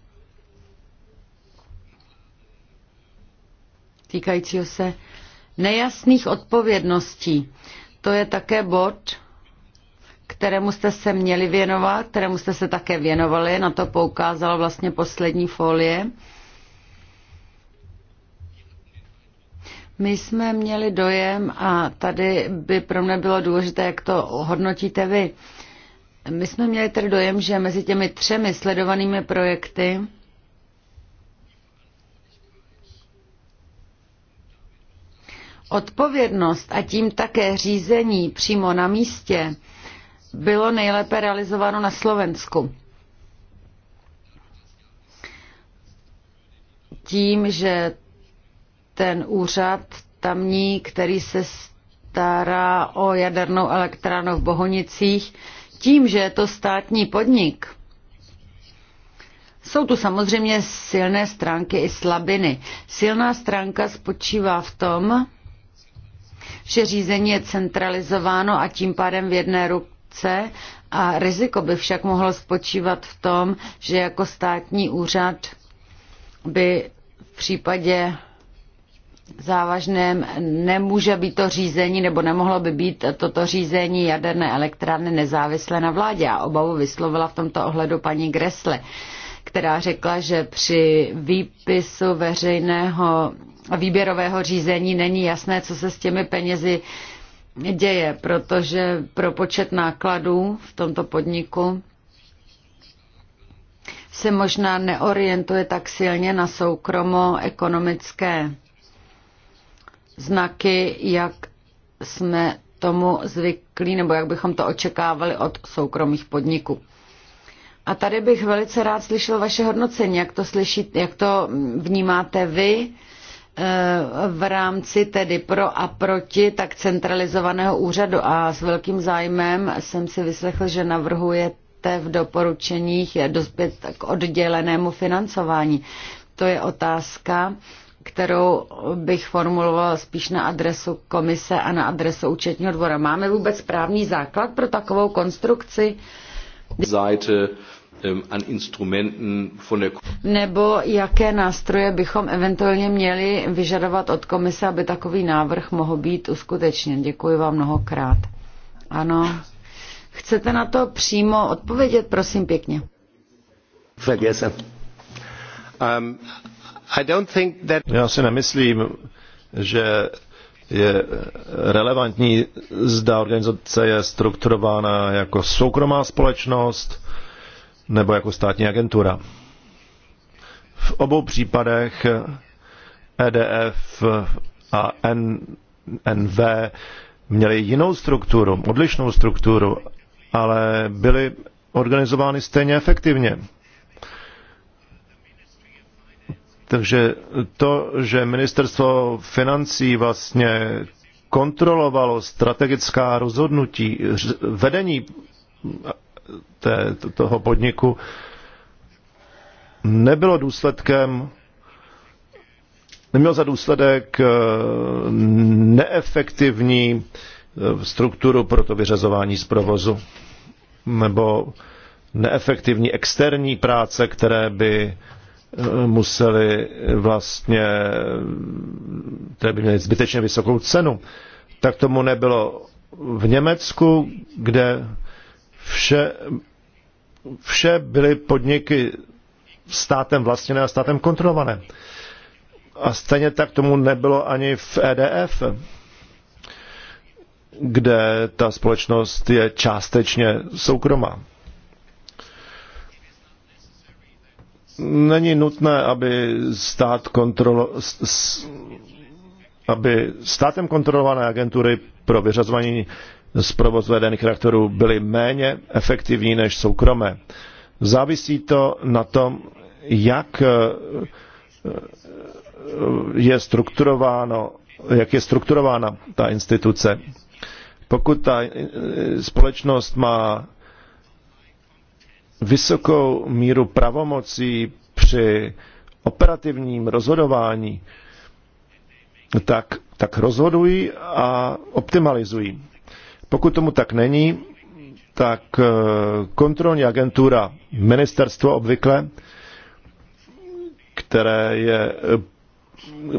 týkajícího se nejasných odpovědností. To je také bod, kterému jste se měli věnovat, kterému jste se také věnovali, na to poukázala vlastně poslední folie. My jsme měli dojem, a tady by pro mě bylo důležité, jak to hodnotíte vy, my jsme měli tedy dojem, že mezi těmi třemi sledovanými projekty odpovědnost a tím také řízení přímo na místě bylo nejlépe realizováno na Slovensku. Tím, že ten úřad tamní, který se stará o jadernou elektránu v Bohonicích, tím, že je to státní podnik, jsou tu samozřejmě silné stránky i slabiny. Silná stránka spočívá v tom, že řízení je centralizováno a tím pádem v jedné ruce a riziko by však mohlo spočívat v tom, že jako státní úřad by v případě závažném nemůže být to řízení, nebo nemohlo by být toto řízení jaderné elektrárny nezávislé na vládě. A obavu vyslovila v tomto ohledu paní Gresle, která řekla, že při výpisu veřejného výběrového řízení není jasné, co se s těmi penězi děje, protože pro počet nákladů v tomto podniku se možná neorientuje tak silně na soukromo ekonomické znaky, jak jsme tomu zvyklí nebo jak bychom to očekávali od soukromých podniků. A tady bych velice rád slyšel vaše hodnocení, jak to, slyší, jak to vnímáte vy eh, v rámci tedy pro a proti tak centralizovaného úřadu. A s velkým zájmem jsem si vyslechl, že navrhujete v doporučeních dospět k oddělenému financování. To je otázka, kterou bych formulovala spíš na adresu komise a na adresu účetního dvora. Máme vůbec právní základ pro takovou konstrukci? Seite ähm, an Instrumenten von der Nebo jaké nástroje bychom eventuálně měli vyžadovat od komise, aby takový návrh mohl být uskutečněn? Děkuji vám mnohokrát. Ano. Chcete na to přímo odpovědět, prosím pěkně. Vergessen. Um, já si nemyslím, že je relevantní, zda organizace je strukturována jako soukromá společnost nebo jako státní agentura. V obou případech EDF a NV měly jinou strukturu, odlišnou strukturu, ale byly organizovány stejně efektivně. Takže to, že ministerstvo financí vlastně kontrolovalo strategická rozhodnutí vedení té, toho podniku, nebylo důsledkem, nemělo za důsledek eh, neefektivní eh, strukturu pro to vyřazování z provozu nebo neefektivní externí práce, které by museli vlastně, které by měly zbytečně vysokou cenu. Tak tomu nebylo v Německu, kde vše, vše byly podniky státem vlastněné a státem kontrolované. A stejně tak tomu nebylo ani v EDF, kde ta společnost je částečně soukromá. není nutné, aby stát kontrolo, aby státem kontrolované agentury pro vyřazování z provozu vedených reaktorů byly méně efektivní než soukromé. Závisí to na tom, jak eh, eh, je strukturováno, jak je strukturována ta instituce. Pokud ta eh, společnost má vysokou míru pravomocí při operativním rozhodování, tak, tak rozhodují a optimalizují. Pokud tomu tak není, tak eh, kontrolní agentura, ministerstvo obvykle, které je eh,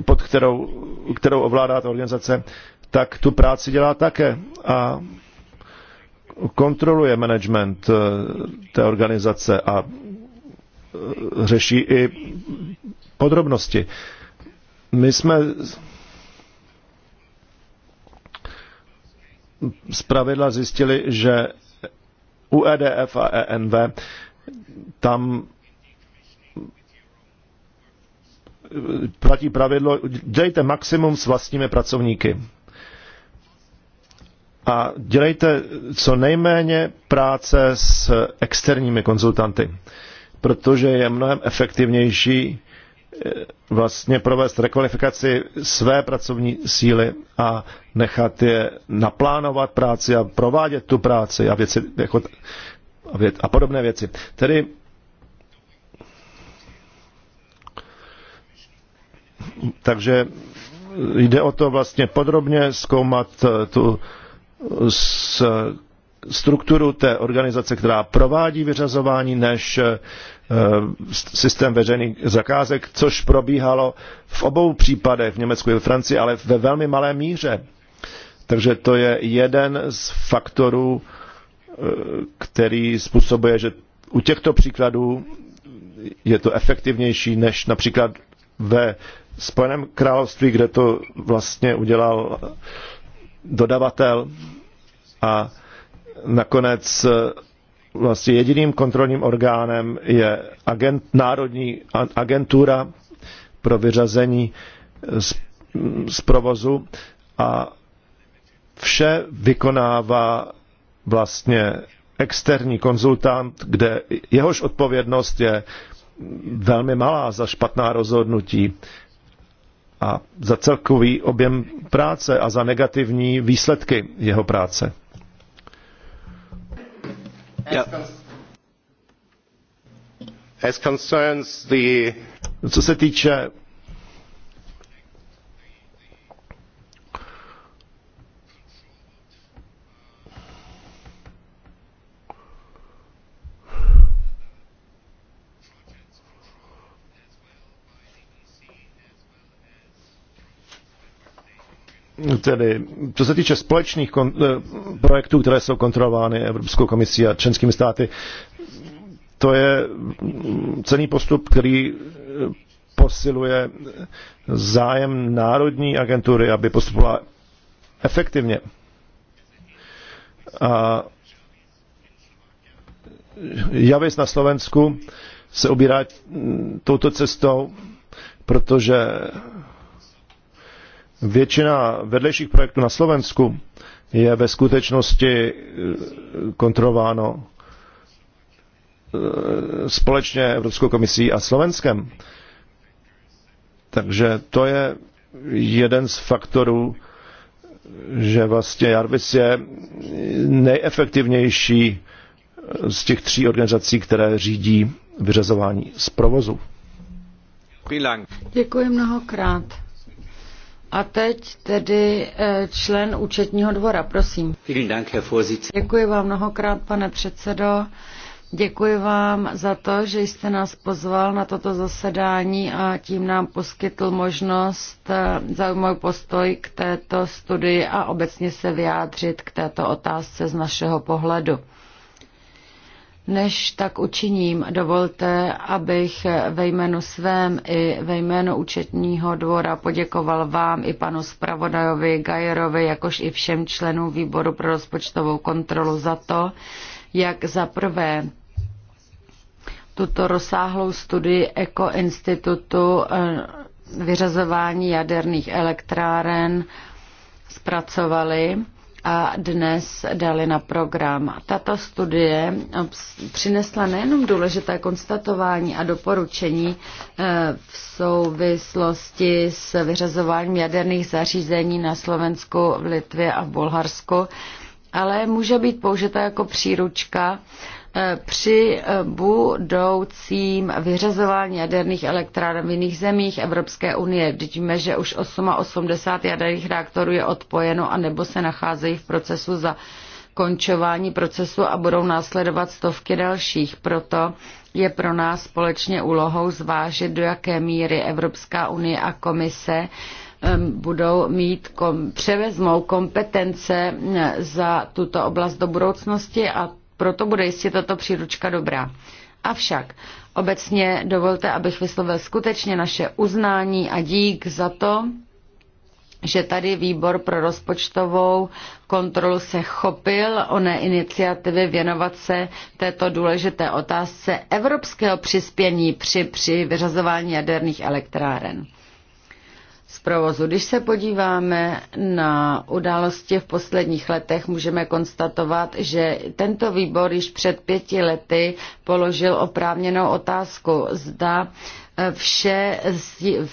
pod kterou, kterou ovládá ta organizace, tak tu práci dělá také. A kontroluje management eh, té organizace a eh, řeší i podrobnosti. My jsme z pravidla zjistili, že u EDF a ENV tam platí pravidlo, dejte maximum s vlastními pracovníky a dělejte co nejméně práce s externími konzultanty, protože je mnohem efektivnější eh, vlastně provést rekvalifikaci své pracovní síly a nechat je naplánovat práci a provádět tu práci a věci jako a, věc, a podobné věci. Tedy takže jde o to vlastně podrobně zkoumat eh, tu s strukturu té organizace, která provádí vyřazování, než eh, systém veřejných zakázek, což probíhalo v obou případech, v Německu i v Francii, ale ve velmi malé míře. Takže to je jeden z faktorů, eh, který způsobuje, že u těchto příkladů je to efektivnější než například ve Spojeném království, kde to vlastně udělal dodavatel a nakonec eh, vlastně jediným kontrolním orgánem je agent, Národní agentura pro vyřazení eh, z, z provozu a vše vykonává vlastně externí konzultant, kde jehož odpovědnost je velmi malá za špatná rozhodnutí a za celkový objem práce a za negativní výsledky jeho práce. As concerns the... Co se týče tedy co se týče společných kon, eh, projektů, které jsou kontrolovány Evropskou komisí a členskými státy, to je cený postup, který eh, posiluje zájem národní agentury, aby postupovala efektivně. A Javis na Slovensku se obírá touto cestou, protože Většina vedlejších projektů na Slovensku je ve skutečnosti eh, kontrolováno eh, společně Evropskou komisí a Slovenskem. Takže to je jeden z faktorů, že vlastně Jarvis je nejefektivnější z těch tří organizací, které řídí vyřazování z provozu. Děkuji mnohokrát. A teď tedy eh, člen účetního dvora, prosím. Děkuji vám mnohokrát, pane předsedo. Děkuji vám za to, že jste nás pozval na toto zasedání a tím nám poskytl možnost eh, zaujmout postoj k této studii a obecně se vyjádřit k této otázce z našeho pohledu. Než tak učiním, dovolte, abych ve jménu svém i ve jménu účetního dvora poděkoval vám i panu zpravodajovi Gajerovi, jakož i všem členům výboru pro rozpočtovou kontrolu za to, jak za prvé tuto rozsáhlou studii Ekoinstitutu eh, vyřazování jaderných elektráren zpracovali a dnes dali na program. Tato studie přinesla nejenom důležité konstatování a doporučení eh, v souvislosti s vyřazováním jaderných zařízení na Slovensku, v Litvě a v Bulharsku, ale může být použita jako příručka při budoucím vyřazování jaderných elektráren v jiných zemích Evropské unie. Vidíme, že už 88 jaderných reaktorů je odpojeno a nebo se nacházejí v procesu za končování procesu a budou následovat stovky dalších. Proto je pro nás společně úlohou zvážit, do jaké míry Evropská unie a komise budou mít, kom, převezmou kompetence za tuto oblast do budoucnosti a proto bude jistě tato příručka dobrá. Avšak obecně dovolte, abych vyslovil skutečně naše uznání a dík za to, že tady výbor pro rozpočtovou kontrolu se chopil o ne iniciativy věnovat se této důležité otázce evropského přispění při, při vyřazování jaderných elektráren z provozu. Když se podíváme na události v posledních letech, můžeme konstatovat, že tento výbor již před pěti lety položil oprávněnou otázku, zda eh, vše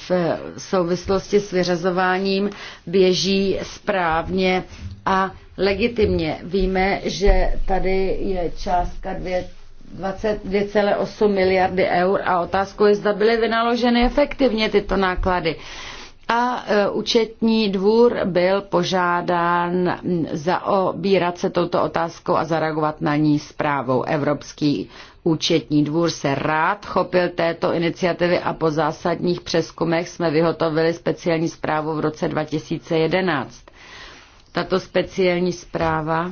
v souvislosti s vyřazováním běží správně a legitimně. Víme, že tady je částka 2 22,8 miliardy eur a otázkou je, zda byly vynaloženy efektivně tyto náklady a e, účetní dvůr byl požádán zaobírat se touto otázkou a zareagovat na ní zprávou. Evropský účetní dvůr se rád chopil této iniciativy a po zásadních přeskumech jsme vyhotovili speciální zprávu v roce 2011. Tato speciální zpráva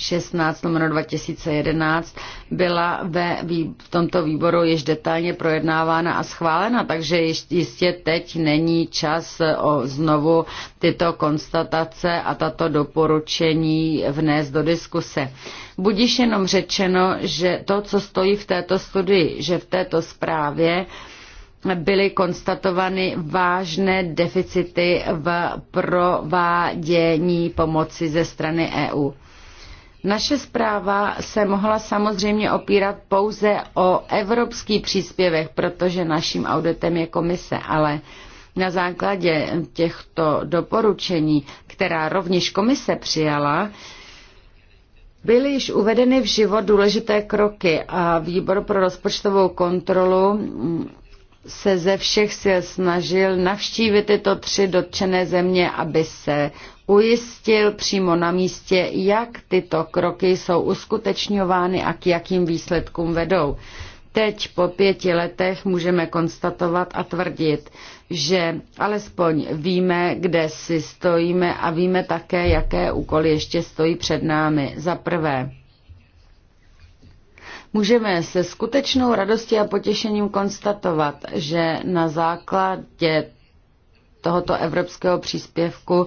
16 2011 byla ve, v tomto výboru již detailně projednávána a schválena, takže jistě teď není čas eh, o znovu tyto konstatace a tato doporučení vnést do diskuse. Budíš jenom řečeno, že to, co stojí v této studii, že v této zprávě byly konstatovány vážné deficity v provádění pomoci ze strany EU. Naše zpráva se mohla samozřejmě opírat pouze o evropský příspěvek, protože naším auditem je komise, ale na základě těchto doporučení, která rovněž komise přijala, Byly již uvedeny v život důležité kroky a výbor pro rozpočtovou kontrolu se ze všech sil snažil navštívit tyto tři dotčené země, aby se ujistil přímo na místě, jak tyto kroky jsou uskutečňovány a k jakým výsledkům vedou. Teď po pěti letech můžeme konstatovat a tvrdit, že alespoň víme, kde si stojíme a víme také, jaké úkoly ještě stojí před námi. Za prvé, můžeme se skutečnou radostí a potěšením konstatovat, že na základě tohoto evropského příspěvku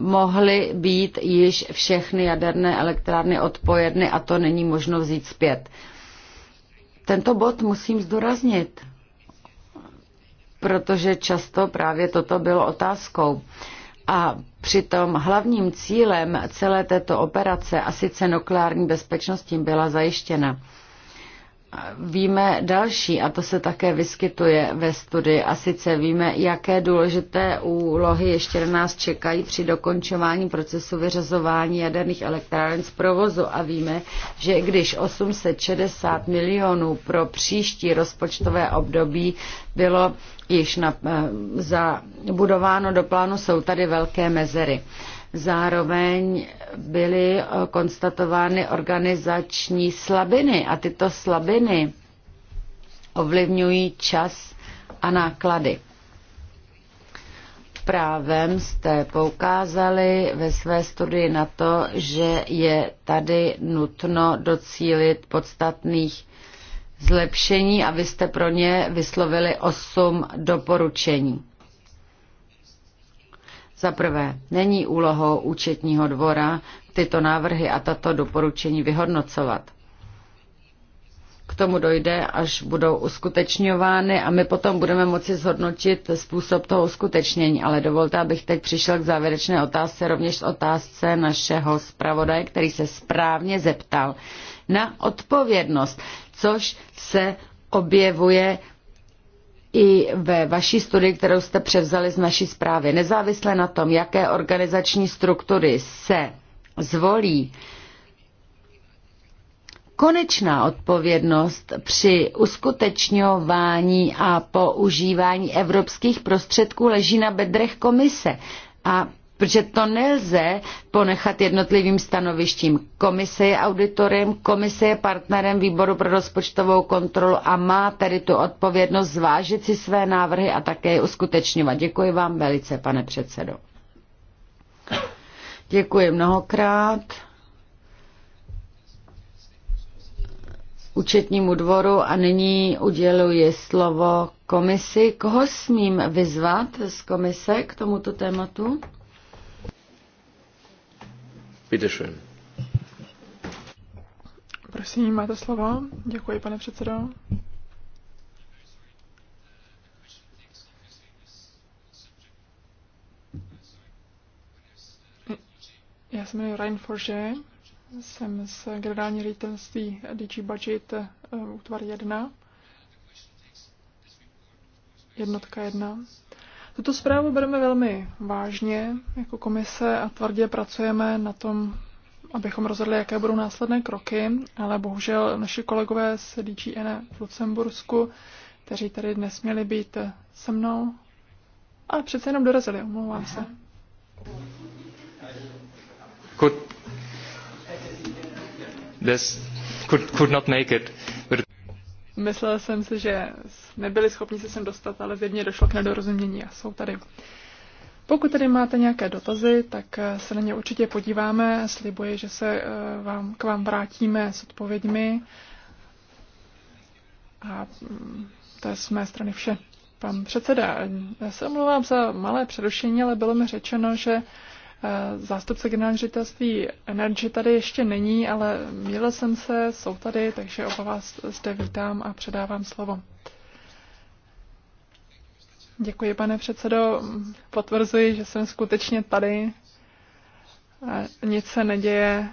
mohly být již všechny jaderné elektrárny odpojedny a to není možno vzít zpět. Tento bod musím zdoraznit, protože často právě toto bylo otázkou. A přitom hlavním cílem celé této operace a sice nukleární bezpečnost tím byla zajištěna víme další, a to se také vyskytuje ve studii, a sice víme, jaké důležité úlohy ještě na nás čekají při dokončování procesu vyřazování jaderných elektráren z provozu a víme, že když 860 milionů pro příští rozpočtové období bylo již na, eh, zabudováno do plánu, jsou tady velké mezery. Zároveň byly eh, konstatovány organizační slabiny a tyto slabiny ovlivňují čas a náklady. Právem jste poukázali ve své studii na to, že je tady nutno docílit podstatných zlepšení a vy jste pro ně vyslovili osm doporučení. Za prvé, není úlohou účetního dvora tyto návrhy a tato doporučení vyhodnocovat. K tomu dojde, až budou uskutečňovány a my potom budeme moci zhodnotit způsob toho uskutečnění. Ale dovolte, abych teď přišel k závěrečné otázce, rovněž otázce našeho zpravodaje, který se správně zeptal na odpovědnost, což se objevuje i ve vaší studii, kterou jste převzali z naší zprávy, nezávisle na tom, jaké organizační struktury se zvolí, konečná odpovědnost při uskutečňování a používání evropských prostředků leží na bedrech komise. A protože to nelze ponechat jednotlivým stanovištím. Komise je auditorem, komise je partnerem výboru pro rozpočtovou kontrolu a má tedy tu odpovědnost zvážit si své návrhy a také je uskutečňovat. Děkuji vám velice, pane předsedo. Děkuji mnohokrát. účetnímu dvoru a nyní uděluji slovo komisi. Koho smím vyzvat z komise k tomuto tématu? Prosím, máte slovo. Děkuji, pane předsedo. Já se jmenuji Ryan Forge, jsem z generální ředitelství DG Budget eh, útvar 1, jednotka 1. Tuto zprávu bereme velmi vážně jako komise a tvrdě pracujeme na tom, abychom rozhodli, jaké budou následné kroky, ale bohužel naši kolegové z DGN v Lucembursku, kteří tady dnes měli být se mnou, ale přece jenom dorazili, omlouvám se. Could, this could, could not make it. Myslel jsem si, že nebyli schopni se sem dostat, ale zjevně došlo k nedorozumění a jsou tady. Pokud tedy máte nějaké dotazy, tak eh, se na ně určitě podíváme. Slibuji, že se eh, vám, k vám vrátíme s odpověďmi. A mm, to je z mé strany vše. Pan předseda, já eh, se omlouvám za malé přerušení, ale bylo mi řečeno, že Eh, zástupce generální ředitelství Energy tady ještě není, ale měla jsem se, jsou tady, takže oba vás zde vítám a předávám slovo. Děkuji, pane předsedo. Potvrzuji, že jsem skutečně tady. Nic se neděje.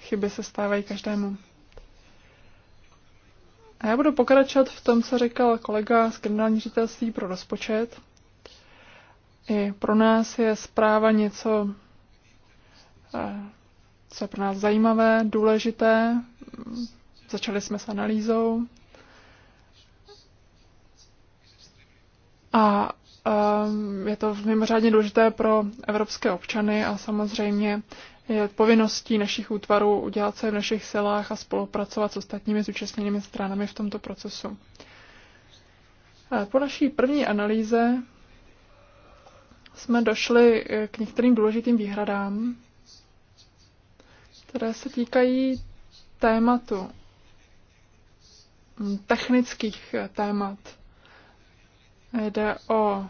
Chyby se stávají každému. A já budu pokračovat v tom, co říkal kolega z generální ředitelství pro rozpočet. I pro nás je zpráva něco, eh, co je pro nás zajímavé, důležité. Začali jsme s analýzou. A eh, je to mimořádně důležité pro evropské občany a samozřejmě je povinností našich útvarů udělat se v našich silách a spolupracovat s ostatními zúčastněnými stranami v tomto procesu. Eh, po naší první analýze jsme došli eh, k některým důležitým výhradám, které se týkají tématu, hm, technických eh, témat. Jde o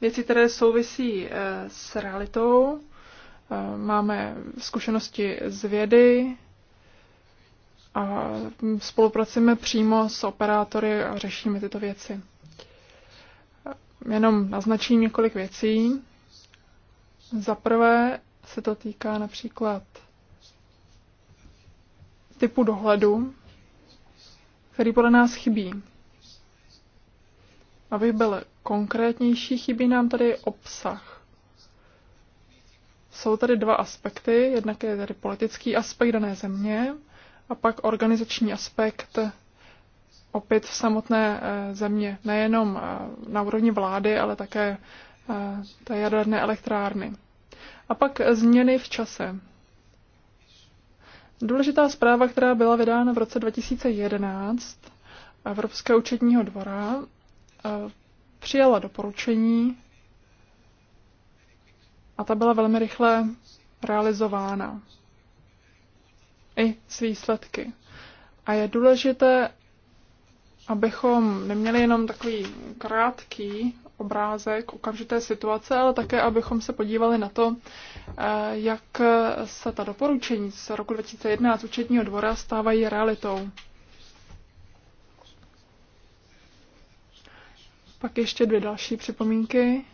věci, které souvisí eh, s realitou. Máme zkušenosti z vědy a hm, spolupracujeme přímo s operátory a řešíme tyto věci jenom naznačím několik věcí. Za prvé se to týká například typu dohledu, který podle nás chybí. Abych byl konkrétnější, chybí nám tady obsah. Jsou tady dva aspekty. Jednak je tady politický aspekt dané země a pak organizační aspekt opět v samotné eh, země, nejenom eh, na úrovni vlády, ale také eh, té jaderné elektrárny. A pak změny v čase. Důležitá zpráva, která byla vydána v roce 2011 Evropského účetního dvora, přijala doporučení a ta byla velmi rychle realizována. I s výsledky. A je důležité abychom neměli jenom takový krátký obrázek okamžité situace, ale také, abychom se podívali na to, eh, jak se ta doporučení z roku 2011 Učetního dvora stávají realitou. Pak ještě dvě další připomínky.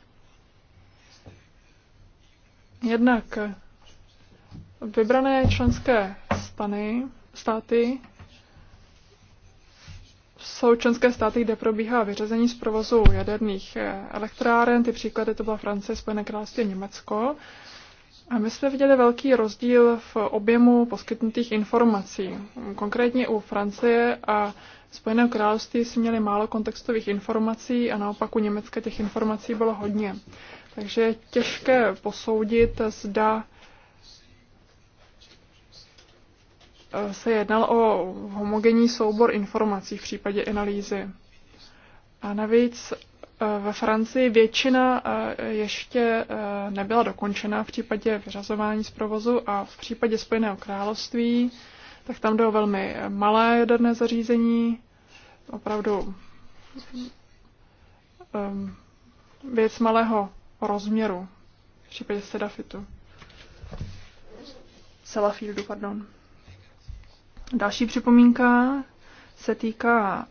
Jednak vybrané členské stany, státy jsou členské státy, kde probíhá vyřazení z provozu jaderných eh, elektráren. Ty příklady to byla Francie, Spojené království, Německo. A my jsme viděli velký rozdíl v objemu poskytnutých informací. Konkrétně u Francie a Spojeného království si měli málo kontextových informací a naopak u Německa těch informací bylo hodně. Takže je těžké posoudit, zda se jednal o homogenní soubor informací v případě analýzy. A navíc eh, ve Francii většina eh, ještě eh, nebyla dokončena v případě vyřazování z provozu a v případě Spojeného království, tak tam jde o velmi malé jaderné zařízení, opravdu ehm, věc malého rozměru v případě sedafitu. Sellafieldu, pardon. Další připomínka se týká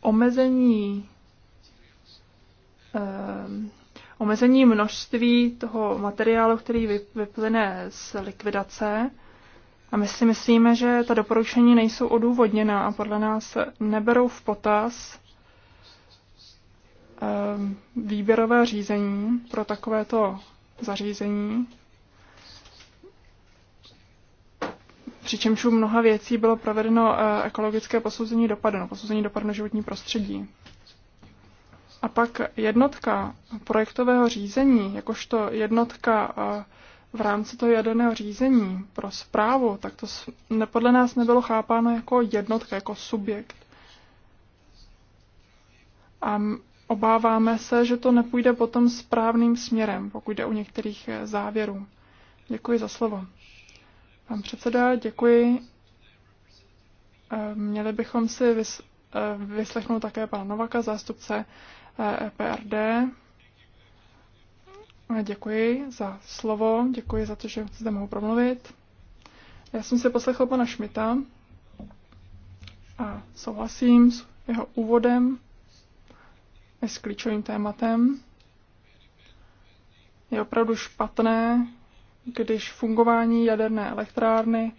omezení um, omezení množství toho materiálu, který vyplyne z likvidace. A my si myslíme, že ta doporučení nejsou odůvodněná a podle nás neberou v potaz um, výběrové řízení pro takovéto zařízení. Přičemž u mnoha věcí bylo provedeno eh, ekologické posouzení dopadu, no, posouzení dopadu na životní prostředí. A pak jednotka projektového řízení, jakožto jednotka eh, v rámci toho jaderného řízení pro zprávu, tak to podle nás nebylo chápáno jako jednotka, jako subjekt. A obáváme se, že to nepůjde potom správným směrem, pokud jde o některých eh, závěrů. Děkuji za slovo. Pan předseda, děkuji. Eh, měli bychom si eh, vyslechnout také pana Novaka, zástupce EPRD. E děkuji za slovo, děkuji za to, že zde mohu promluvit. Já jsem si poslechl pana Šmita a souhlasím s jeho úvodem s klíčovým tématem. Je opravdu špatné, když fungování jaderné elektrárny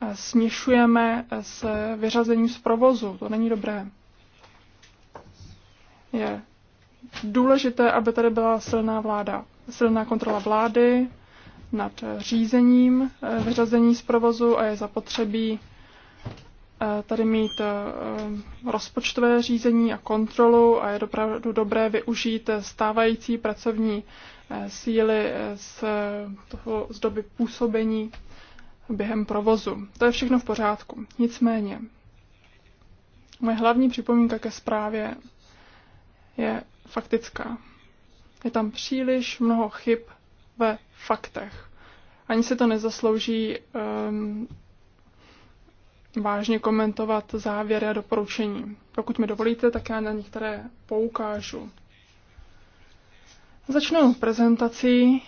eh, směšujeme eh, s vyřazením z provozu. To není dobré. Je důležité, aby tady byla silná vláda, silná kontrola vlády nad řízením eh, vyřazení z provozu a je zapotřebí Eh, tady mít eh, eh, rozpočtové řízení a kontrolu a je opravdu dobré využít stávající pracovní síly z, toho, z doby působení během provozu. To je všechno v pořádku. Nicméně, moje hlavní připomínka ke zprávě je faktická. Je tam příliš mnoho chyb ve faktech. Ani se to nezaslouží um, vážně komentovat závěry a doporučení. Pokud mi dovolíte, tak já na některé poukážu. Začnu prezentací,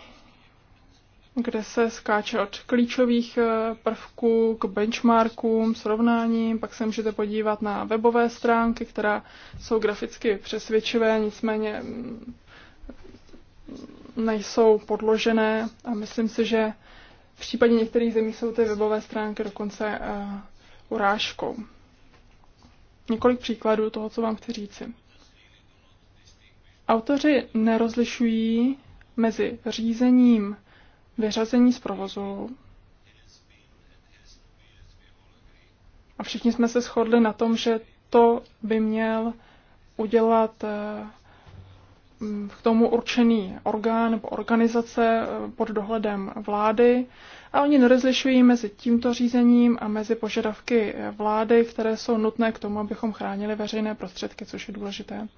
kde se skáče od klíčových eh, prvků k benchmarkům, srovnáním, pak se můžete podívat na webové stránky, která jsou graficky přesvědčivé, nicméně mm, nejsou podložené a myslím si, že v případě některých zemí jsou ty webové stránky dokonce eh, urážkou. Několik příkladů toho, co vám chci říci. Autoři nerozlišují mezi řízením vyřazení z provozu a všichni jsme se shodli na tom, že to by měl udělat eh, k tomu určený orgán nebo organizace eh, pod dohledem vlády a oni nerozlišují mezi tímto řízením a mezi požadavky vlády, které jsou nutné k tomu, abychom chránili veřejné prostředky, což je důležité.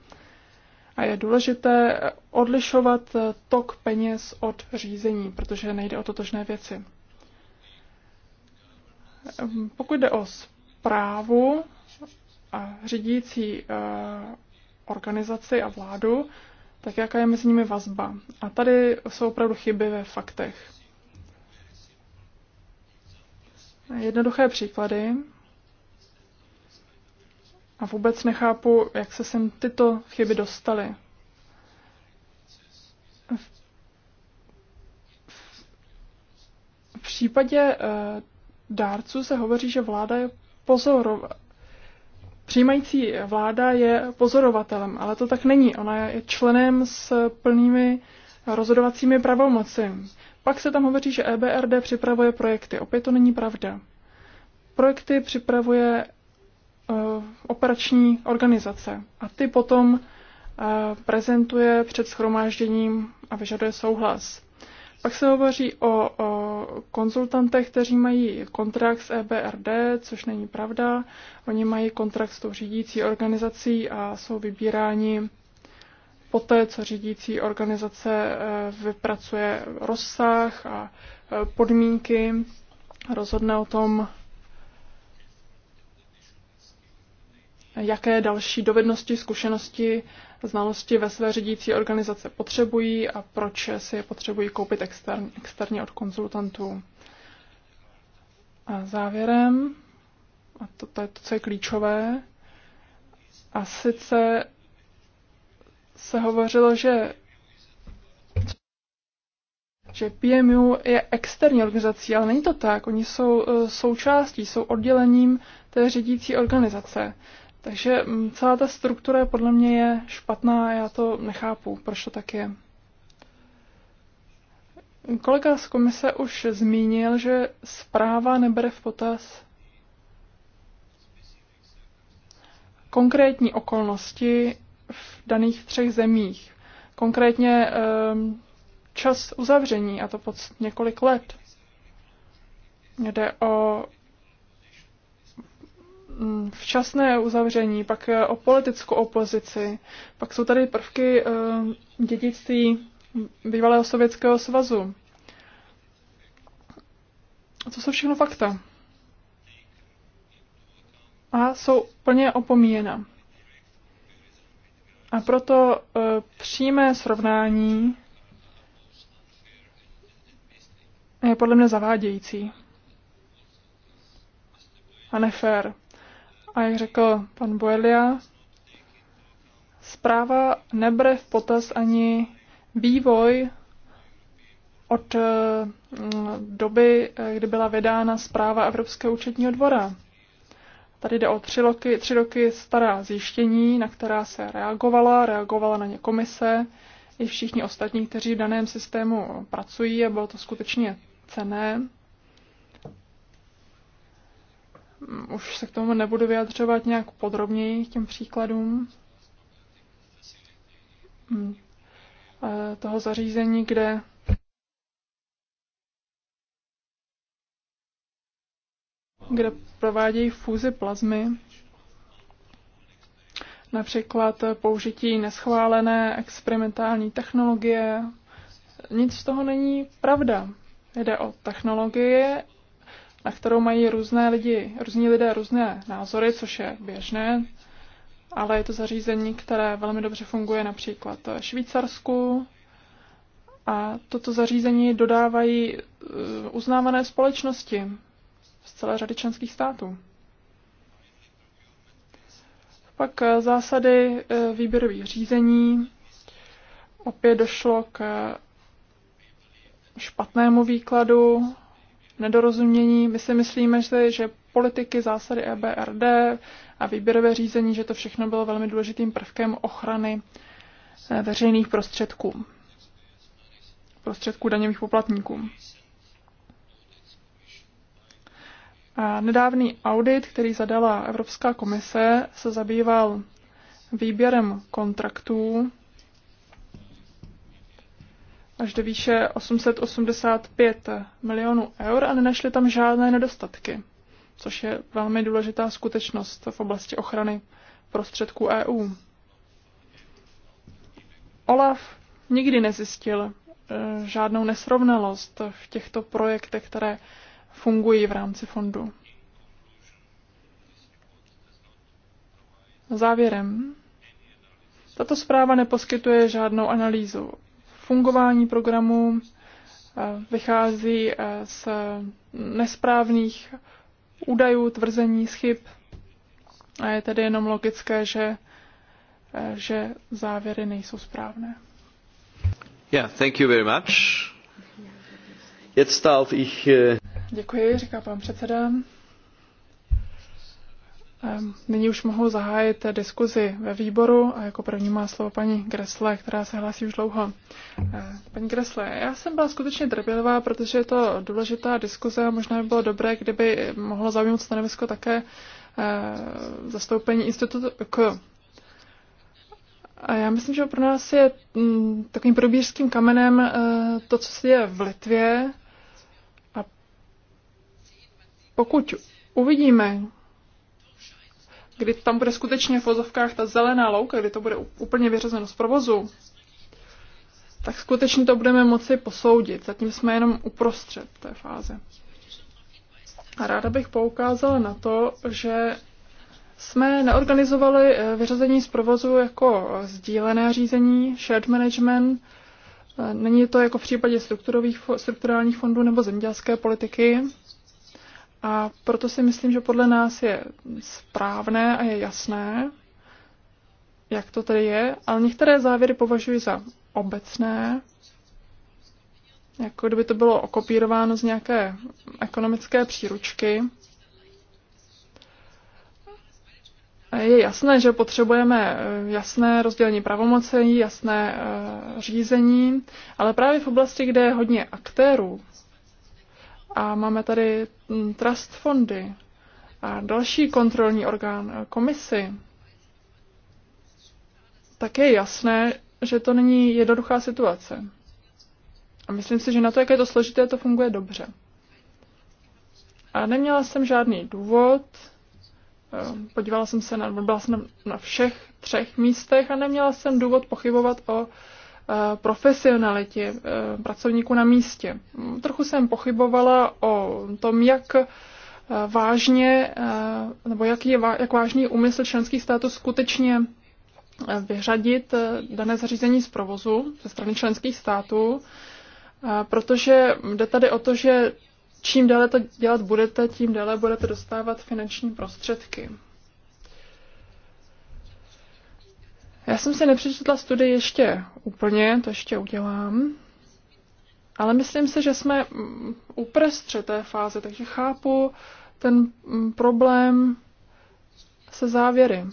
A je důležité odlišovat tok peněz od řízení, protože nejde o totožné věci. Pokud jde o zprávu a řídící eh, organizaci a vládu, tak jaká je mezi nimi vazba? A tady jsou opravdu chyby ve faktech. jednoduché příklady a vůbec nechápu, jak se sem tyto chyby dostaly. V případě eh, dárců se hovoří, že vláda je pozorova. Přijímající vláda je pozorovatelem, ale to tak není. Ona je členem s plnými rozhodovacími pravomoci. Pak se tam hovoří, že EBRD připravuje projekty. Opět to není pravda. Projekty připravuje uh, operační organizace a ty potom uh, prezentuje před schromážděním a vyžaduje souhlas. Pak se hovoří o, o konzultantech, kteří mají kontrakt s EBRD, což není pravda. Oni mají kontrakt s tou řídící organizací a jsou vybíráni poté, co řídící organizace eh, vypracuje rozsah a eh, podmínky, rozhodne o tom, jaké další dovednosti, zkušenosti, znalosti ve své řídící organizace potřebují a proč si je potřebují koupit extern, externě od konzultantů. A závěrem, a to, to je to, co je klíčové, a sice se hovořilo, že že PMU je externí organizací, ale není to tak. Oni jsou eh, součástí, jsou oddělením té řídící organizace. Takže mm, celá ta struktura podle mě je špatná a já to nechápu, proč to tak je. Kolega z komise už zmínil, že zpráva nebere v potaz konkrétní okolnosti v daných třech zemích. Konkrétně ehm, čas uzavření, a to pod několik let. Jde o mm, včasné uzavření, pak eh, o politickou opozici, pak jsou tady prvky ehm, dědictví bývalého Sovětského svazu. A to jsou všechno fakta. A jsou plně opomíjena. A proto e, přímé srovnání je podle mě zavádějící a nefér. A jak řekl pan Boelia, zpráva nebere v potaz ani vývoj od e, doby, e, kdy byla vydána zpráva Evropského účetního dvora. Tady jde o tři roky, tři roky stará zjištění, na která se reagovala, reagovala na ně komise i všichni ostatní, kteří v daném systému pracují a bylo to skutečně cené. Mm, už se k tomu nebudu vyjadřovat nějak podrobněji k těm příkladům mm, eh, toho zařízení, kde kde provádějí fúzi plazmy, například použití neschválené experimentální technologie. Nic z toho není pravda. Jde o technologie, na kterou mají různé lidi, různí lidé různé názory, což je běžné, ale je to zařízení, které velmi dobře funguje například v Švýcarsku, a toto zařízení dodávají eh, uznávané společnosti, z celé řady členských států. Pak eh, zásady eh, výběrových řízení. Opět došlo k eh, špatnému výkladu, nedorozumění. My si myslíme, že politiky, zásady EBRD a výběrové řízení, že to všechno bylo velmi důležitým prvkem ochrany veřejných prostředků, prostředků daněvých poplatníků. Nedávný audit, který zadala Evropská komise, se zabýval výběrem kontraktů až do výše 885 milionů eur a nenašli tam žádné nedostatky, což je velmi důležitá skutečnost v oblasti ochrany prostředků EU. Olaf nikdy nezjistil eh, žádnou nesrovnalost v těchto projektech, které fungují v rámci fondu. Závěrem. Tato zpráva neposkytuje žádnou analýzu. Fungování programu eh, vychází eh, z nesprávných údajů, tvrzení, chyb a je tedy jenom logické, že, eh, že závěry nejsou správné. Yeah, thank you very much. Jetzt darf ich, uh... Děkuji, říká pan předseda. Nyní už mohu zahájit diskuzi ve výboru a jako první má slovo paní Gresle, která se hlásí už dlouho. Eh, paní Gresle, já jsem byla skutečně trpělivá, protože je to důležitá diskuze a možná by bylo dobré, kdyby mohlo zaujmout stanovisko také eh, zastoupení institutu K. A já myslím, že pro nás je mm, takovým probířským kamenem eh, to, co se děje v Litvě, pokud uvidíme, kdy tam bude skutečně v vozovkách ta zelená louka, kdy to bude úplně vyřazeno z provozu, tak skutečně to budeme moci posoudit. Zatím jsme jenom uprostřed té fáze. A ráda bych poukázala na to, že jsme neorganizovali eh, vyřazení z provozu jako eh, sdílené řízení, shared management. Eh, není to jako v případě strukturálních fondů nebo zemědělské politiky, a proto si myslím, že podle nás je správné a je jasné, jak to tedy je, ale některé závěry považuji za obecné, jako kdyby to bylo okopírováno z nějaké ekonomické příručky. Je jasné, že potřebujeme eh, jasné rozdělení pravomocí, jasné eh, řízení, ale právě v oblasti, kde je hodně aktérů, a máme tady mm, trust fondy a další kontrolní orgán, eh, komisy. Tak je jasné, že to není jednoduchá situace. A myslím si, že na to, jak je to složité, to funguje dobře. A neměla jsem žádný důvod. Eh, podívala jsem se na, byla jsem na všech třech místech a neměla jsem důvod pochybovat o Eh, profesionalitě eh, pracovníků na místě. Trochu jsem pochybovala o tom, jak eh, vážně, nebo jak, je, jak vážný úmysl členských států skutečně vyřadit dané zařízení z provozu ze strany členských států, protože jde tady o to, že čím déle to dělat budete, tím déle budete dostávat finanční prostředky. Já jsem si nepřečetla studii ještě úplně, to ještě udělám. Ale myslím si, že jsme mm, uprostřed té fáze, takže chápu ten mm, problém se závěry.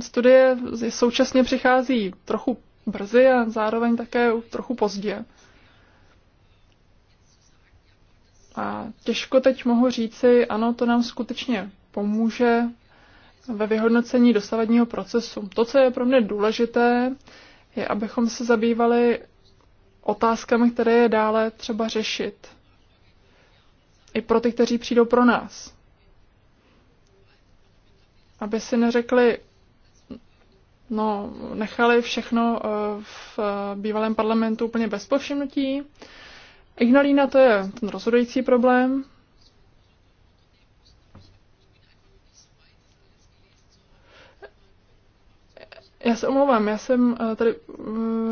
Studie současně přichází trochu brzy a zároveň také trochu pozdě. A těžko teď mohu říci, ano, to nám skutečně pomůže ve vyhodnocení dosavadního procesu. To, co je pro mě důležité, je, abychom se zabývali otázkami, které je dále třeba řešit. I pro ty, kteří přijdou pro nás. Aby si neřekli, no, nechali všechno eh, v eh, bývalém parlamentu úplně bez povšimnutí. Ignalína to je ten rozhodující problém, Já se omlouvám, já jsem eh, tady eh,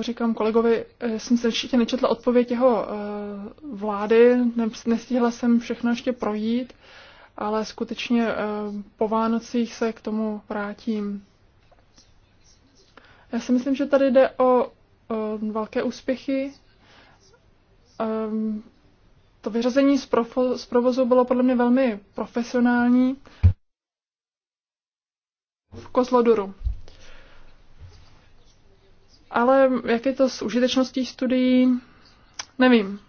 říkám kolegovi, eh, jsem se určitě nečetla odpověď jeho vlády, nestihla jsem všechno ještě projít, ale skutečně po Vánocích se k tomu vrátím. Já si myslím, že tady jde o velké úspěchy. Ehm, to vyřazení z, provozu bylo podle mě velmi profesionální v Kozlodoru. Ale jak je to s užitečností studií, nevím.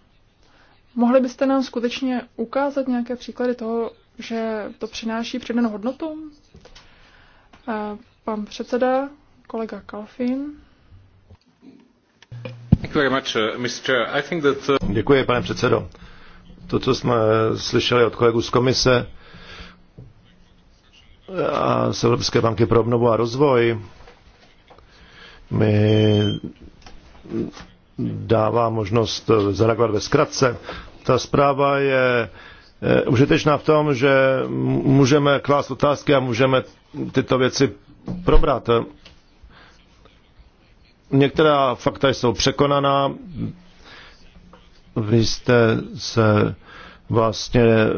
Mohli byste nám skutečně ukázat nějaké příklady toho, že to přináší přidanou hodnotu? Pan předseda, kolega Kalfin. Uh, uh, Děkuji, pane předsedo. To, co jsme eh, slyšeli od kolegů z komise eh, a z Evropské banky pro obnovu a rozvoj, mi dává možnost zareagovat ve zkratce. Ta zpráva je eh, užitečná v tom, že můžeme klást otázky a můžeme tyto věci probrat. Některá fakta jsou překonaná. Vy jste se vlastně eh,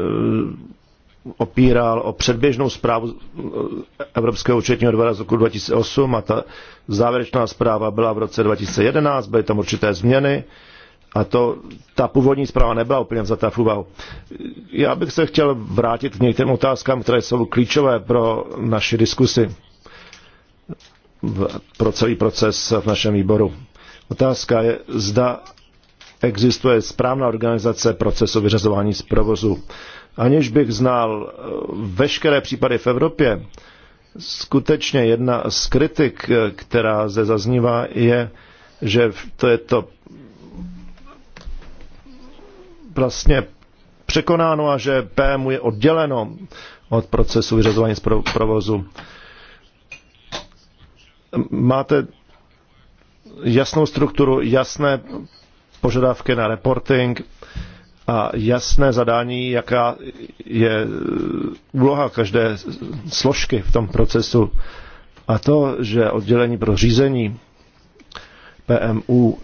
opíral o předběžnou zprávu eh, Evropského účetního dvora z roku 2008 a ta závěrečná zpráva byla v roce 2011, byly tam určité změny a to, ta původní zpráva nebyla úplně vzata v úvahu. Já bych se chtěl vrátit k některým otázkám, které jsou klíčové pro naši diskusi, pro celý proces v našem výboru. Otázka je, zda existuje správná organizace procesu vyřazování z provozu aniž bych znal eh, veškeré případy v Evropě, skutečně jedna z kritik, eh, která zde zaznívá, je, že to je to vlastně překonáno a že PMU je odděleno od procesu vyřazování z provozu. Máte jasnou strukturu, jasné požadavky na reporting, a jasné zadání, jaká je eh, úloha každé složky v tom procesu. A to, že oddělení pro řízení PMU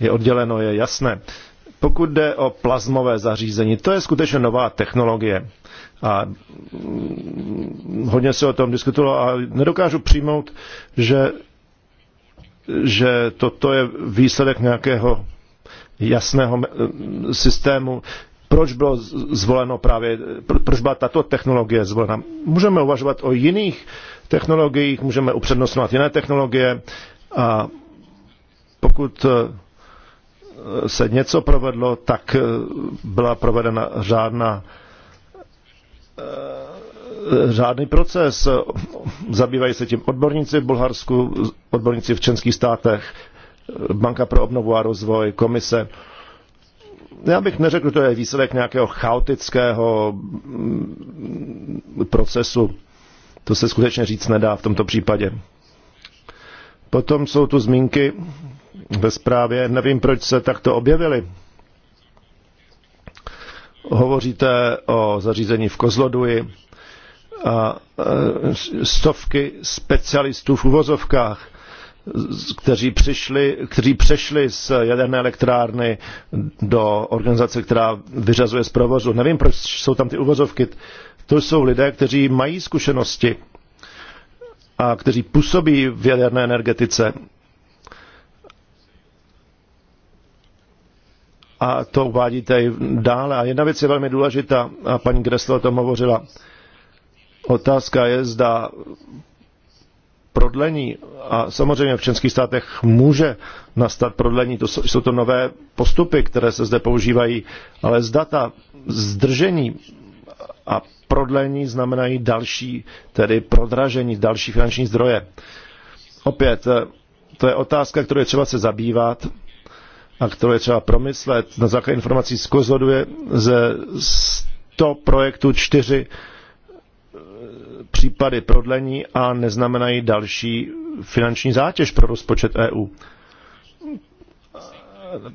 je odděleno, je jasné. Pokud jde o plazmové zařízení, to je skutečně nová technologie. A mm, hodně se o tom diskutovalo a nedokážu přijmout, že, že toto je výsledek nějakého jasného eh, systému, proč, bylo zvoleno právě, proč byla tato technologie zvolena. Můžeme uvažovat o jiných technologiích, můžeme upřednostňovat jiné technologie a pokud eh, se něco provedlo, tak eh, byla provedena řádná řádný proces. Zabývají se tím odborníci v Bulharsku, odborníci v českých státech Banka pro obnovu a rozvoj, komise. Já bych neřekl, že to je výsledek nějakého chaotického mm, procesu. To se skutečně říct nedá v tomto případě. Potom jsou tu zmínky ve zprávě, nevím, proč se takto objevily. Hovoříte o zařízení v Kozloduji a e, stovky specialistů v uvozovkách kteří, přišli, kteří přešli z jaderné elektrárny do organizace, která vyřazuje z provozu. Nevím, proč jsou tam ty uvozovky. To jsou lidé, kteří mají zkušenosti a kteří působí v jaderné energetice. A to uvádíte i dále. A jedna věc je velmi důležitá, a paní Gressler o tom hovořila. Otázka je, zda prodlení a samozřejmě v členských státech může nastat prodlení, to jsou to nové postupy, které se zde používají, ale z data zdržení a prodlení znamenají další, tedy prodražení, další finanční zdroje. Opět, eh, to je otázka, kterou je třeba se zabývat a kterou je třeba promyslet. Na základě informací z Kozodu je ze 100 projektů čtyři případy prodlení a neznamenají další finanční zátěž pro rozpočet EU.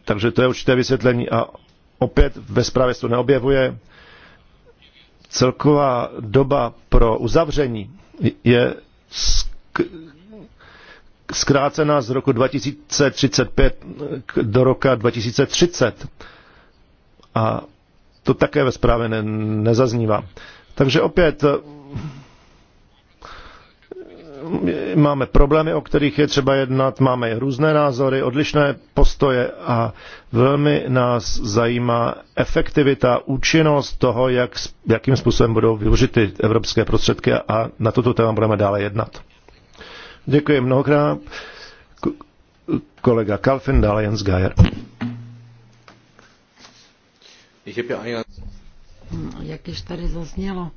Takže to je určité vysvětlení a opět ve zprávě se to neobjevuje. Celková doba pro uzavření je zkrácena z roku 2035 do roka 2030. A to také ve zprávě ne, nezaznívá. Takže opět máme problémy, o kterých je třeba jednat, máme různé názory, odlišné postoje a velmi nás zajímá efektivita, účinnost toho, jak, jakým způsobem budou využity evropské prostředky a na toto téma budeme dále jednat. Děkuji mnohokrát. Kolega Kalfin, dále Jens Geier. Jak již tady zaznělo,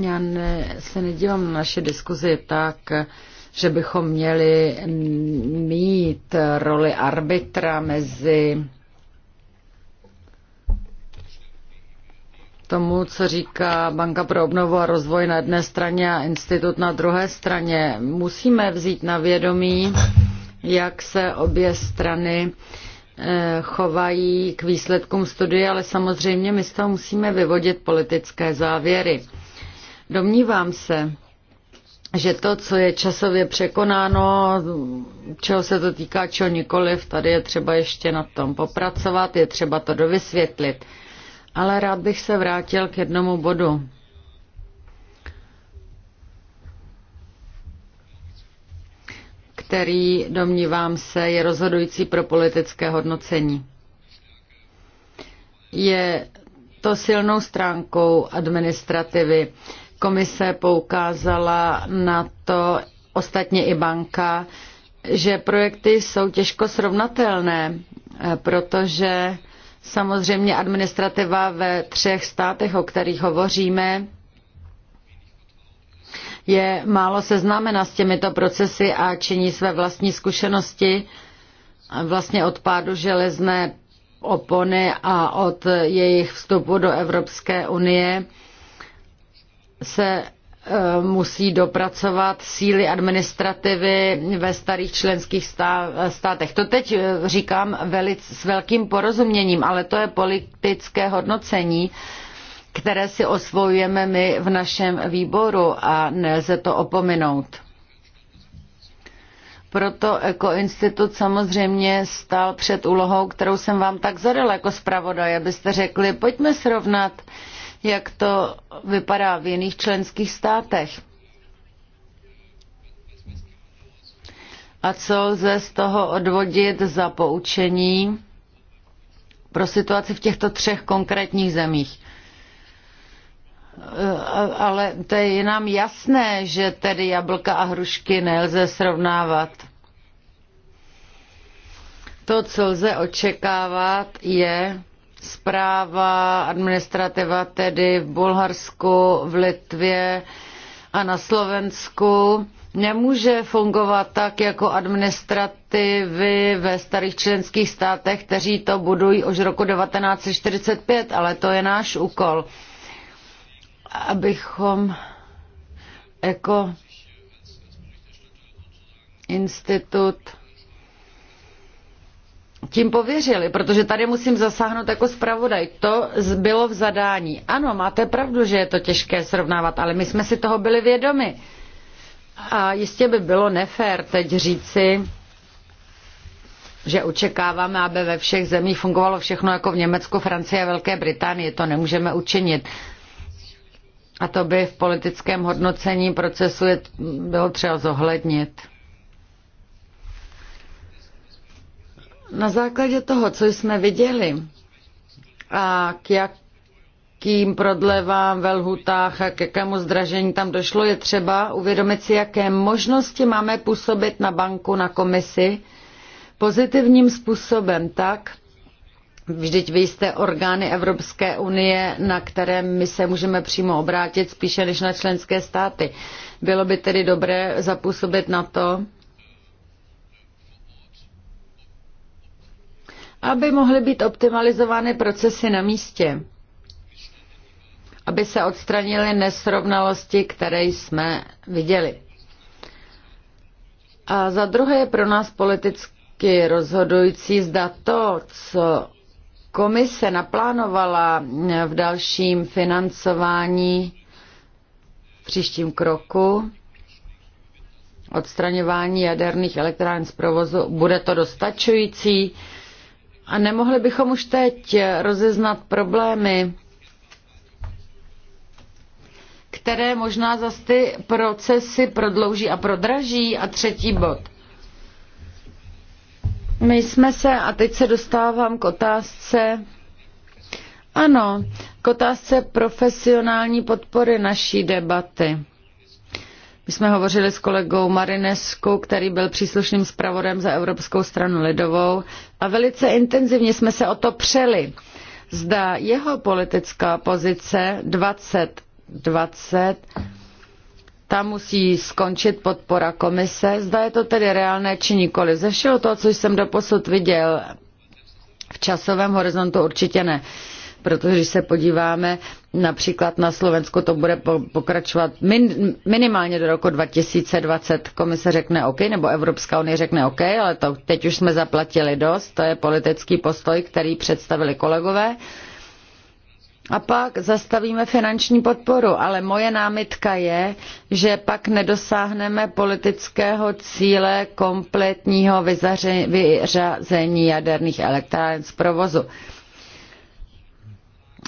já ne, se nedívám na naše diskuzi tak, že bychom měli mít roli arbitra mezi tomu, co říká Banka pro obnovu a rozvoj na jedné straně a institut na druhé straně. Musíme vzít na vědomí, jak se obě strany eh, chovají k výsledkům studie, ale samozřejmě my z toho musíme vyvodit politické závěry. Domnívám se, že to, co je časově překonáno, čeho se to týká, čeho nikoliv, tady je třeba ještě na tom popracovat, je třeba to dovysvětlit. Ale rád bych se vrátil k jednomu bodu. který, domnívám se, je rozhodující pro politické hodnocení. Je to silnou stránkou administrativy Komise poukázala na to, ostatně i banka, že projekty jsou těžko srovnatelné, eh, protože samozřejmě administrativa ve třech státech, o kterých hovoříme, je málo seznámena s těmito procesy a činí své vlastní zkušenosti vlastně od pádu železné opony a od jejich vstupu do Evropské unie se eh, musí dopracovat síly administrativy ve starých členských státech. To teď eh, říkám velic, s velkým porozuměním, ale to je politické hodnocení, které si osvojujeme my v našem výboru a nelze to opominout. Proto Ekoinstitut samozřejmě stál před úlohou, kterou jsem vám tak zadala jako zpravodaj, abyste řekli, pojďme srovnat uh, jak to vypadá v jiných členských státech. A co lze z toho odvodit za poučení pro situaci v těchto třech konkrétních zemích? Ale to je nám jasné, že tedy jablka a hrušky nelze srovnávat. To, co lze očekávat, je, zpráva, administrativa tedy v Bulharsku, v Litvě a na Slovensku nemůže fungovat tak jako administrativy ve starých členských státech, kteří to budují už roku 1945, ale to je náš úkol, abychom jako institut tím pověřili, protože tady musím zasáhnout jako zpravodaj. To bylo v zadání. Ano, máte pravdu, že je to těžké srovnávat, ale my jsme si toho byli vědomi. A jistě by bylo nefér teď říci, že očekáváme, aby ve všech zemích fungovalo všechno jako v Německu, Francii a Velké Británii. To nemůžeme učinit. A to by v politickém hodnocení procesu bylo třeba zohlednit. Na základě toho, co jsme viděli a k jakým prodlevám ve lhutách a k jakému zdražení tam došlo, je třeba uvědomit si, jaké možnosti máme působit na banku, na komisi pozitivním způsobem tak, Vždyť vy jste orgány Evropské unie, na které my se můžeme přímo obrátit spíše než na členské státy. Bylo by tedy dobré zapůsobit na to, aby mohly být optimalizovány procesy na místě, aby se odstranily nesrovnalosti, které jsme viděli. A za druhé je pro nás politicky rozhodující, zda to, co komise naplánovala v dalším financování v příštím kroku, odstraňování jaderných elektráren z provozu, bude to dostačující, a nemohli bychom už teď rozeznat problémy, které možná zase ty procesy prodlouží a prodraží. A třetí bod. My jsme se, a teď se dostávám k otázce, ano, k otázce profesionální podpory naší debaty. My jsme hovořili s kolegou Marinesku, který byl příslušným zpravodem za Evropskou stranu lidovou a velice intenzivně jsme se o to přeli. Zda jeho politická pozice 2020 tam musí skončit podpora komise, zda je to tedy reálné či nikoli. Ze všeho toho, co jsem doposud viděl, v časovém horizontu určitě ne protože když se podíváme například na Slovensko, to bude pokračovat min, minimálně do roku 2020. Komise řekne OK, nebo Evropská unie řekne OK, ale to, teď už jsme zaplatili dost, to je politický postoj, který představili kolegové. A pak zastavíme finanční podporu, ale moje námitka je, že pak nedosáhneme politického cíle kompletního vyřazení jaderných elektráren z provozu.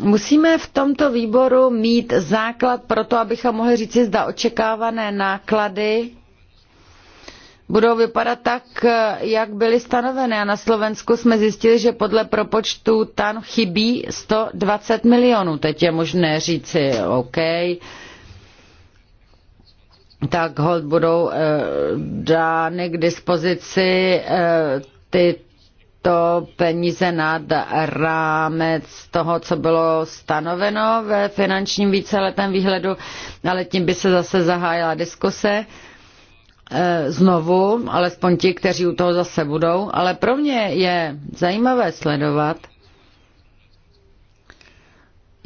Musíme v tomto výboru mít základ pro to, abychom mohli říci, zda očekávané náklady budou vypadat tak, jak byly stanoveny. A na Slovensku jsme zjistili, že podle propočtu tam chybí 120 milionů. Teď je možné říci, OK, tak hold budou eh, dány k dispozici eh, ty to peníze nad rámec toho, co bylo stanoveno ve finančním víceletém výhledu, ale tím by se zase zahájila diskuse e, znovu, alespoň ti, kteří u toho zase budou, ale pro mě je zajímavé sledovat,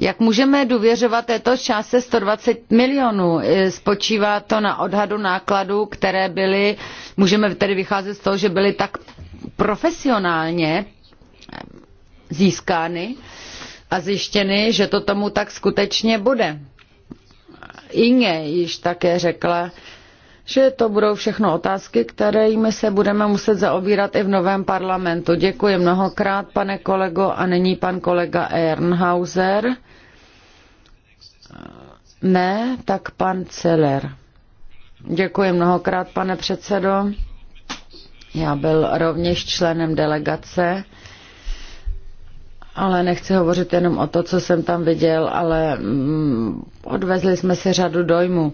jak můžeme důvěřovat této částce 120 milionů? E, spočívá to na odhadu nákladů, které byly, můžeme tedy vycházet z toho, že byly tak profesionálně získány a zjištěny, že to tomu tak skutečně bude. Inge již také řekla, že to budou všechno otázky, kterými se budeme muset zaobírat i v novém parlamentu. Děkuji mnohokrát, pane kolego, a není pan kolega Ernhauser. Ne, tak pan Celer. Děkuji mnohokrát, pane předsedo. Já byl rovněž členem delegace, ale nechci hovořit jenom o to, co jsem tam viděl, ale mm, odvezli jsme se řadu dojmu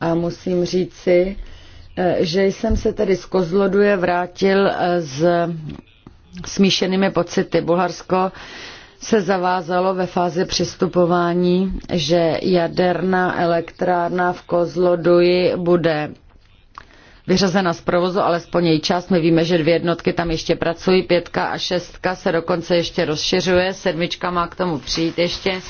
A musím říci, e, že jsem se tedy z Kozloduje vrátil e, s smíšenými pocity. Bulharsko se zavázalo ve fázi přistupování, že jaderná elektrárna v Kozloduji bude vyřazena z provozu, alespoň její část. My víme, že dvě jednotky tam ještě pracují, pětka a šestka se dokonce ještě rozšiřuje, sedmička má k tomu přijít ještě.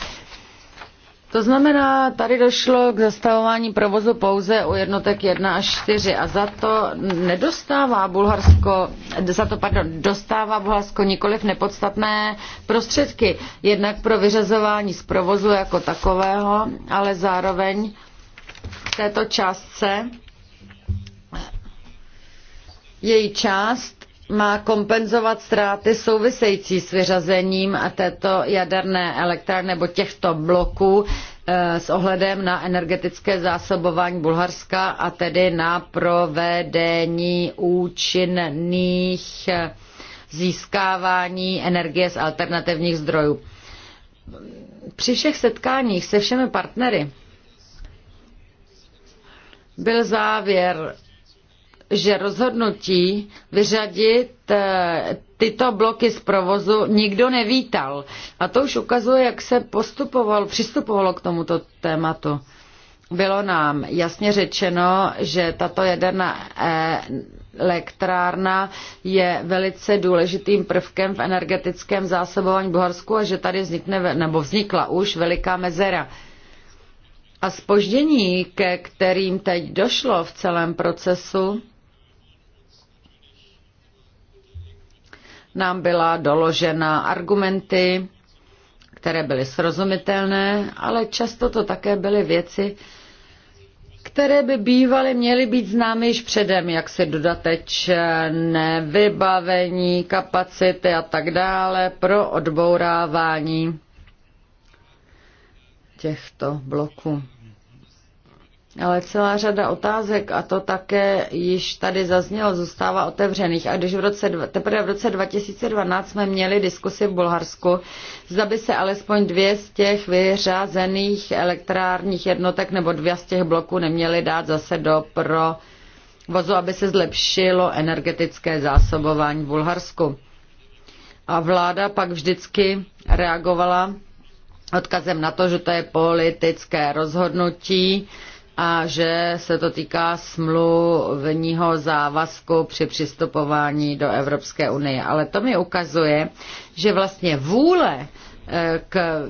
To znamená, tady došlo k zastavování provozu pouze u jednotek 1 až 4 a za to nedostává Bulharsko, za to, pardon, dostává Bulharsko nikoliv nepodstatné prostředky, jednak pro vyřazování z provozu jako takového, ale zároveň v této částce její část má kompenzovat ztráty související s vyřazením této jaderné elektrárny nebo těchto bloků eh, s ohledem na energetické zásobování Bulharska a tedy na provedení účinných eh, získávání energie z alternativních zdrojů. Při všech setkáních se všemi partnery byl závěr že rozhodnutí vyřadit eh, tyto bloky z provozu nikdo nevítal. A to už ukazuje, jak se postupovalo, přistupovalo k tomuto tématu. Bylo nám jasně řečeno, že tato jaderná eh, elektrárna je velice důležitým prvkem v energetickém zásobování Bulharsku a že tady vznikne, nebo vznikla už veliká mezera. A spoždění, ke kterým teď došlo v celém procesu, nám byla doložena argumenty, které byly srozumitelné, ale často to také byly věci, které by bývaly měly být známy již předem, jak se dodatečné vybavení, kapacity a tak dále pro odbourávání těchto bloků. Ale celá řada otázek, a to také již tady zaznělo, zůstává otevřených. A když v roce, teprve v roce 2012 jsme měli diskusi v Bulharsku, zda by se alespoň dvě z těch vyřazených elektrárních jednotek nebo dvě z těch bloků neměly dát zase do pro vozu, aby se zlepšilo energetické zásobování v Bulharsku. A vláda pak vždycky reagovala odkazem na to, že to je politické rozhodnutí, a že se to týká smluvního závazku při přistupování do Evropské unie. Ale to mi ukazuje, že vlastně vůle eh, k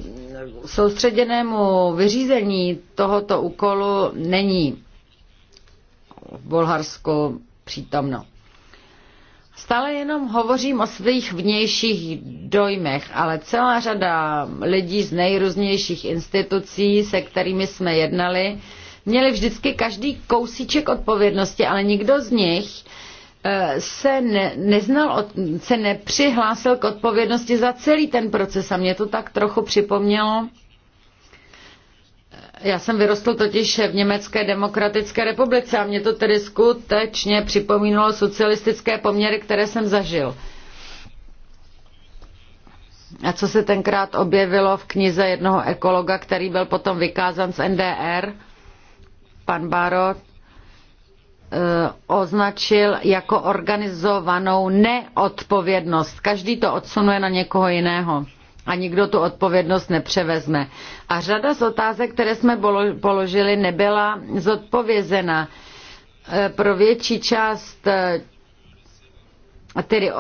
soustředěnému vyřízení tohoto úkolu není v Bulharsku přítomno. Stále jenom hovořím o svých vnějších dojmech, ale celá řada lidí z nejrůznějších institucí, se kterými jsme jednali, měli vždycky každý kousíček odpovědnosti, ale nikdo z nich eh, se, ne, neznal, se nepřihlásil k odpovědnosti za celý ten proces a mě to tak trochu připomnělo já jsem vyrostl totiž v Německé demokratické republice a mě to tedy skutečně připomínalo socialistické poměry, které jsem zažil. A co se tenkrát objevilo v knize jednoho ekologa, který byl potom vykázán z NDR? pan Barot eh, označil jako organizovanou neodpovědnost. Každý to odsunuje na někoho jiného a nikdo tu odpovědnost nepřevezme. A řada z otázek, které jsme položili, nebyla zodpovězena. Eh, pro větší část eh, tedy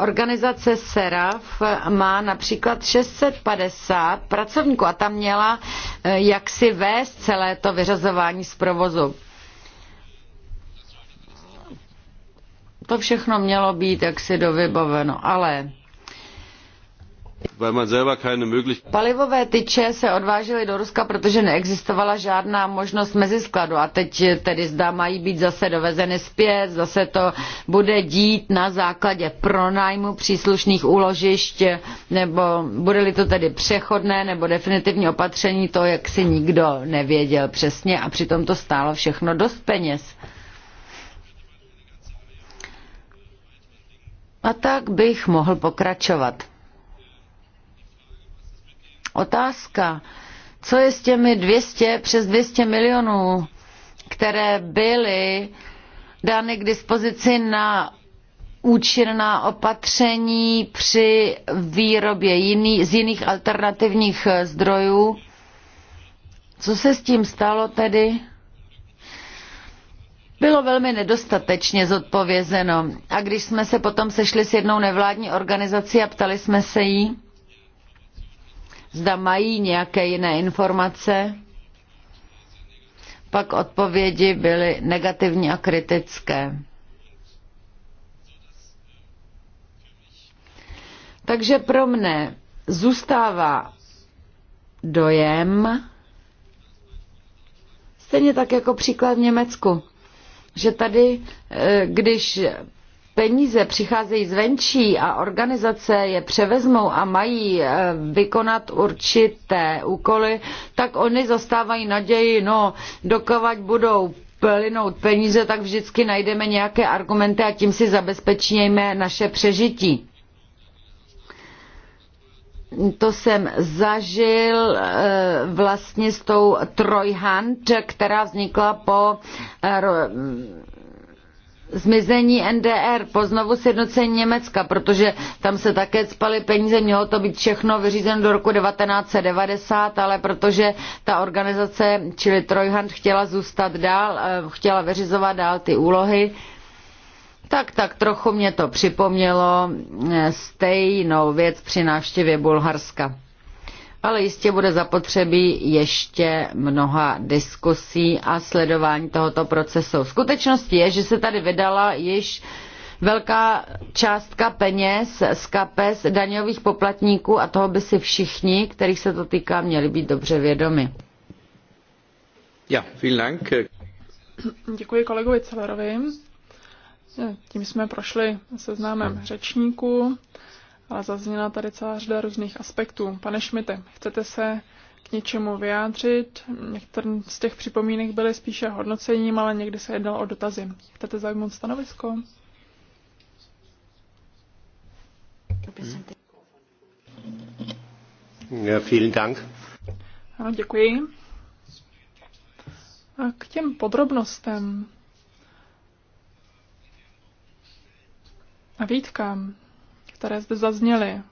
Organizace SERAF má například 650 pracovníků a tam měla eh, jaksi vést celé to vyřazování z provozu. To všechno mělo být jaksi dovybaveno, ale Palivové tyče se odvážely do Ruska, protože neexistovala žádná možnost meziskladu a teď tedy zda mají být zase dovezeny zpět, zase to bude dít na základě pronájmu příslušných úložišť, nebo bude-li to tedy přechodné nebo definitivní opatření, to jak si nikdo nevěděl přesně a přitom to stálo všechno dost peněz. A tak bych mohl pokračovat. Otázka, co je s těmi 200, přes 200 milionů, které byly dány k dispozici na účinná opatření při výrobě jiný, z jiných alternativních zdrojů. Co se s tím stalo tedy? Bylo velmi nedostatečně zodpovězeno. A když jsme se potom sešli s jednou nevládní organizací a ptali jsme se jí, Zda mají nějaké jiné informace? Pak odpovědi byly negativní a kritické. Takže pro mne zůstává dojem, stejně tak jako příklad v Německu, že tady, eh, když peníze přicházejí zvenčí a organizace je převezmou a mají eh, vykonat určité úkoly, tak oni zastávají naději, no dokovať budou plynout peníze, tak vždycky najdeme nějaké argumenty a tím si zabezpečíme naše přežití. To jsem zažil eh, vlastně s tou Trojhand, která vznikla po eh, zmizení NDR, po znovu sjednocení Německa, protože tam se také spaly peníze, mělo to být všechno vyřízeno do roku 1990, ale protože ta organizace, čili Trojhand, chtěla zůstat dál, eh, chtěla vyřizovat dál ty úlohy, tak, tak trochu mě to připomnělo eh, stejnou věc při návštěvě Bulharska ale jistě bude zapotřebí ještě mnoha diskusí a sledování tohoto procesu. Skutečností je, že se tady vydala již velká částka peněz z kapes daňových poplatníků a toho by si všichni, kterých se to týká, měli být dobře vědomi. Ja, vielen Dank. Děkuji kolegovi Celerovi. Tím jsme prošli seznámem řečníků ale zazněla tady celá řada různých aspektů. Pane Šmite, chcete se k něčemu vyjádřit? Některé z těch připomínek byly spíše hodnocením, ale někdy se jednalo o dotazy. Chcete zaujmout stanovisko? Ja, vielen Dank. Ano, děkuji. A k těm podrobnostem a výtkám které zde zazněly,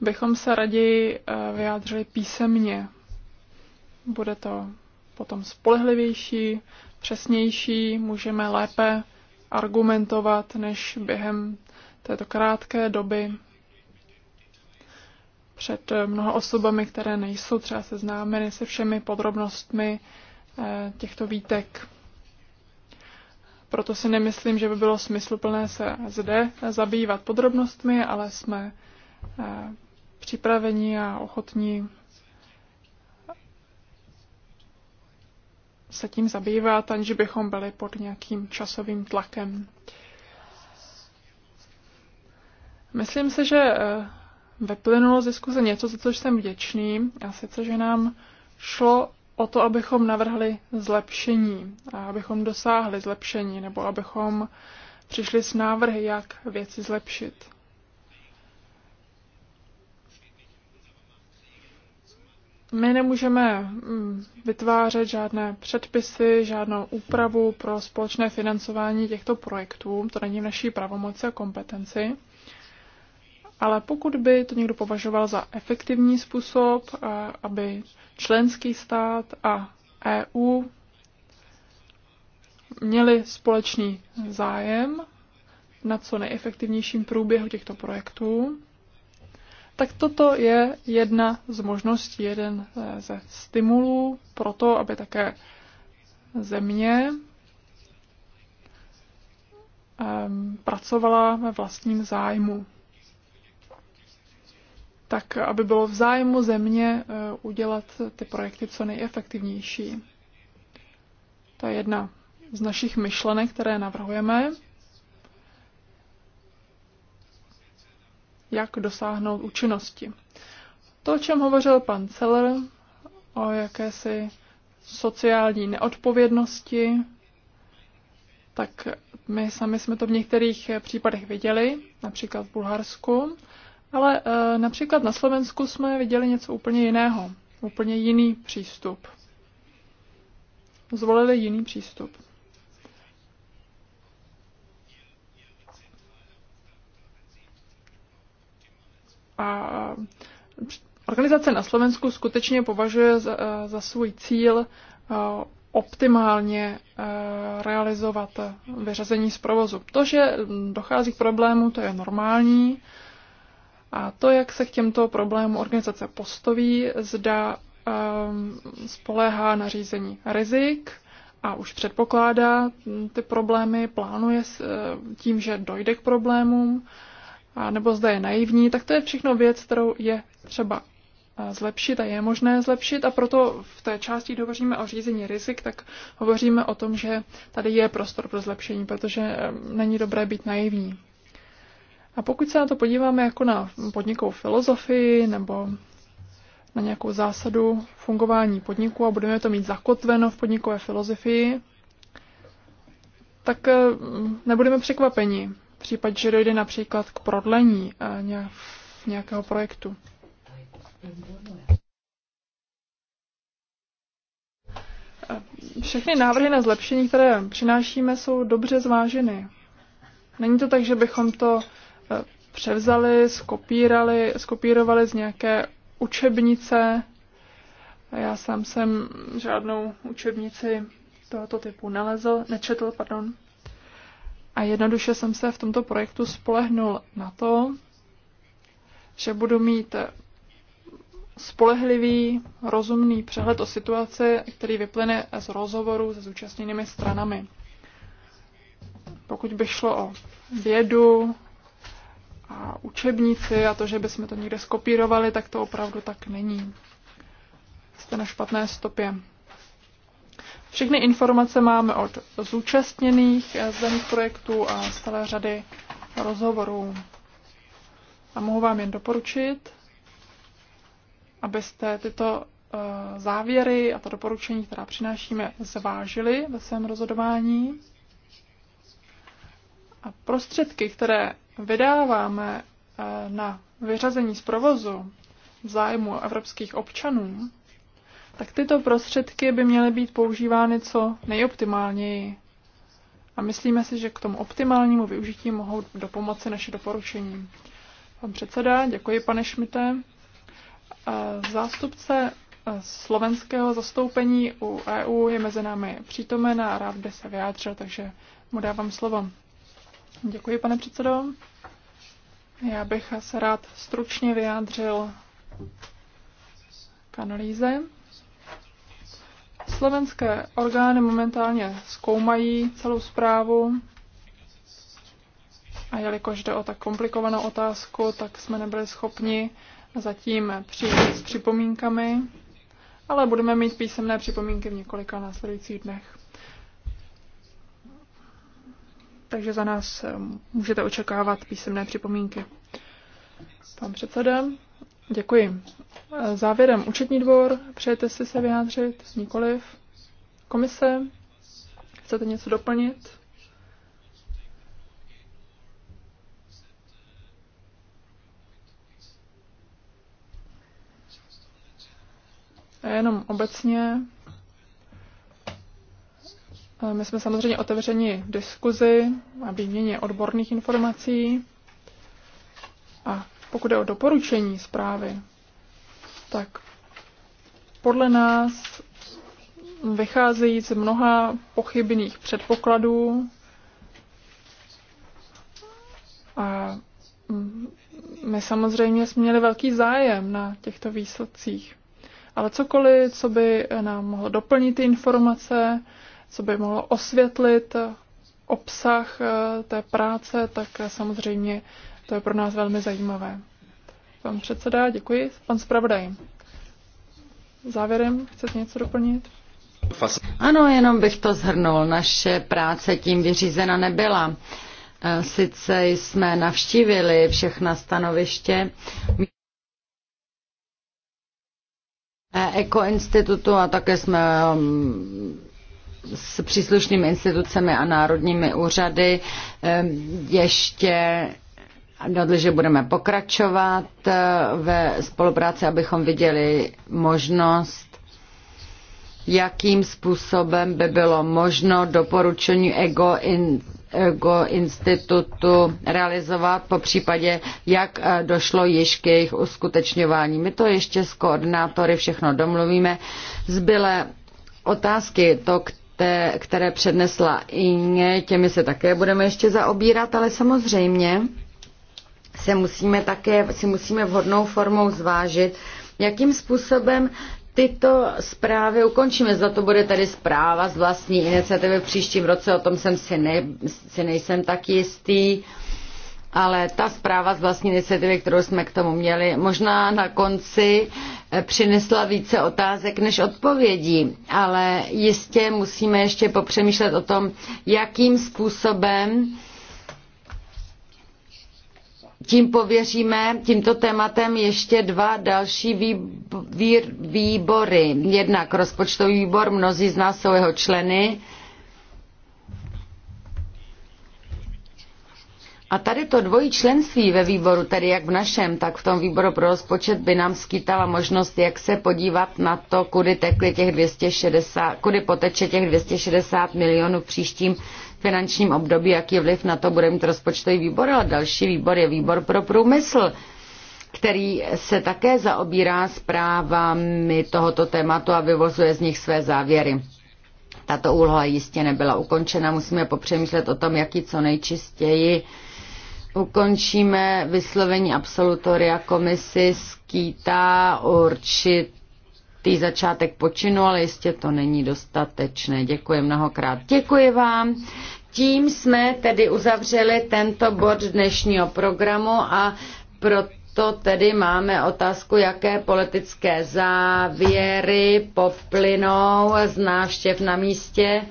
bychom se raději eh, vyjádřili písemně. Bude to potom spolehlivější, přesnější, můžeme lépe argumentovat než během této krátké doby před mnoha osobami, které nejsou třeba seznámeny se všemi podrobnostmi eh, těchto výtek. Proto si nemyslím, že by bylo smysluplné se zde zabývat podrobnostmi, ale jsme eh, připraveni a ochotní se tím zabývat, aniž bychom byli pod nějakým časovým tlakem. Myslím si, že eh, vyplynulo z diskuze něco, za což jsem vděčný, a sice, že nám šlo o to, abychom navrhli zlepšení, a abychom dosáhli zlepšení, nebo abychom přišli s návrhy, jak věci zlepšit. My nemůžeme mm, vytvářet žádné předpisy, žádnou úpravu pro společné financování těchto projektů, to není v naší pravomoci a kompetenci. Ale pokud by to někdo považoval za efektivní způsob, aby členský stát a EU měli společný zájem na co nejefektivnějším průběhu těchto projektů, tak toto je jedna z možností, jeden eh, ze stimulů pro to, aby také země ehm, pracovala ve vlastním zájmu tak aby bylo v zájmu země eh, udělat ty projekty co nejefektivnější. To je jedna z našich myšlenek, které navrhujeme. Jak dosáhnout účinnosti. To, o čem hovořil pan Celer, o jakési sociální neodpovědnosti, tak my sami jsme to v některých případech viděli, například v Bulharsku. Ale e, například na Slovensku jsme viděli něco úplně jiného, úplně jiný přístup. Zvolili jiný přístup. A organizace na Slovensku skutečně považuje za, eh, za svůj cíl eh, optimálně realizovat vyřazení z provozu. To, že dochází k problému, to je normální, a to, jak se k těmto problémům organizace postaví, zda um, spoléhá na řízení rizik a už předpokládá hm, ty problémy, plánuje eh, tím, že dojde k problémům, a nebo zda je naivní, tak to je všechno věc, kterou je třeba eh, zlepšit a je možné zlepšit a proto v té části, kdy hovoříme o řízení rizik, tak hovoříme o tom, že tady je prostor pro zlepšení, protože ehm, není dobré být naivní. A pokud se na to podíváme jako na podnikovou filozofii nebo na nějakou zásadu fungování podniku a budeme to mít zakotveno v podnikové filozofii, tak eh, nebudeme překvapeni v případě, že dojde například k prodlení eh, nějakého projektu. Eh, všechny návrhy na zlepšení, které přinášíme, jsou dobře zváženy. Není to tak, že bychom to převzali, skopírali, skopírovali z nějaké učebnice. Já sám jsem žádnou učebnici tohoto typu nalezl, nečetl, pardon. A jednoduše jsem se v tomto projektu spolehnul na to, že budu mít spolehlivý, rozumný přehled o situaci, který vyplyne z rozhovoru se zúčastněnými stranami. Pokud by šlo o vědu, a učebnici a to, že bychom to někde skopírovali, tak to opravdu tak není. Jste na špatné stopě. Všechny informace máme od zúčastněných z daných projektů a z celé řady rozhovorů. A mohu vám jen doporučit, abyste tyto eh, závěry a to doporučení, která přinášíme, zvážili ve svém rozhodování. A prostředky, které vydáváme eh, na vyřazení z provozu v zájmu evropských občanů, tak tyto prostředky by měly být používány co nejoptimálněji. A myslíme si, že k tomu optimálnímu využití mohou dopomoci naše doporučení. Pan předseda, děkuji pane Šmite. Eh, zástupce eh, slovenského zastoupení u EU je mezi námi přítomen a rád by se vyjádřil, takže mu dávám slovo. Děkuji, pane předsedo. Já bych se rád stručně vyjádřil k analýze. Slovenské orgány momentálně zkoumají celou zprávu a jelikož jde o tak komplikovanou otázku, tak jsme nebyli schopni zatím přijít s připomínkami, ale budeme mít písemné připomínky v několika následujících dnech. takže za nás eh, můžete očekávat písemné připomínky. Pan předseda, děkuji. Eh, závěrem účetní dvor, přejete si se vyjádřit? Nikoliv. Komise, chcete něco doplnit? A jenom obecně my jsme samozřejmě otevřeni diskuzi a výměně odborných informací. A pokud je o doporučení zprávy, tak podle nás vycházejí z mnoha pochybných předpokladů a my samozřejmě jsme měli velký zájem na těchto výsledcích. Ale cokoliv, co by nám mohlo doplnit ty informace, co by mohlo osvětlit obsah eh, té práce, tak eh, samozřejmě to je pro nás velmi zajímavé. Pan předseda, děkuji. Pan zpravodaj. Závěrem chcete něco doplnit? Ano, jenom bych to zhrnul. Naše práce tím vyřízena nebyla. Eh, sice jsme navštívili všechna stanoviště ekoinstitutu a také jsme mm, s příslušnými institucemi a národními úřady eh, ještě Nadliže budeme pokračovat eh, ve spolupráci, abychom viděli možnost, jakým způsobem by bylo možno doporučení EGO, in, EGO institutu realizovat, po případě, jak eh, došlo již k jejich uskutečňování. My to ještě s koordinátory všechno domluvíme. Zbylé otázky, to, které te, které přednesla Inge, těmi se také budeme ještě zaobírat, ale samozřejmě se musíme také, si musíme vhodnou formou zvážit, jakým způsobem tyto zprávy ukončíme. Za to bude tady zpráva z vlastní iniciativy v příštím roce, o tom jsem si, ne, si nejsem tak jistý. Uh, ale ta zpráva z vlastní iniciativy, kterou jsme k tomu měli, možná na konci eh, přinesla více otázek než odpovědí, ale jistě musíme ještě popřemýšlet o tom, jakým způsobem tím pověříme tímto tématem ještě dva další výbory. Jednak rozpočtový výbor, mnozí z nás jsou jeho členy, A tady to dvojí členství ve výboru, tedy jak v našem, tak v tom výboru pro rozpočet, by nám skýtala možnost, jak se podívat na to, kudy, tekly těch 260, kudy poteče těch 260 milionů v příštím finančním období, jaký vliv na to bude mít rozpočtový výbor. A další výbor je výbor pro průmysl který se také zaobírá zprávami tohoto tématu a vyvozuje z nich své závěry. Tato úloha jistě nebyla ukončena, musíme popřemýšlet o tom, jaký co nejčistěji ukončíme vyslovení absolutoria komisi skýtá určitý začátek počinu, ale jistě to není dostatečné. Děkuji mnohokrát. Děkuji vám. Tím jsme tedy uzavřeli tento bod dnešního programu a proto tedy máme otázku, jaké politické závěry poplynou z návštěv na místě.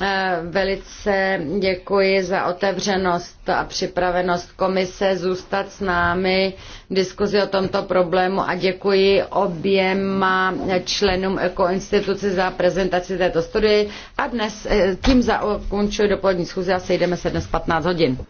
Eh, velice děkuji za otevřenost a připravenost komise zůstat s námi v diskuzi o tomto problému a děkuji oběma členům Ekoinstituce za prezentaci této studie a dnes eh, tím zakončuji dopolední schůzi a sejdeme se dnes 15 hodin.